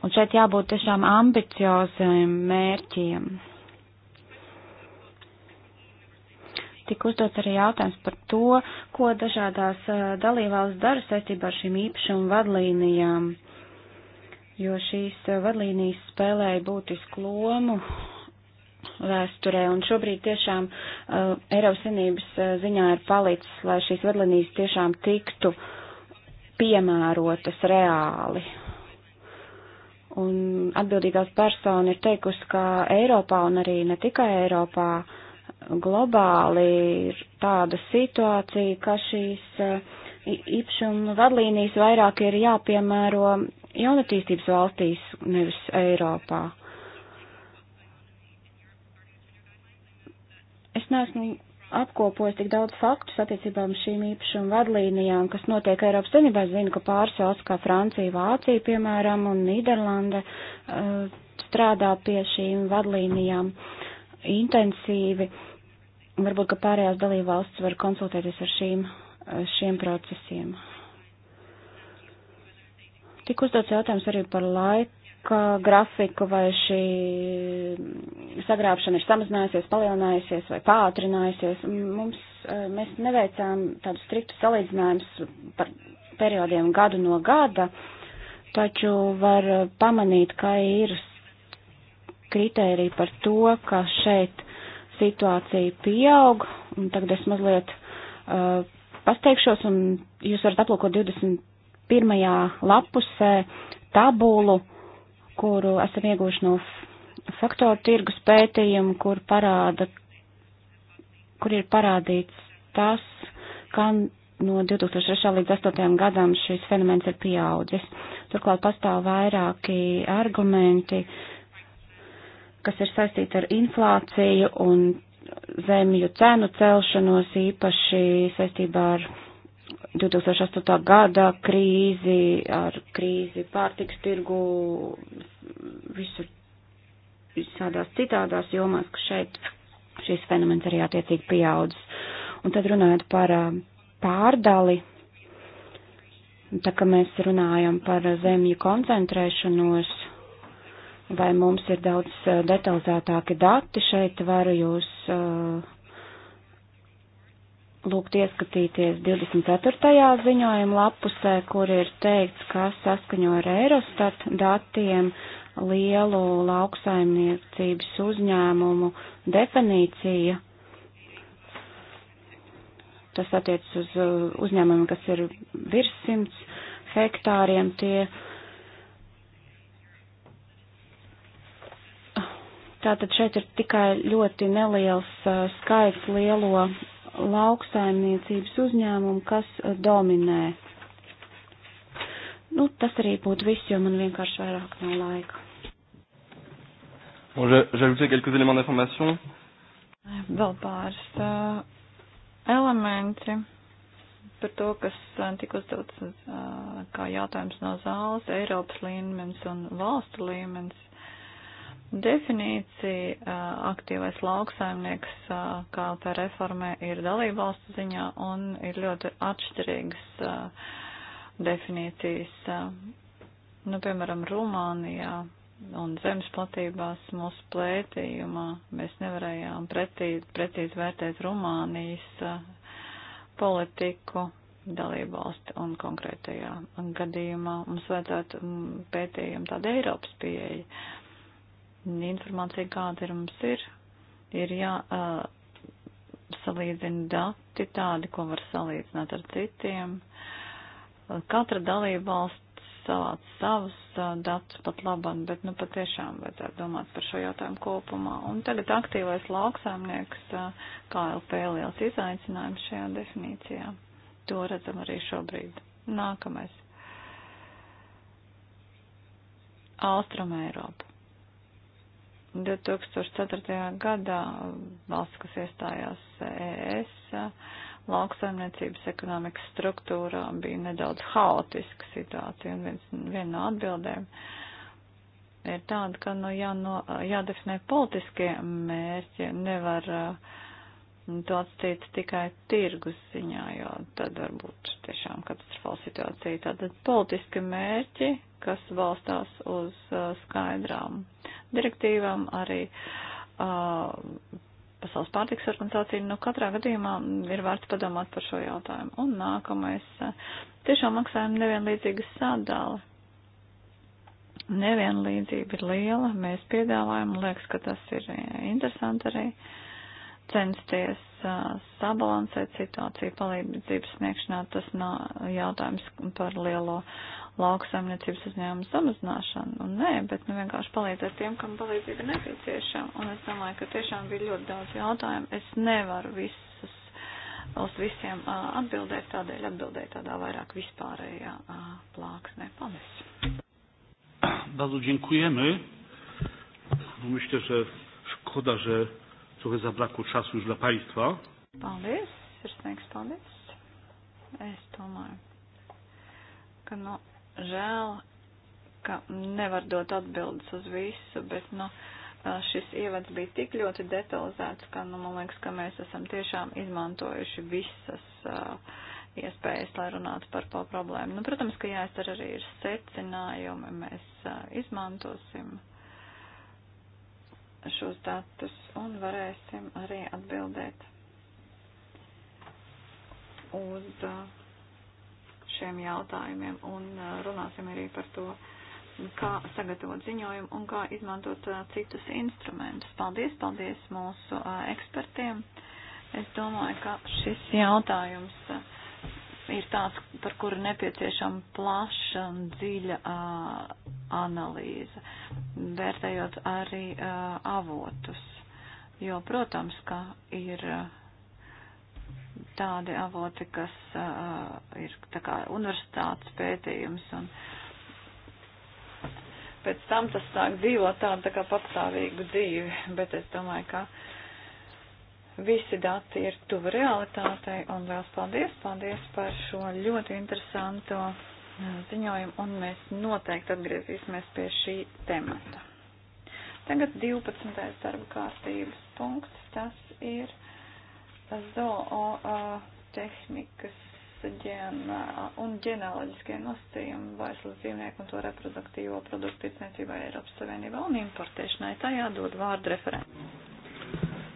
Un šeit jābūt tiešām ambicioziem mērķiem. Tik uzdots arī jautājums par to, ko dažādās eh, dalībvalsts dara saistībā ar šīm īpašumu vadlīnijām, jo šīs eh, vadlīnijas spēlēja būtisku lomu vēsturē, un šobrīd tiešām uh, Eiropas Savienības uh, ziņā ir palicis, lai šīs vadlinijas tiešām tiktu piemērotas reāli. Un atbildīgās persona ir teikusi, ka Eiropā un arī ne tikai Eiropā globāli ir tāda situācija, ka šīs eh, īpašuma vadlīnijas vairāk ir jāpiemēro jaunatīstības valstīs, nevis Eiropā. Es neesmu apkopojis tik daudz faktus attiecībā uz šīm īpašuma vadlīnijām, kas notiek Eiropas Savienībā. Es zinu, ka pāris valsts kā Francija, Vācija, piemēram, un Nīderlanda eh, strādā pie šīm vadlīnijām intensīvi. Varbūt, ka pārējās dalībvalsts var konsultēties ar šīm, eh, šiem procesiem. Tik uzdots jautājums arī par laiku laika grafiku, vai šī sagrābšana ir samazinājusies, palielinājusies vai pātrinājusies. Mums, e, mēs neveicām tādu striktu salīdzinājumus par periodiem gadu no gada, taču var pamanīt, ka ir kritērija par to, ka šeit situācija pieaug, un tagad es mazliet uh, pasteikšos, un jūs varat aplūkot 21. lapusē tabulu, uh, kuru esam iegūši no faktoru tirgus pētījumu, kur parāda, kur ir parādīts tas, kā no 2006. līdz 2008. gadam šis fenomens ir pieaudzis. Turklāt pastāv vairāki argumenti, kas ir saistīti ar inflāciju un zemju cenu celšanos, īpaši saistībā ar 2008. gada krīzi, ar krīzi pārtiks tirgu, visur visādās citādās jomās, ka šeit šis fenomens arī attiecīgi pieaudzis. Un tad runājot par pārdali, tā kā mēs runājam par zemju koncentrēšanos, vai mums ir daudz detalizētāki dati šeit, varu jūs uh, lūgt ieskatīties 24. ziņojuma lapusē, kur ir teikts, ka saskaņo ar Eurostat datiem lielu lauksaimniecības uzņēmumu definīcija. Tas attiecas uz uh, uzņēmumiem, kas ir virs simts hektāriem. Tie Tātad šeit ir tikai ļoti neliels uh, skaits lielo lauksaimniecības uzņēmumu, kas eh, dominē. Nu, tas arī būtu viss, jo man vienkārši vairāk nav laika. Bon, J'ajoutais quelques éléments d'information. Eh, vēl pāris uh, elementi par to, kas tika uzdots uh, kā jautājums no zāles, Eiropas līmenis un valstu līmenis. Definīcija aktīvais lauksaimnieks KLP reformē ir dalība valstu ziņā un ir ļoti atšķirīgas definīcijas. Nu, piemēram, Rumānijā un zemes platībās mūsu plētījumā mēs nevarējām pretī, precīzi vērtēt Rumānijas politiku dalībvalsti un konkrētajā gadījumā mums vajadzētu pētījumu tāda Eiropas pieeja. Informācija, kāda ir mums ir, ir jā. Uh, salīdzina dati tādi, ko var salīdzināt ar citiem. Katra dalība valsts savāc savus datus pat labam, bet nu patiešām vajadzētu domāt par šo jautājumu kopumā. Un tagad aktīvais lauksaimnieks KLP liels izaicinājums šajā definīcijā. To redzam arī šobrīd. Nākamais. Austrum Eiropa. 2004. gadā valsts, kas iestājās ES, lauksaimniecības ekonomikas struktūrā bija nedaudz haotiska situācija, un viens, viena no atbildēm ir tāda, ka nu, jā, no, jādefinē politiskie mērķi, nevar uh, to atstīt tikai tirgus ziņā, jo tad varbūt tiešām katastrofāla situācija. Tātad politiski mērķi, kas balstās uz uh, skaidrām direktīvām, arī uh, Pasaules pārtiks organizācija. Nu, katrā gadījumā ir vērts padomāt par šo jautājumu. Un nākamais uh, tiešām maksājuma nevienlīdzīga sadala. Nevienlīdzība ir liela, mēs piedāvājam, liekas, ka tas ir interesanti arī censties uh, sabalansēt situāciju palīdzības sniegšanā. Tas nav jautājums par lielo uh, lauksaimniecības uzņēmumu samazināšanu. Un nē, bet nu vienkārši palīdzēt tiem, kam palīdzība nepieciešama. Un es domāju, ka tiešām bija ļoti daudz jautājumu. Es nevaru visus, uz visiem uh, atbildēt, tādēļ atbildēju tādā vairāk vispārējā uh, plāksnē. Paldies! Bardzo dziękujemy. Myślę, że szkoda, że trochę zabrakło czasu już dla Państwa. Paldies, sirsnīgs paldies. Es domāju, ka nu, žēl, ka nevar dot atbildes uz visu, bet, nu, šis ievads bija tik ļoti detalizēts, ka, nu, man liekas, ka mēs esam tiešām izmantojuši visas uh, iespējas, lai runātu par to problēmu. Nu, protams, ka jāizdara arī ir secinājumi, mēs uh, izmantosim šos datus un varēsim arī atbildēt uz. Uh, šiem jautājumiem un e, runāsim arī par to, kā sagatavot ziņojumu un kā izmantot e, citus instrumentus. Paldies, paldies mūsu e, ekspertiem. Es domāju, ka šis jautājums ir tāds, par kuru nepieciešama plaša un dziļa analīze, vērtējot arī avotus. Jo, protams, ka ir. A, tādi avoti, kas uh, ir tā kā universitātes pētījums. Un pēc tam tas sāk dzīvot tādu tā kā patstāvīgu dzīvi, bet es domāju, ka visi dati ir tuvu realitātei un liels paldies, paldies par šo ļoti interesanto ziņojumu un mēs noteikti atgriezīsimies pie šī temata. Tagad 12. darba kārtības punkts, tas ir zootehnikas ģen, un ģenealoģiskie nosacījumi vairslas dzīvnieku un to reproduktīvo produktu tirdzniecībā Eiropas Savienībā un importēšanai. Tā jādod vārdu referentam.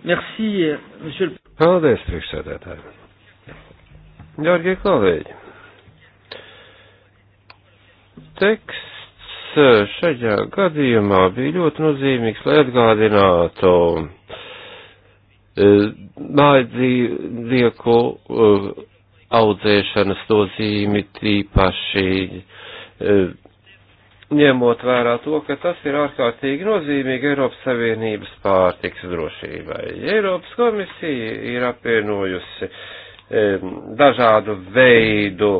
Merci, monsieur. Paldies, priekšsēdētāji. Dārgie kolēģi. Teksts eh, šajā gadījumā bija ļoti nozīmīgs, lai atgādinātu Eh, mājdzīvnieku eh, audzēšanas nozīmi tīpaši eh, ņemot vērā to, ka tas ir ārkārtīgi nozīmīgi Eiropas Savienības pārtiks drošībai. Eiropas komisija ir apvienojusi dažādu veidu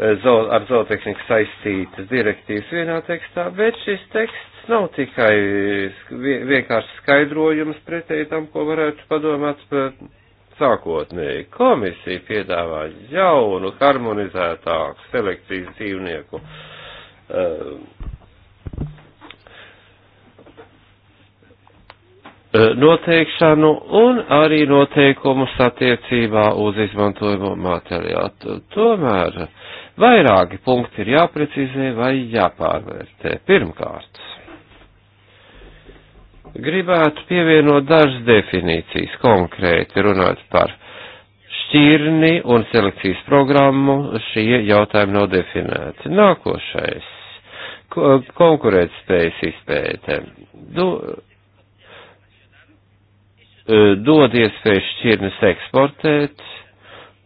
ar zootehniku saistītas direktīvas vienā tekstā, bet šis teksts nav tikai vienkārši skaidrojums pretēji tam, ko varētu padomāt par sākotnēji. Komisija piedāvā jaunu, harmonizētāku selekcijas dzīvnieku. Uh, noteikšanu un arī noteikumus attiecībā uz izmantojumu materiālu. Tomēr vairāki punkti ir jāprecizē vai jāpārvērtē. Pirmkārt, Gribētu pievienot dažas definīcijas, konkrēti runāt par šķirni un selekcijas programmu, šie jautājumi nav definēti. Nākošais - konkurētspējas izpēte. Du, e, dod iespēju šķirnes eksportēt,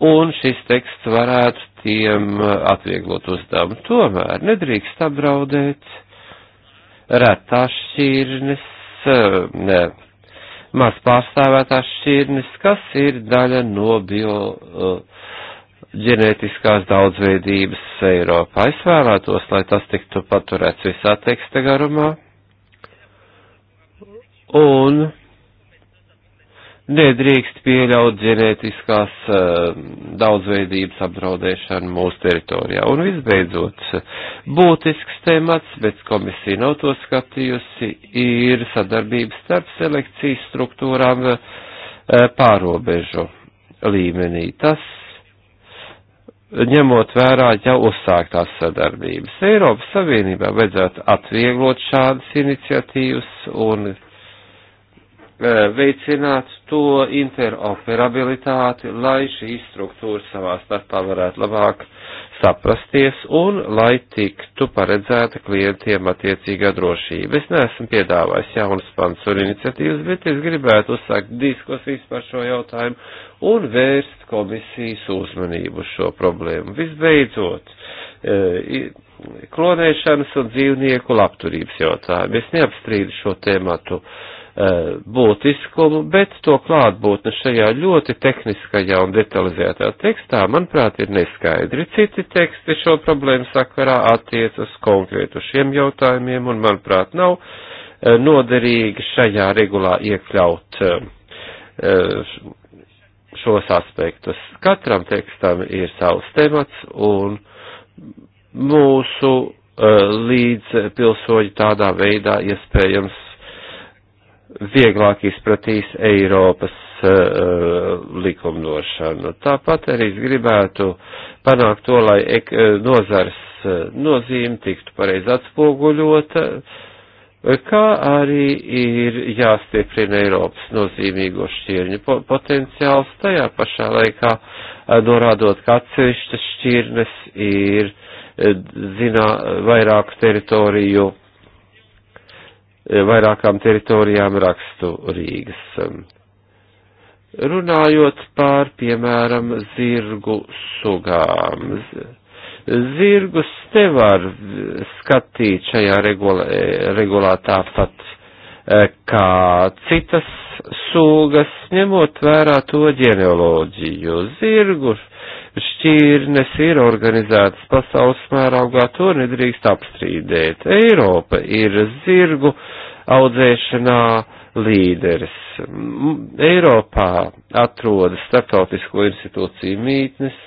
un šis teksts varētu tiem atvieglot uzdevumu. Tomēr nedrīkst apdraudēt retās šķirnes Eh, ne, maz pārstāvētās šķirnes, kas ir daļa no bioģenētiskās eh, daudzveidības Eiropā. Es vēlētos, lai tas tiktu paturēts visā teksta garumā. Un nedrīkst pieļaut ģenētiskās eh, daudzveidības apdraudēšanu mūsu teritorijā. Un visbeidzot, būtisks temats, bet komisija nav to skatījusi, ir sadarbības starp selekcijas struktūrām eh, pārobežu līmenī. Tas ņemot vērā jau uzsāktās sadarbības. Eiropas Savienībā vajadzētu atvieglot šādas iniciatīvas un E, veicināt to interoperabilitāti, lai šīs struktūras savā starpā varētu labāk saprasties un lai tiktu paredzēta klientiem attiecīgā drošība. Es neesmu piedāvājis jaunas pants un iniciatīvas, bet es gribētu uzsākt diskusijas par šo jautājumu un vērst komisijas uzmanību uz šo problēmu. Visbeidzot, e, klonēšanas un dzīvnieku labturības jautājumu. Es neapstrīdu šo tēmatu Eh, būtiskumu, bet to klātbūtne šajā ļoti tehniskajā un detalizētā tekstā, manuprāt, ir neskaidri. Citi teksti šo problēmu sakarā attiecas konkrēt uz šiem jautājumiem un, manuprāt, nav eh, noderīgi šajā regulā iekļaut eh, šos aspektus. Katram tekstam ir savs temats un mūsu līdz pilsoņi tādā veidā iespējams vieglāk izpratīs Eiropas uh, likumdošanu. Tāpat arī es gribētu panākt to, lai ek, eh, nozars eh, nozīme tiktu pareizi atspoguļota, kā arī ir jāstieprina Eiropas nozīmīgo šķirņu po potenciāls, tajā pašā laikā norādot, ka atsevišķas šķirnes ir zinā vairāku teritoriju Eh, vairākām teritorijām raksturīgas. Runājot par, piemēram, zirgu sugām. Zirgus nevar skatīt šajā regulā, regulā tāpat eh, kā citas sugas, ņemot vērā to ģeneoloģiju. Zirgus šķirnes ir organizētas pasaules mērogā, to nedrīkst apstrīdēt. Eiropa ir zirgu audzēšanā līderis. Eiropā atrodas starptautisko institūciju mītnes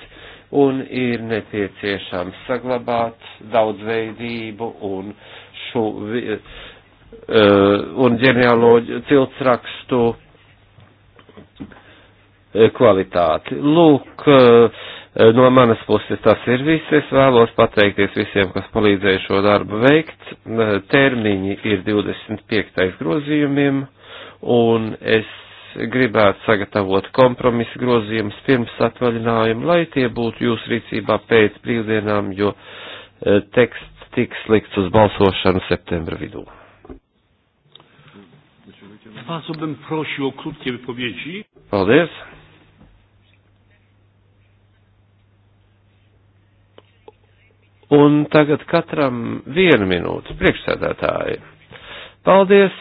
un ir nepieciešams saglabāt daudzveidību un šo uh, un ģenealoģiju ciltsrakstu e, kvalitāti. Lūk, uh, E, no manas puses tas ir viss. Es vēlos pateikties visiem, kas palīdzēja šo darbu veikt. E, termiņi ir 25. grozījumiem, un es gribētu sagatavot kompromisu grozījumus pirms atvaļinājumu, lai tie būtu jūsu rīcībā pēc brīvdienām, jo e, teksts tiks likts uz balsošanu septembra vidū. Paldies! Un tagad katram vienu minūtu priekšsēdētāji. Paldies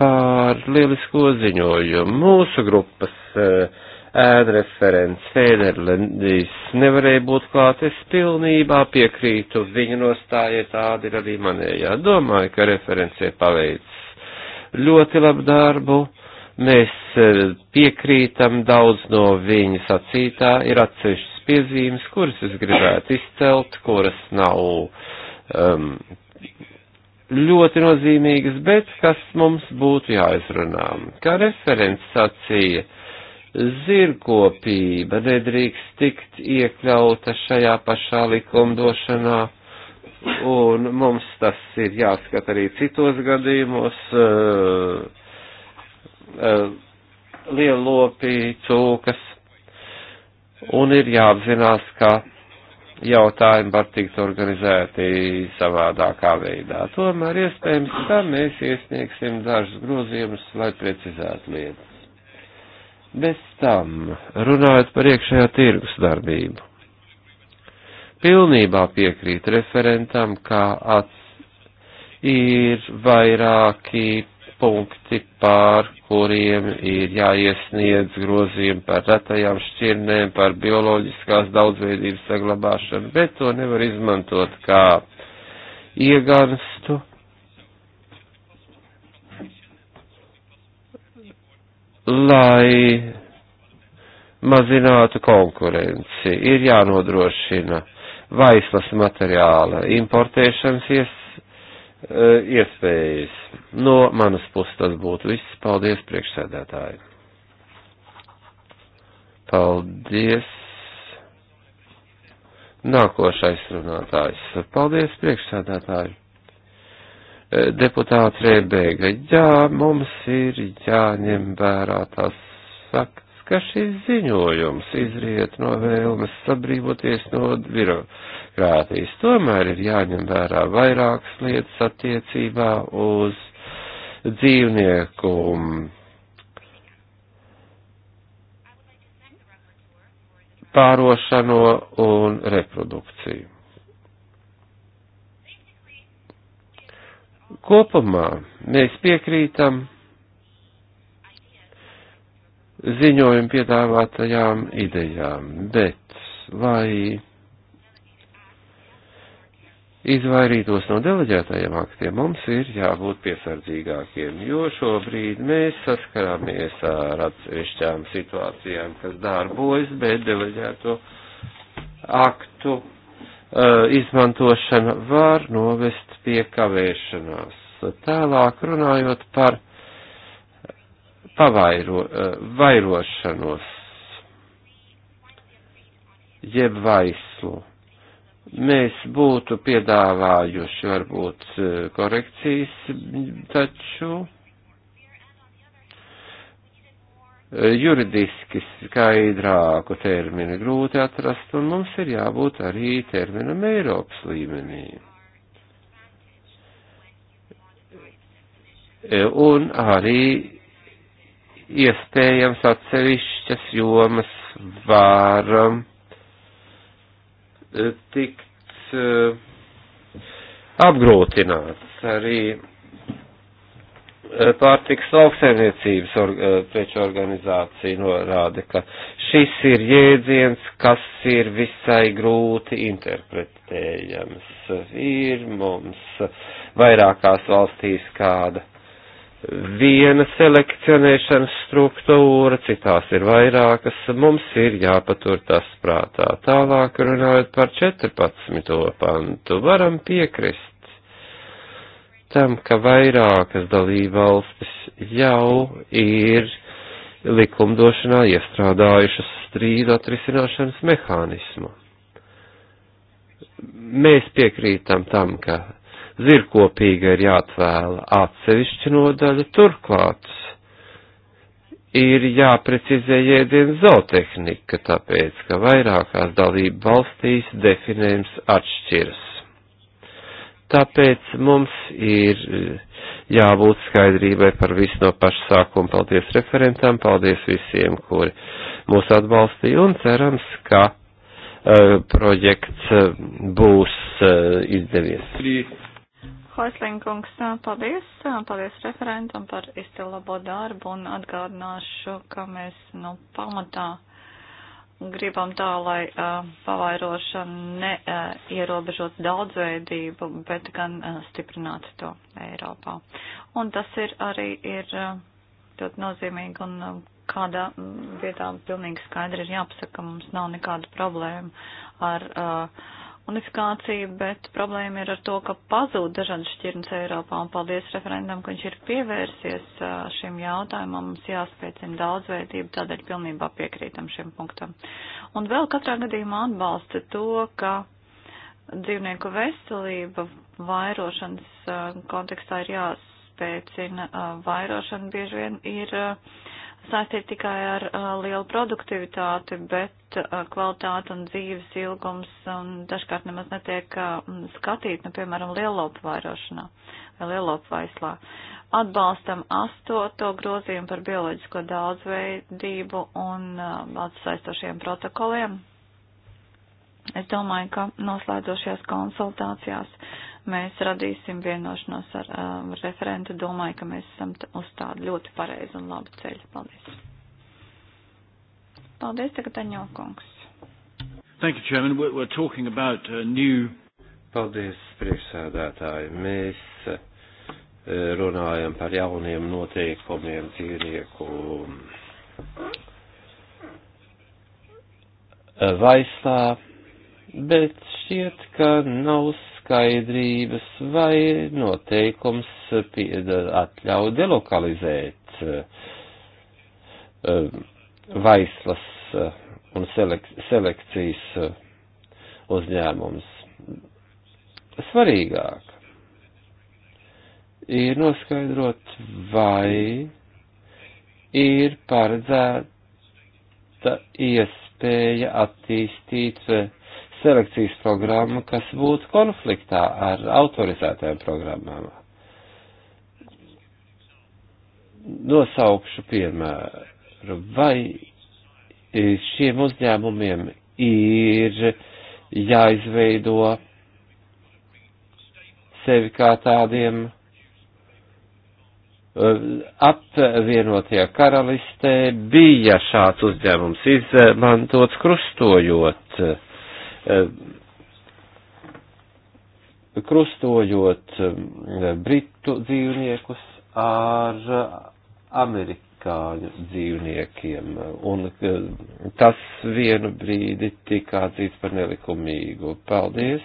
par lielisko ziņojumu. Mūsu grupas eh, ēdreferents Fēderlendīs nevarēja būt klāt. Es pilnībā piekrītu viņa nostājai, tāda ir arī manējā. Domāju, ka referencija paveic ļoti labu darbu. Mēs eh, piekrītam daudz no viņa sacītā, ir atsevišķi piezīmes, kuras es gribētu izcelt, kuras nav um, ļoti nozīmīgas, bet kas mums būtu jāizrunā. Kā referents sacīja, zirkopība nedrīkst tikt iekļauta šajā pašā likumdošanā, un mums tas ir jāskat arī citos gadījumos. Uh, uh, Lielopi, cūkas, un ir jāapzinās, ka jautājumi var tikt organizēti savādākā veidā. Tomēr iespējams, ka mēs iesniegsim dažus grozījumus, lai precizētu lietas. Bez tam, runājot par iekšējā tirgus darbību, pilnībā piekrīt referentam, ka ats ir vairāki punkti, pār kuriem ir jāiesniedz grozījumi par retajām šķirnēm, par bioloģiskās daudzveidības saglabāšanu, bet to nevar izmantot kā ieganstu. Lai mazinātu konkurenci, ir jānodrošina vaislas materiāla importēšanas ies, Eh, iespējas. No manas puses tas būtu viss. Paldies, priekšsēdētāji. Paldies. Nākošais runātājs. Paldies, priekšsēdētāji. Eh, deputāts Rēbēga, jā, mums ir jāņem vērā tas fakts, ka šis ziņojums izriet no vēlmes sabrīvoties no biro, demokrātijas. Tomēr ir jāņem vērā vairākas lietas attiecībā uz dzīvnieku um, pārošano un reprodukciju. Kopumā mēs piekrītam ziņojumu piedāvātajām idejām, bet lai izvairītos no deleģētajiem aktiem, mums ir jābūt piesardzīgākiem, jo šobrīd mēs saskarāmies ar atsevišķām situācijām, kas darbojas, bet deleģēto aktu eh, izmantošana var novest pie kavēšanās. Tālāk runājot par pavairo, eh, vairošanos, jeb vaislu mēs būtu piedāvājuši varbūt eh, korekcijas, taču eh, juridiski skaidrāku terminu grūti atrast, un mums ir jābūt arī terminam Eiropas līmenī. E, un arī iespējams atsevišķas jomas varam tikt eh, apgrūtināts arī eh, pārtiks lauksaimniecības or, eh, preču organizācija norāda, ka šis ir jēdziens, kas ir visai grūti interpretējams. Ir mums vairākās valstīs kāda viena selekcionēšanas struktūra, citās ir vairākas, mums ir jāpatur tas prātā. Tālāk runājot par 14. pantu, varam piekrist tam, ka vairākas dalībvalstis jau ir likumdošanā iestrādājušas strīdu atrisināšanas mehānismu. Mēs piekrītam tam, ka zirkopīga ir jāatvēla atsevišķa nodaļa, turklāt ir jāprecizē jēdienu zootehnika, tāpēc, ka vairākās dalība valstīs definējums atšķiras. Tāpēc mums ir jābūt skaidrībai par visu no paša sākuma. Paldies referentam, paldies visiem, kuri mūs atbalstīja un cerams, ka uh, projekts eh, būs uh, izdevies. Hoislinkungs, paldies, paldies referentam par izcilu labo darbu un atgādināšu, ka mēs, nu, pamatā gribam tā, lai uh, pavairošana neierobežot uh, daudzveidību, bet gan uh, stiprinātu to Eiropā. Un tas ir arī ir uh, ļoti nozīmīgi un uh, kādā vietā pilnīgi skaidri ir jāpasaka, ka mums nav nekāda problēma ar uh, unifikāciju, bet problēma ir ar to, ka pazūd dažādas šķirnes Eiropā, un paldies referendam, ka viņš ir pievērsies šim jautājumam, mums jāspēcina daudzveidība, tādēļ pilnībā piekrītam šim punktam. Un vēl katrā gadījumā atbalsta to, ka dzīvnieku veselība vairošanas kontekstā ir jāspēcina, vairošana bieži vien ir uh, saistīti tikai ar uh, lielu produktivitāti, bet uh, kvalitāte un dzīves ilgums um, dažkārt nemaz netiek uh, skatīt, nu, piemēram, lielopu vairošanā vai lielopu vaislā. Atbalstam astoto grozījumu par bioloģisko daudzveidību un uh, atsaistošiem protokoliem. Es domāju, ka noslēdzošajās konsultācijās mēs radīsim vienošanos ar um, referentu. Domāju, ka mēs esam uz tādu ļoti pareizu un labu ceļu. Paldies. Paldies, tagad Aņokungs. Thank you, Chairman. We're, we're talking about uh, new. Paldies, priekšsēdētāji. Mēs uh, runājam par jauniem noteikumiem dzīvnieku uh, vaistā, bet šķiet, ka nav neskaidrības vai noteikums atļauj delokalizēt eh, vaislas eh, un selek selekcijas eh, uzņēmums. Svarīgāk ir noskaidrot, vai ir paredzēta iespēja attīstīt selekcijas programmu, kas būtu konfliktā ar autorizētajām programmām. Nosaukšu piemēru, vai šiem uzņēmumiem ir jāizveido sevi kā tādiem eh, apvienotajā karalistē bija šāds uzņēmums izmantots krustojot uh, Eh, krustojot eh, britu dzīvniekus ar eh, amerikāņu dzīvniekiem, un tas vienu brīdi tika atzīts par nelikumīgu. Paldies!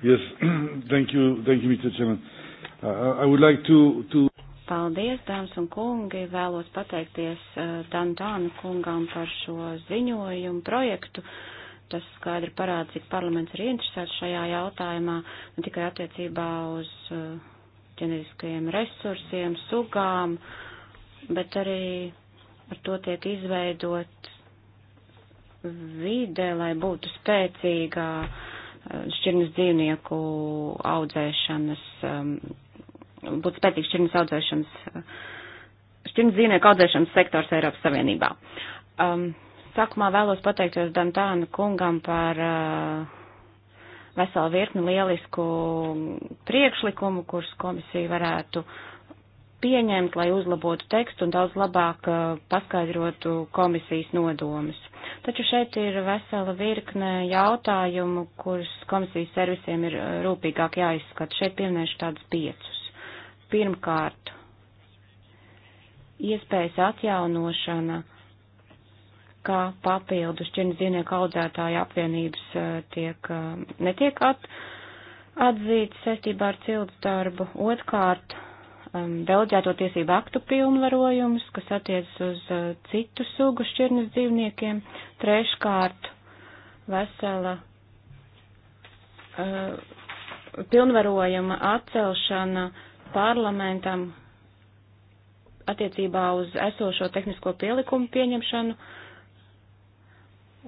Yes, thank you, thank you, Mr. Chairman. Uh, I would like to, to Paldies, dāmas un kungi! Vēlos pateikties eh, Dantānu kungam par šo ziņojumu projektu. Tas skaidri parāda, cik parlaments ir interesēts šajā jautājumā, ne tikai attiecībā uz eh, ģeneriskajiem resursiem, sugām, bet arī ar to tiek izveidot vide, lai būtu spēcīgā eh, šķirnes dzīvnieku audzēšanas um, būtu spēcīgs šķirnes audzēšanas, šķirnes dzīvnieku audzēšanas sektors Eiropas Savienībā. Um, sākumā vēlos pateikties Dantāna kungam par uh, veselu virkni lielisku priekšlikumu, kurus komisija varētu pieņemt, lai uzlabotu tekstu un daudz labāk uh, paskaidrotu komisijas nodomus. Taču šeit ir vesela virkne jautājumu, kurus komisijas servisiem ir uh, rūpīgāk jāizskata. Šeit pieminēšu tādus piecus. Pirmkārt, iespējas atjaunošana, kā papildus ķirnes dzīvnieku audzētāju apvienības eh, tiek, eh, netiek at, atzīts saistībā ar cildu darbu. Otkārt, um, delģēto tiesību aktu pilnvarojums, kas attiecas uz uh, citu sugu šķirnes dzīvniekiem. Treškārt, vesela uh, pilnvarojuma atcelšana parlamentam attiecībā uz esošo tehnisko pielikumu pieņemšanu.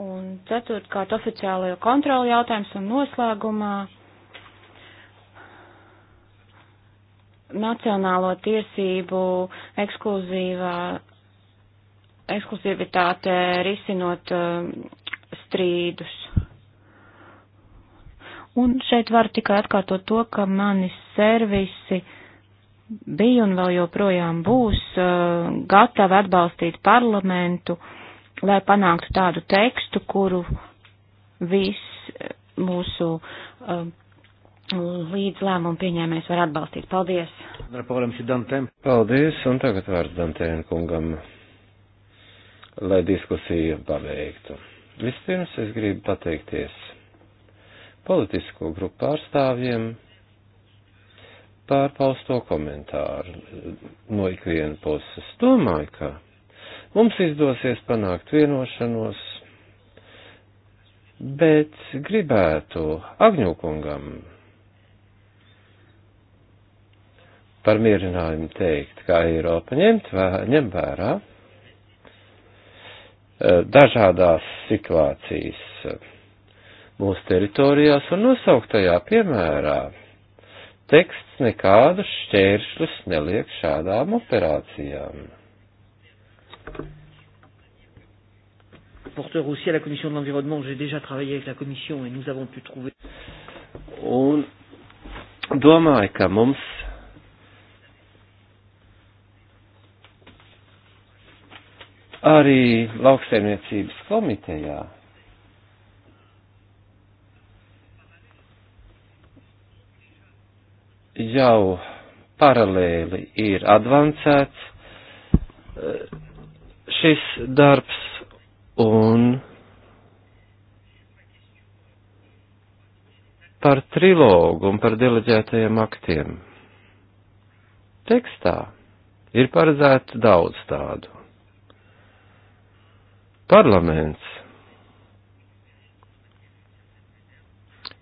Un ceturtkārt oficiālajo kontroli jautājums un noslēgumā nacionālo tiesību ekskluzīvā, ekskluzivitāte risinot um, strīdus. Un šeit var tikai atkārtot to, ka mani servisi uh, bija un vēl joprojām būs uh, gatavi atbalstīt parlamentu, lai panāktu tādu tekstu, kuru viss uh, mūsu uh, līdz lēmumu pieņēmējs var atbalstīt. Paldies! Paldies, un tagad vārds Dantēna kungam, lai diskusiju pabeigtu. Vispirms es gribu pateikties politisko grupu pārstāvjiem par pausto komentāru no ikviena puses. Domāju, ka mums izdosies panākt vienošanos, bet gribētu Agņokungam par mierinājumu teikt, ka Eiropa ņemt vē, ņem vērā eh, dažādās situācijas eh, mūsu teritorijās un nosauktajā piemērā teksts nekādus šķēršļus neliek šādām operācijām. Porteur aussi à la commission de l'environnement, j'ai déjà travaillé avec la commission et nous avons pu trouver. Un domāju, ka mums arī lauksaimniecības komitejā jau paralēli ir advancēts eh, šis darbs un par trilogu un par deleģētajiem aktiem. Tekstā ir paredzēta daudz tādu. Parlaments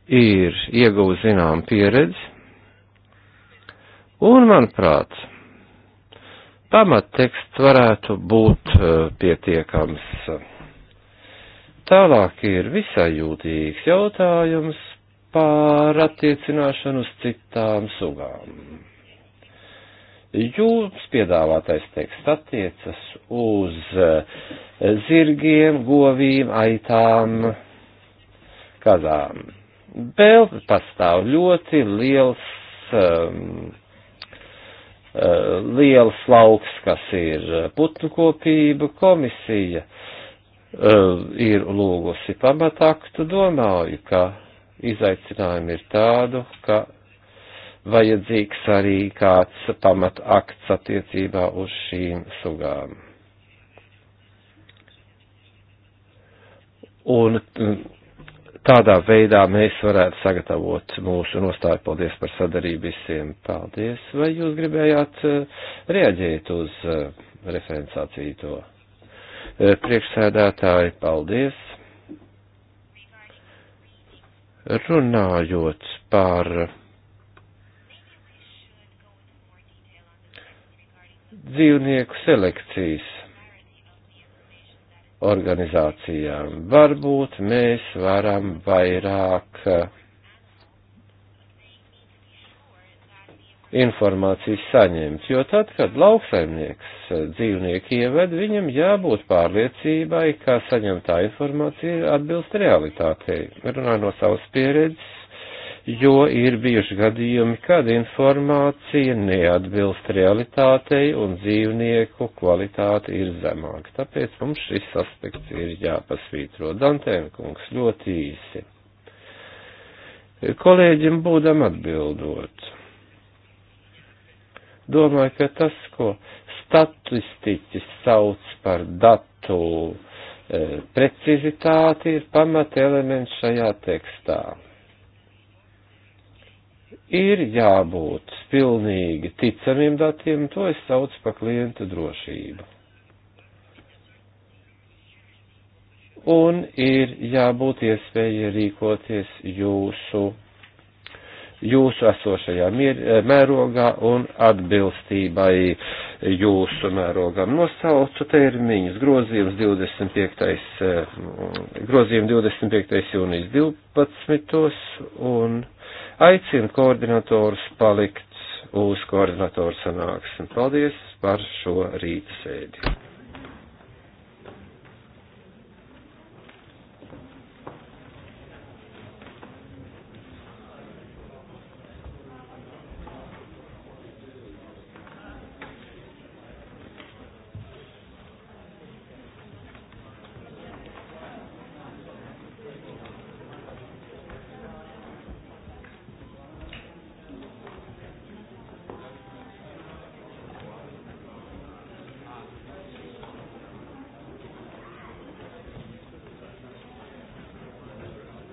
ir ieguvis zinām pieredzi Un, manuprāt, pamatteksts varētu būt eh, pietiekams. Tālāk ir visai jūtīgs jautājums par attiecināšanu uz citām sugām. Jūras piedāvātais teksts attiecas uz eh, zirgiem, govīm, aitām, kazām. Vēl pastāv ļoti liels um, Eh, liels lauks, kas ir eh, putnu kopība, komisija eh, ir lūgusi pamataktu, domāju, ka izaicinājumi ir tādu, ka vajadzīgs arī kāds pamatakts attiecībā uz šīm sugām. Un mm, tādā veidā mēs varētu sagatavot mūsu nostāju. Paldies par sadarību visiem. Paldies. Vai jūs gribējāt eh, reaģēt uz eh, referencāciju to? Eh, priekšsēdētāji, paldies. Runājot par dzīvnieku selekcijas organizācijām. Varbūt mēs varam vairāk eh, informācijas saņemt, jo tad, kad lauksaimnieks eh, dzīvnieku ieved, viņam jābūt pārliecībai, ka saņemtā informācija atbilst realitātei. Runāju no savas pieredzes, jo ir bijuši gadījumi, kad informācija neatbilst realitātei un dzīvnieku kvalitāte ir zemāka. Tāpēc mums šis aspekts ir jāpasvītro. Dantēna kungs ļoti īsi. Kolēģim būdam atbildot. Domāju, ka tas, ko statistiķis sauc par datu eh, precizitāti, ir pamata elements šajā tekstā ir jābūt pilnīgi ticamiem datiem, to es saucu par klientu drošību. Un ir jābūt iespēja rīkoties jūsu, jūsu esošajā mier, mērogā un atbilstībai jūsu mērogam. Nosaucu termiņus grozījums 25. Eh, grozījums 25. jūnijas 12. un aicinu koordinatorus palikt uz koordinatoru sanāksmi. Paldies par šo rīta sēdi.